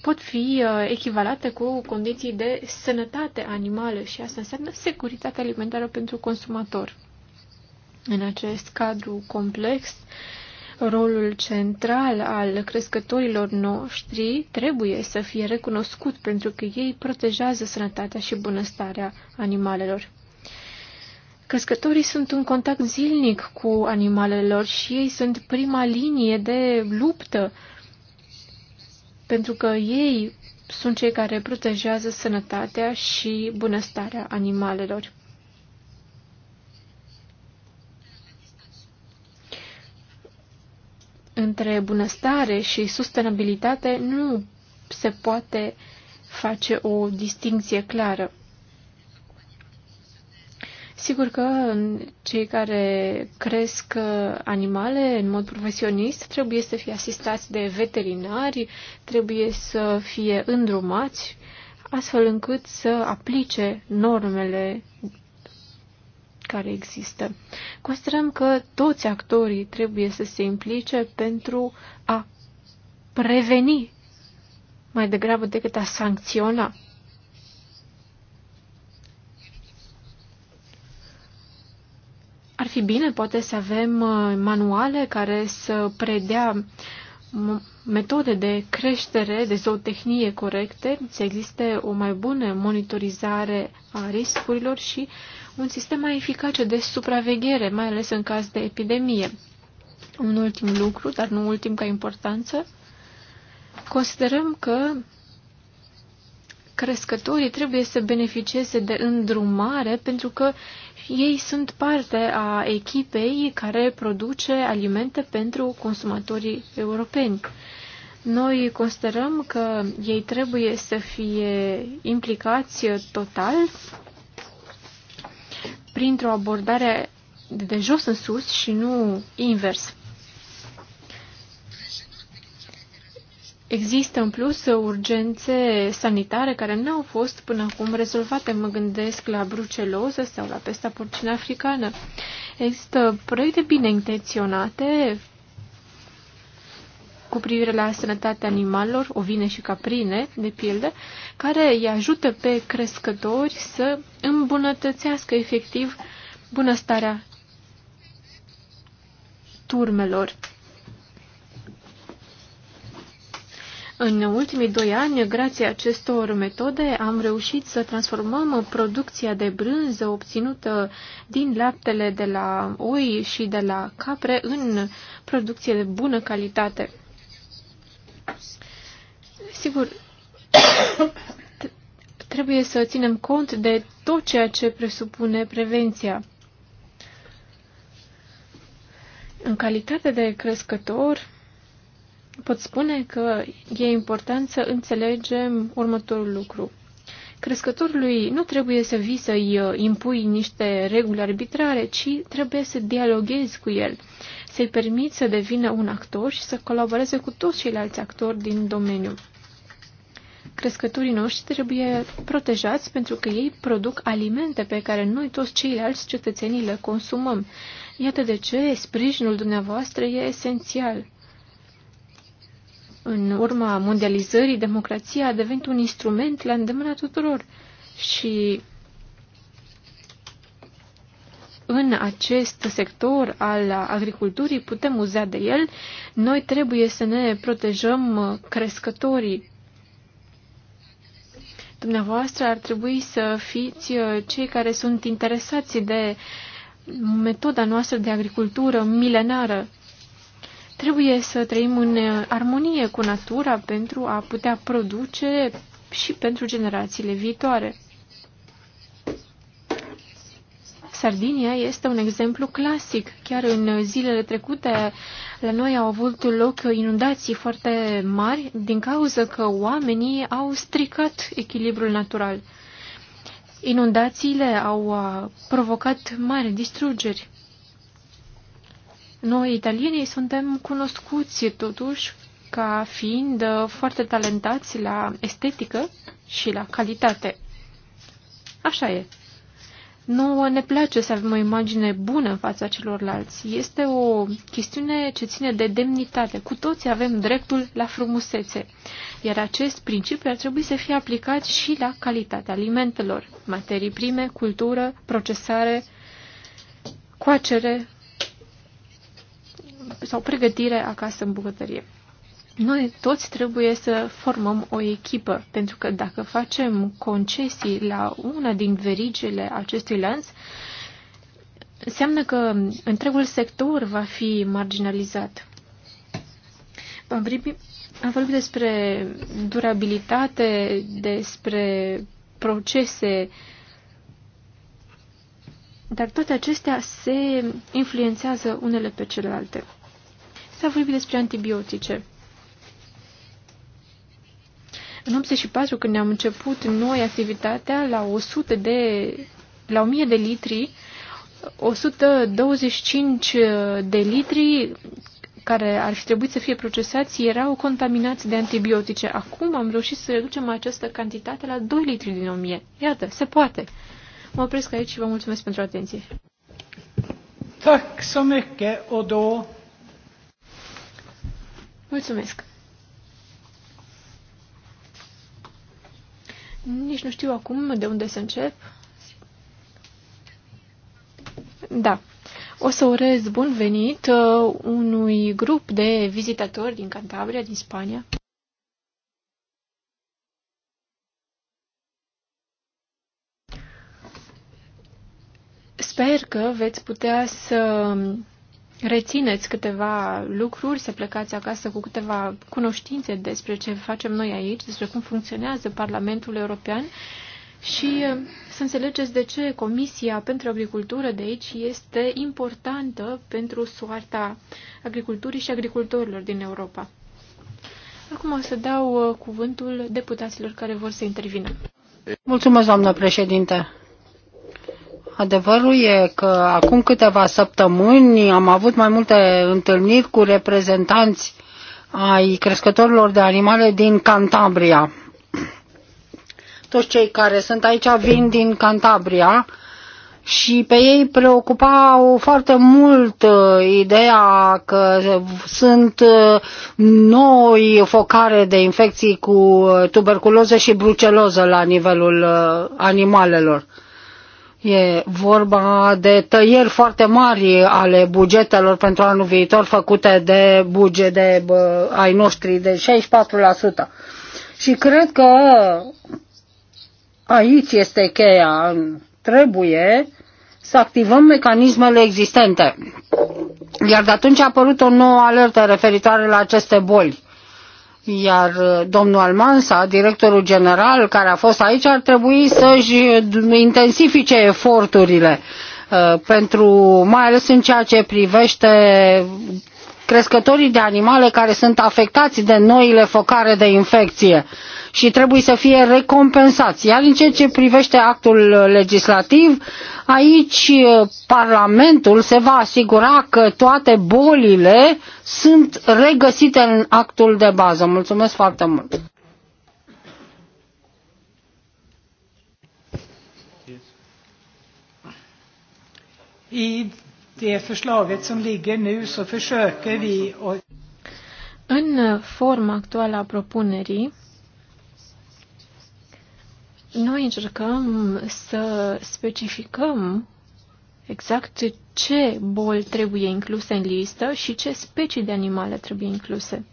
pot fi uh, echivalate cu condiții de sănătate animală și asta înseamnă securitate alimentară pentru consumator. În acest cadru complex, rolul central al crescătorilor noștri trebuie să fie recunoscut pentru că ei protejează sănătatea și bunăstarea animalelor. Crescătorii sunt în contact zilnic cu animalele lor și ei sunt prima linie de luptă, pentru că ei sunt cei care protejează sănătatea și bunăstarea animalelor. Între bunăstare și sustenabilitate nu se poate face o distinție clară. Sigur că cei care cresc uh, animale în mod profesionist trebuie să fie asistați de veterinari, trebuie să fie îndrumați, astfel încât să aplice normele care există. Considerăm că toți actorii trebuie să se implice pentru a preveni mai degrabă decât a sancționa fi bine poate să avem uh, manuale care să predea metode de creștere, de zootehnie corecte, să existe o mai bună monitorizare a riscurilor și un sistem mai eficace de supraveghere, mai ales în caz de epidemie. Un ultim lucru, dar nu ultim ca importanță, considerăm că crescătorii trebuie să beneficieze de îndrumare pentru că ei sunt parte a echipei care produce alimente pentru consumatorii europeni. Noi considerăm că ei trebuie să fie implicați total printr-o abordare de jos în sus și nu invers. Există în plus urgențe sanitare care nu au fost până acum rezolvate. Mă gândesc la bruceloză sau la pesta porcină africană. Există proiecte bine intenționate cu privire la sănătatea animalelor, ovine și caprine, de pildă, care îi ajută pe crescători să îmbunătățească efectiv bunăstarea turmelor În ultimii doi ani, grație acestor metode, am reușit să transformăm producția de brânză obținută din laptele de la oi și de la capre în producție de bună calitate. Sigur, trebuie să ținem cont de tot ceea ce presupune prevenția. În calitate de crescător, pot spune că e important să înțelegem următorul lucru. Crescătorului nu trebuie să vii să-i uh, impui niște reguli arbitrare, ci trebuie să dialoghezi cu el, să-i permiți să devină un actor și să colaboreze cu toți ceilalți actori din domeniu. Crescătorii noștri trebuie protejați pentru că ei produc alimente pe care noi toți ceilalți cetățenii le consumăm. Iată de ce sprijinul dumneavoastră e esențial. În urma mondializării, democrația a devenit un instrument la îndemâna tuturor și în acest sector al agriculturii putem uza de el, noi trebuie să ne protejăm crescătorii. Dumneavoastră ar trebui să fiți uh, cei care sunt interesați de metoda noastră de agricultură milenară. Trebuie să trăim în armonie cu natura pentru a putea produce și pentru generațiile viitoare. Sardinia este un exemplu clasic. Chiar în zilele trecute la noi au avut loc inundații foarte mari din cauza că oamenii au stricat echilibrul natural. Inundațiile au uh, provocat mari distrugeri. Noi, italienii, suntem cunoscuți totuși ca fiind uh, foarte talentați la estetică și la calitate. Așa e. Nu ne place să avem o imagine bună în fața celorlalți. Este o chestiune ce ține de demnitate. Cu toți avem dreptul la frumusețe. Iar acest principiu ar trebui să fie aplicat și la calitatea alimentelor, materii prime, cultură, procesare, coacere, sau pregătire acasă în bucătărie. Noi toți trebuie să formăm o echipă, pentru că dacă facem concesii la una din verigile acestui lanț, înseamnă că întregul sector va fi marginalizat. Am vorbit, am vorbit despre durabilitate, despre procese uh, dar toate acestea se influențează unele pe celelalte. S-a vorbit despre antibiotice. În 84, când ne-am început noi activitatea, la 100 de, la 1000 de litri, 125 de litri care ar fi trebuit să fie procesați erau contaminați de antibiotice. Acum am reușit să reducem această cantitate la 2 litri din 1000. Iată, se poate. Mă opresc aici și vă mulțumesc pentru atenție. så mycket och då... Mulțumesc. Nici nu știu acum de unde să încep. Da. O să urez bun venit uh, unui grup de vizitatori din Cantabria, din Spania. Sper că veți putea să rețineți câteva lucruri, să plecați acasă cu câteva cunoștințe despre ce facem noi aici, despre cum funcționează Parlamentul European și uh, să înțelegeți de ce Comisia pentru Agricultură de aici este importantă pentru soarta agriculturii și agricultorilor din Europa. Acum o să dau uh, cuvântul deputaților care vor să intervină. Mulțumesc, doamnă președinte. Adevărul e că acum câteva săptămâni am avut mai multe întâlniri cu reprezentanți ai crescătorilor de animale din Cantabria. Toți cei care sunt aici vin din Cantabria și pe ei preocupa foarte mult uh, ideea că sunt uh, noi focare de infecții cu uh, tuberculoză și bruceloză la nivelul animalelor. E vorba de tăieri foarte mari ale bugetelor pentru anul viitor făcute de buget de bă, ai noștri de 64%. Și cred că aici este cheia. Trebuie să activăm mecanismele existente. Iar de atunci a apărut o nouă alertă referitoare la aceste boli. Iar uh, domnul Almansa, directorul general care a fost aici, ar trebui să-și intensifice eforturile uh, pentru, mai ales în ceea ce privește crescătorii de animale care sunt afectați de noile focare de infecție și trebuie să fie recompensați. Iar în ceea ce privește actul legislativ, aici uh, Parlamentul se va asigura că toate bolile sunt regăsite în actul de bază. Mulțumesc foarte mult! det förslaget som ligger nu så försöker vi În En actuală aktuella propunerii, noi încercăm să specificăm exact ce boli trebuie incluse în listă și ce specii de animale trebuie incluse.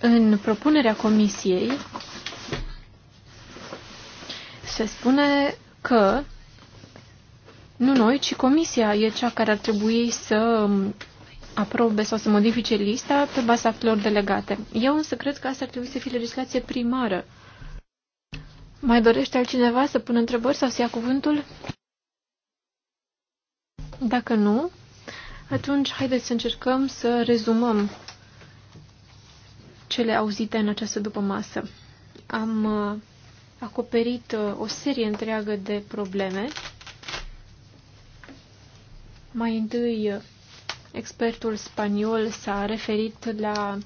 În propunerea comisiei se spune că nu noi, ci comisia e cea care ar trebui să aprobe sau să modifice lista pe baza actelor delegate. Eu însă cred că asta ar trebui să fie legislație primară. Mai dorește altcineva să pună întrebări sau să ia cuvântul? Dacă nu, atunci haideți să încercăm să rezumăm cele auzite în această după masă. Am uh, acoperit uh, o serie întreagă de probleme. Mai întâi, uh, expertul spaniol s-a referit la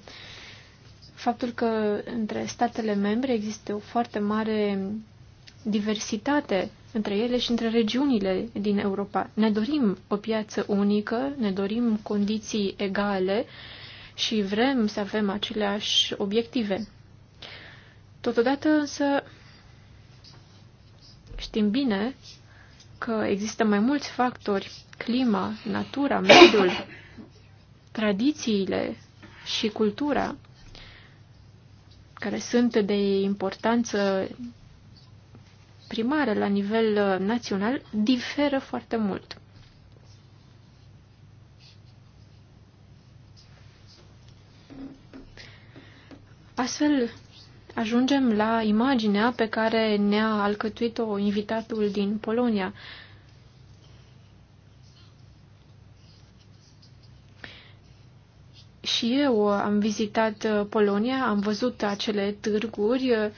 faptul că între statele membre există o foarte mare diversitate între ele și între regiunile din Europa. Ne dorim o piață unică, ne dorim condiții egale și vrem să avem aceleași obiective. Totodată însă Știm bine că există mai mulți factori, clima, natura, mediul, tradițiile și cultura, care sunt de importanță primară la nivel uh, național, diferă foarte mult. Astfel, ajungem la imaginea pe care ne-a alcătuit-o invitatul din Polonia. Și eu am vizitat Polonia, am văzut acele târguri.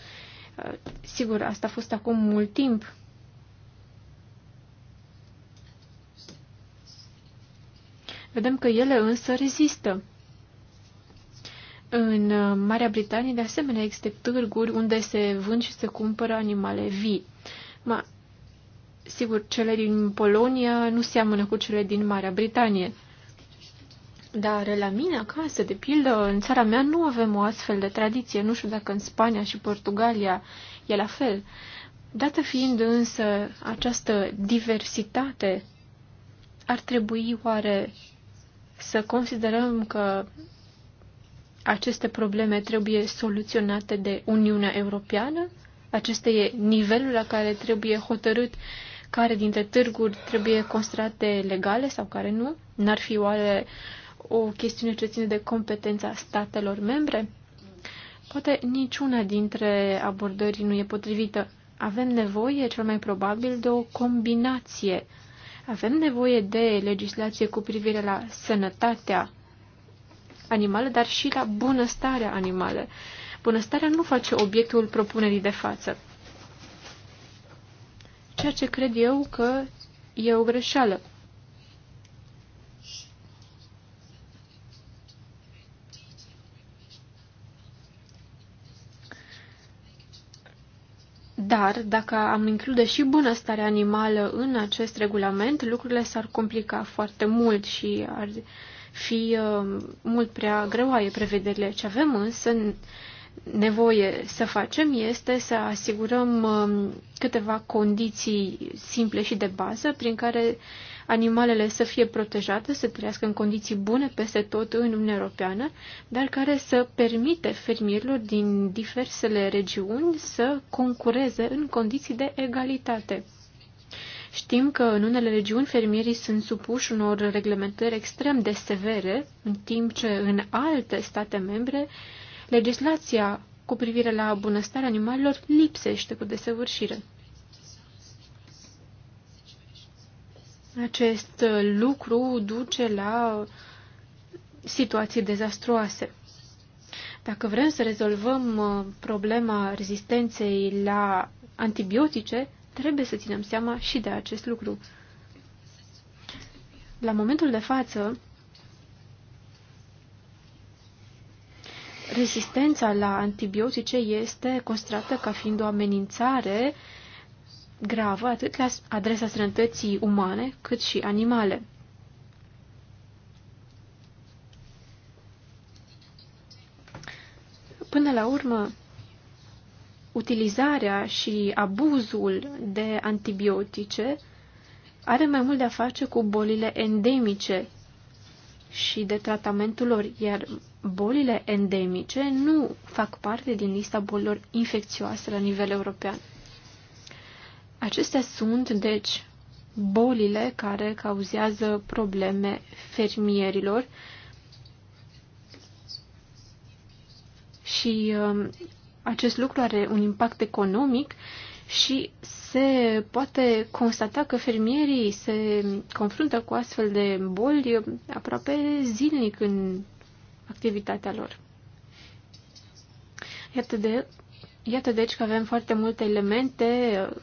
Sigur, asta a fost acum mult timp. Vedem că ele însă rezistă. În uh, Marea Britanie, de asemenea, există târguri unde se vând și se cumpără animale vii. Ma, sigur, cele din Polonia nu seamănă cu cele din Marea Britanie. Dar la mine acasă, de pildă, în țara mea nu avem o astfel de tradiție. Nu știu dacă în Spania și Portugalia e la fel. Dată fiind însă această diversitate, ar trebui oare să considerăm că aceste probleme trebuie soluționate de Uniunea Europeană? Acesta e nivelul la care trebuie hotărât care dintre târguri trebuie constrate legale sau care nu? N-ar fi oare o chestiune ce ține de competența statelor membre? Poate niciuna dintre abordări nu e potrivită. Avem nevoie, cel mai probabil, de o combinație. Avem nevoie de legislație cu privire la sănătatea animale, dar și la bunăstarea animale. Bunăstarea nu face obiectul propunerii de față. Ceea ce cred eu că e o greșeală. Dar, dacă am include și bunăstarea animală în acest regulament, lucrurile s-ar complica foarte mult și ar fi uh, mult prea greoaie prevederile. Ce avem însă nevoie să facem este să asigurăm uh, câteva condiții simple și de bază prin care animalele să fie protejate, să trăiască în condiții bune peste tot în Uniunea Europeană, dar care să permite fermierilor din diversele regiuni să concureze în condiții de egalitate. Știm că în unele regiuni fermierii sunt supuși unor reglementări extrem de severe, în timp ce în alte state membre legislația cu privire la bunăstarea animalelor lipsește cu desăvârșire. Acest lucru duce la situații dezastruoase. Dacă vrem să rezolvăm uh, problema rezistenței la antibiotice, Trebuie să ținem seama și de acest lucru. La momentul de față, rezistența la antibiotice este constrată ca fiind o amenințare gravă atât la adresa sănătății umane cât și animale. Până la urmă, utilizarea și abuzul de antibiotice are mai mult de a face cu bolile endemice și de tratamentul lor, iar bolile endemice nu fac parte din lista bolilor infecțioase la nivel european. Acestea sunt, deci, bolile care cauzează probleme fermierilor și um, acest lucru are un impact economic și se poate constata că fermierii se confruntă cu astfel de boli aproape zilnic în activitatea lor. Iată, de, iată deci că avem foarte multe elemente uh,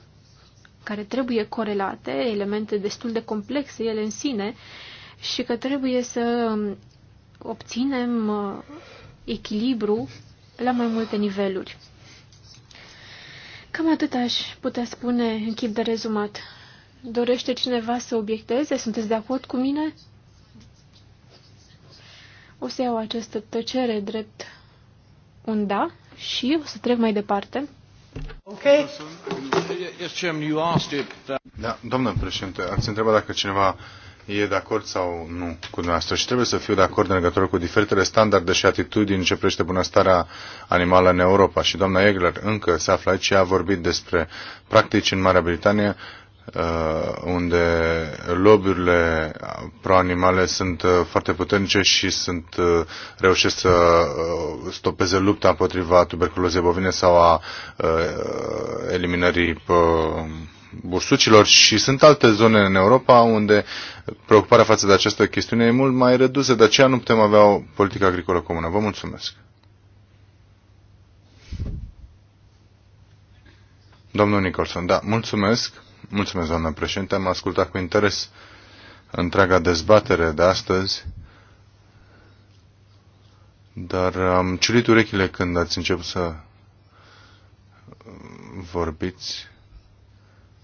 care trebuie corelate, elemente destul de complexe ele în sine și că trebuie să obținem uh, echilibru la mai multe niveluri. Cam atât aș putea spune în chip de rezumat. Dorește cineva să obiecteze? Sunteți de acord cu mine? O să iau această tăcere drept un da și o să trec mai departe. Ok. Uh, da, domnule președinte, ați întrebat dacă cineva e de acord sau nu cu dumneavoastră și trebuie să fiu de acord în legătură cu diferitele standarde și atitudini ce prește bunăstarea animală în Europa. Și doamna Egler încă se află aici și a vorbit despre practici în Marea Britanie uh, unde lobbyurile pro-animale sunt uh, foarte puternice și sunt, uh, reușesc să stopeze lupta împotriva tuberculozei bovine sau a eliminării bursucilor și sunt alte zone în Europa unde preocuparea față de această chestiune e mult mai redusă, de aceea nu putem avea o politică agricolă comună. Vă mulțumesc. Domnul Nicholson, da, mulțumesc. Mulțumesc, doamnă președinte. Am ascultat cu interes întreaga dezbatere de astăzi, dar am ciulit urechile când ați început să vorbiți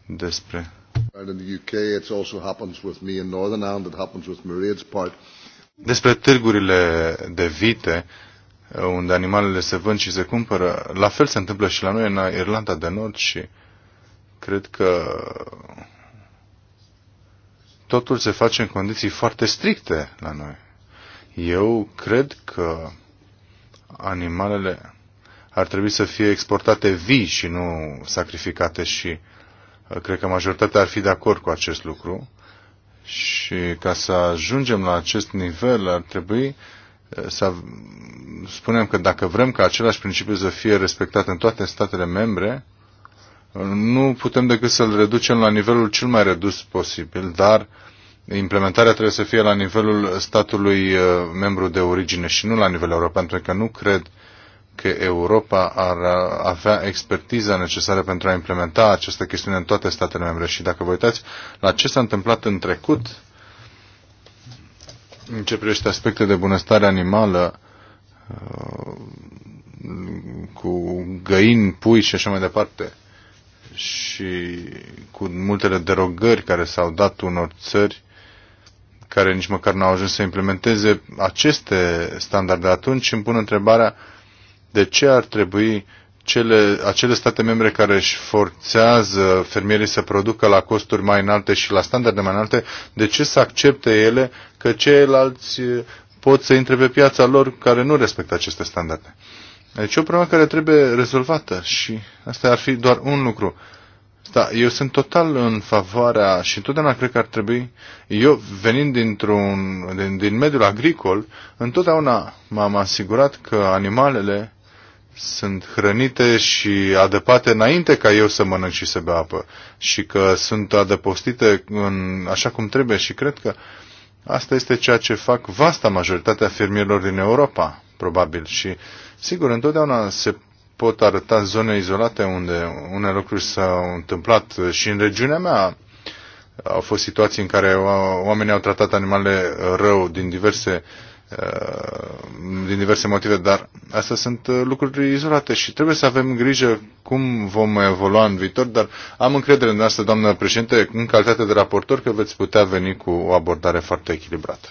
despre despre târgurile de vite uh, unde animalele se vând și se cumpără. La fel se întâmplă și la noi în Irlanda de Nord și cred că totul se face în condiții foarte stricte la noi. Eu cred că animalele ar trebui să fie exportate vii și nu sacrificate și Cred că majoritatea ar fi de acord cu acest lucru. Și ca să ajungem la acest nivel, ar trebui eh, să spunem că dacă vrem ca același principiu să fie respectat în toate statele membre, nu putem decât să-l reducem la nivelul cel mai redus posibil, dar implementarea trebuie să fie la nivelul statului eh, membru de origine și nu la nivel european, pentru că nu cred că Europa ar avea expertiza necesară pentru a implementa această chestiune în toate statele membre. Și dacă vă uitați la ce s-a întâmplat în trecut, în ce privește aspecte de bunăstare animală, uh, cu găini, pui și așa mai departe, și cu multele derogări care s-au dat unor țări care nici măcar n-au ajuns să implementeze aceste standarde atunci, îmi pun întrebarea de ce ar trebui cele, acele state membre care își forțează fermierii să producă la costuri mai înalte și la standarde mai înalte, de ce să accepte ele că ceilalți pot să intre pe piața lor care nu respectă aceste standarde? Deci e o problemă care trebuie rezolvată și asta ar fi doar un lucru. Da, eu sunt total în favoarea și întotdeauna cred că ar trebui, eu venind dintr-un, din, din mediul agricol, întotdeauna m-am asigurat că animalele sunt hrănite și adăpate înainte ca eu să mănânc și să bea apă și că sunt adăpostite în, așa cum trebuie și cred că asta este ceea ce fac vasta majoritatea fermierilor din Europa, probabil. Și sigur, întotdeauna se pot arăta zone izolate unde unele lucruri s-au întâmplat și în regiunea mea au fost situații în care oamenii au tratat animale rău din diverse uh, Uh, din diverse motive, dar astea sunt uh, lucruri izolate și trebuie să avem grijă cum vom evolua în viitor, dar am încredere în asta, doamnă președinte, în calitate de raportor, că veți putea veni cu o abordare foarte echilibrată.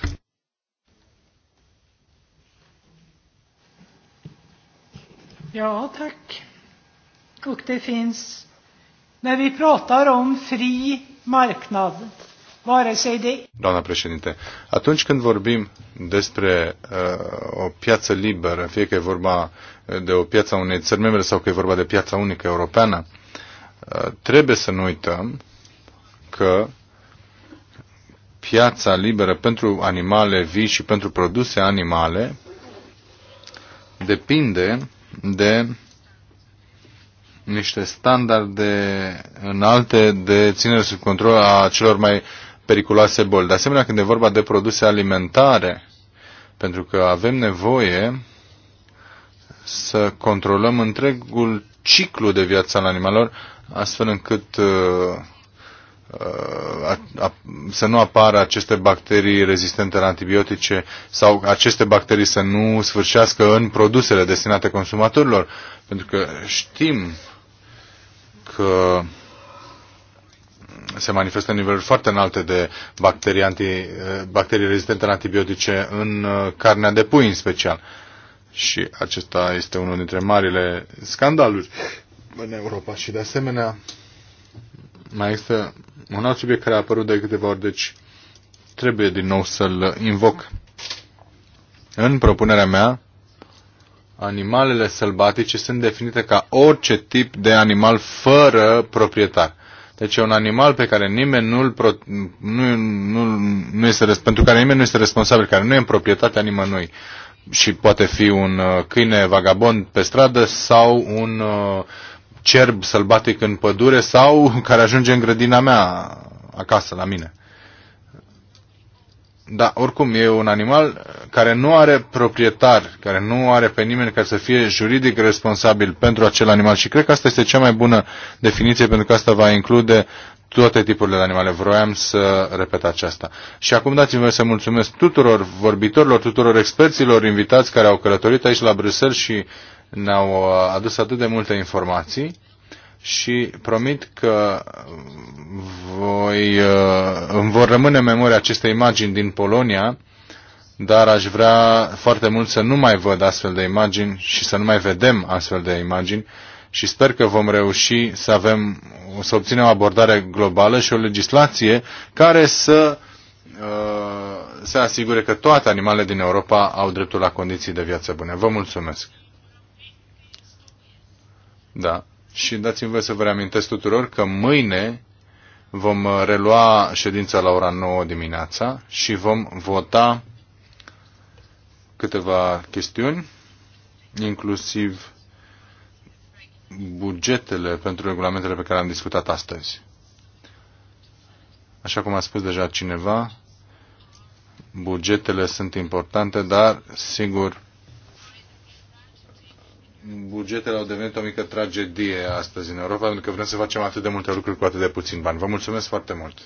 Ja, tack. Och det finns, när vi pratar om fri marknad, Doamna președinte, atunci când vorbim despre uh, o piață liberă, fie că e vorba de o piață a unei țări membre sau că e vorba de piața unică europeană, uh, trebuie să nu uităm că piața liberă pentru animale vii și pentru produse animale depinde de niște standarde înalte de ținere sub control a celor mai uh, periculoase boli. De asemenea, când e vorba de produse alimentare, pentru că avem nevoie să controlăm întregul ciclu de viață al animalelor, astfel încât uh, uh, să nu apară aceste bacterii rezistente la antibiotice sau aceste bacterii să nu sfârșească în produsele destinate consumatorilor. Pentru că știm că se manifestă niveluri foarte înalte de bacterii, anti, bacterii rezistente la antibiotice în uh, carnea de pui în special. Și acesta este unul dintre marile scandaluri în Europa. Și de asemenea, mai este un alt subiect care a apărut de câteva ori, deci trebuie din nou să-l invoc. În propunerea mea, animalele sălbatice sunt definite ca orice tip de animal fără proprietar. Deci e un animal pe care nimeni nu-l pro, nu, nu, nu este, pentru care nimeni nu este responsabil, care nu e în proprietatea nimănui. Și poate fi un uh, câine vagabond pe stradă sau un uh, cerb sălbatic în pădure sau care ajunge în grădina mea acasă, la mine. Da, oricum, e un animal care nu are proprietar, care nu are pe nimeni care să fie juridic responsabil pentru acel animal și cred că asta este cea mai bună definiție pentru că asta va include toate tipurile de animale. Vroiam să repet aceasta. Și acum dați-mi voi să mulțumesc tuturor vorbitorilor, tuturor experților invitați care au călătorit aici la Bruxelles și ne-au uh, adus atât de multe informații și promit că voi, uh, îmi vor rămâne în memoria aceste imagini din Polonia, dar aș vrea foarte mult să nu mai văd astfel de imagini și să nu mai vedem astfel de imagini și sper că vom reuși să avem, să obținem o abordare globală și o legislație care să uh, se asigure că toate animalele din Europa au dreptul la condiții de viață bune. Vă mulțumesc! Da și dați-mi voi să vă reamintesc tuturor că mâine vom relua ședința la ora 9 dimineața și vom vota câteva chestiuni, inclusiv bugetele pentru regulamentele pe care am discutat astăzi. Așa cum a spus deja cineva, bugetele sunt importante, dar, sigur, bugetele au devenit o mică tragedie astăzi în Europa, pentru că vrem să facem atât de multe lucruri cu atât de puțin bani. Vă mulțumesc foarte mult!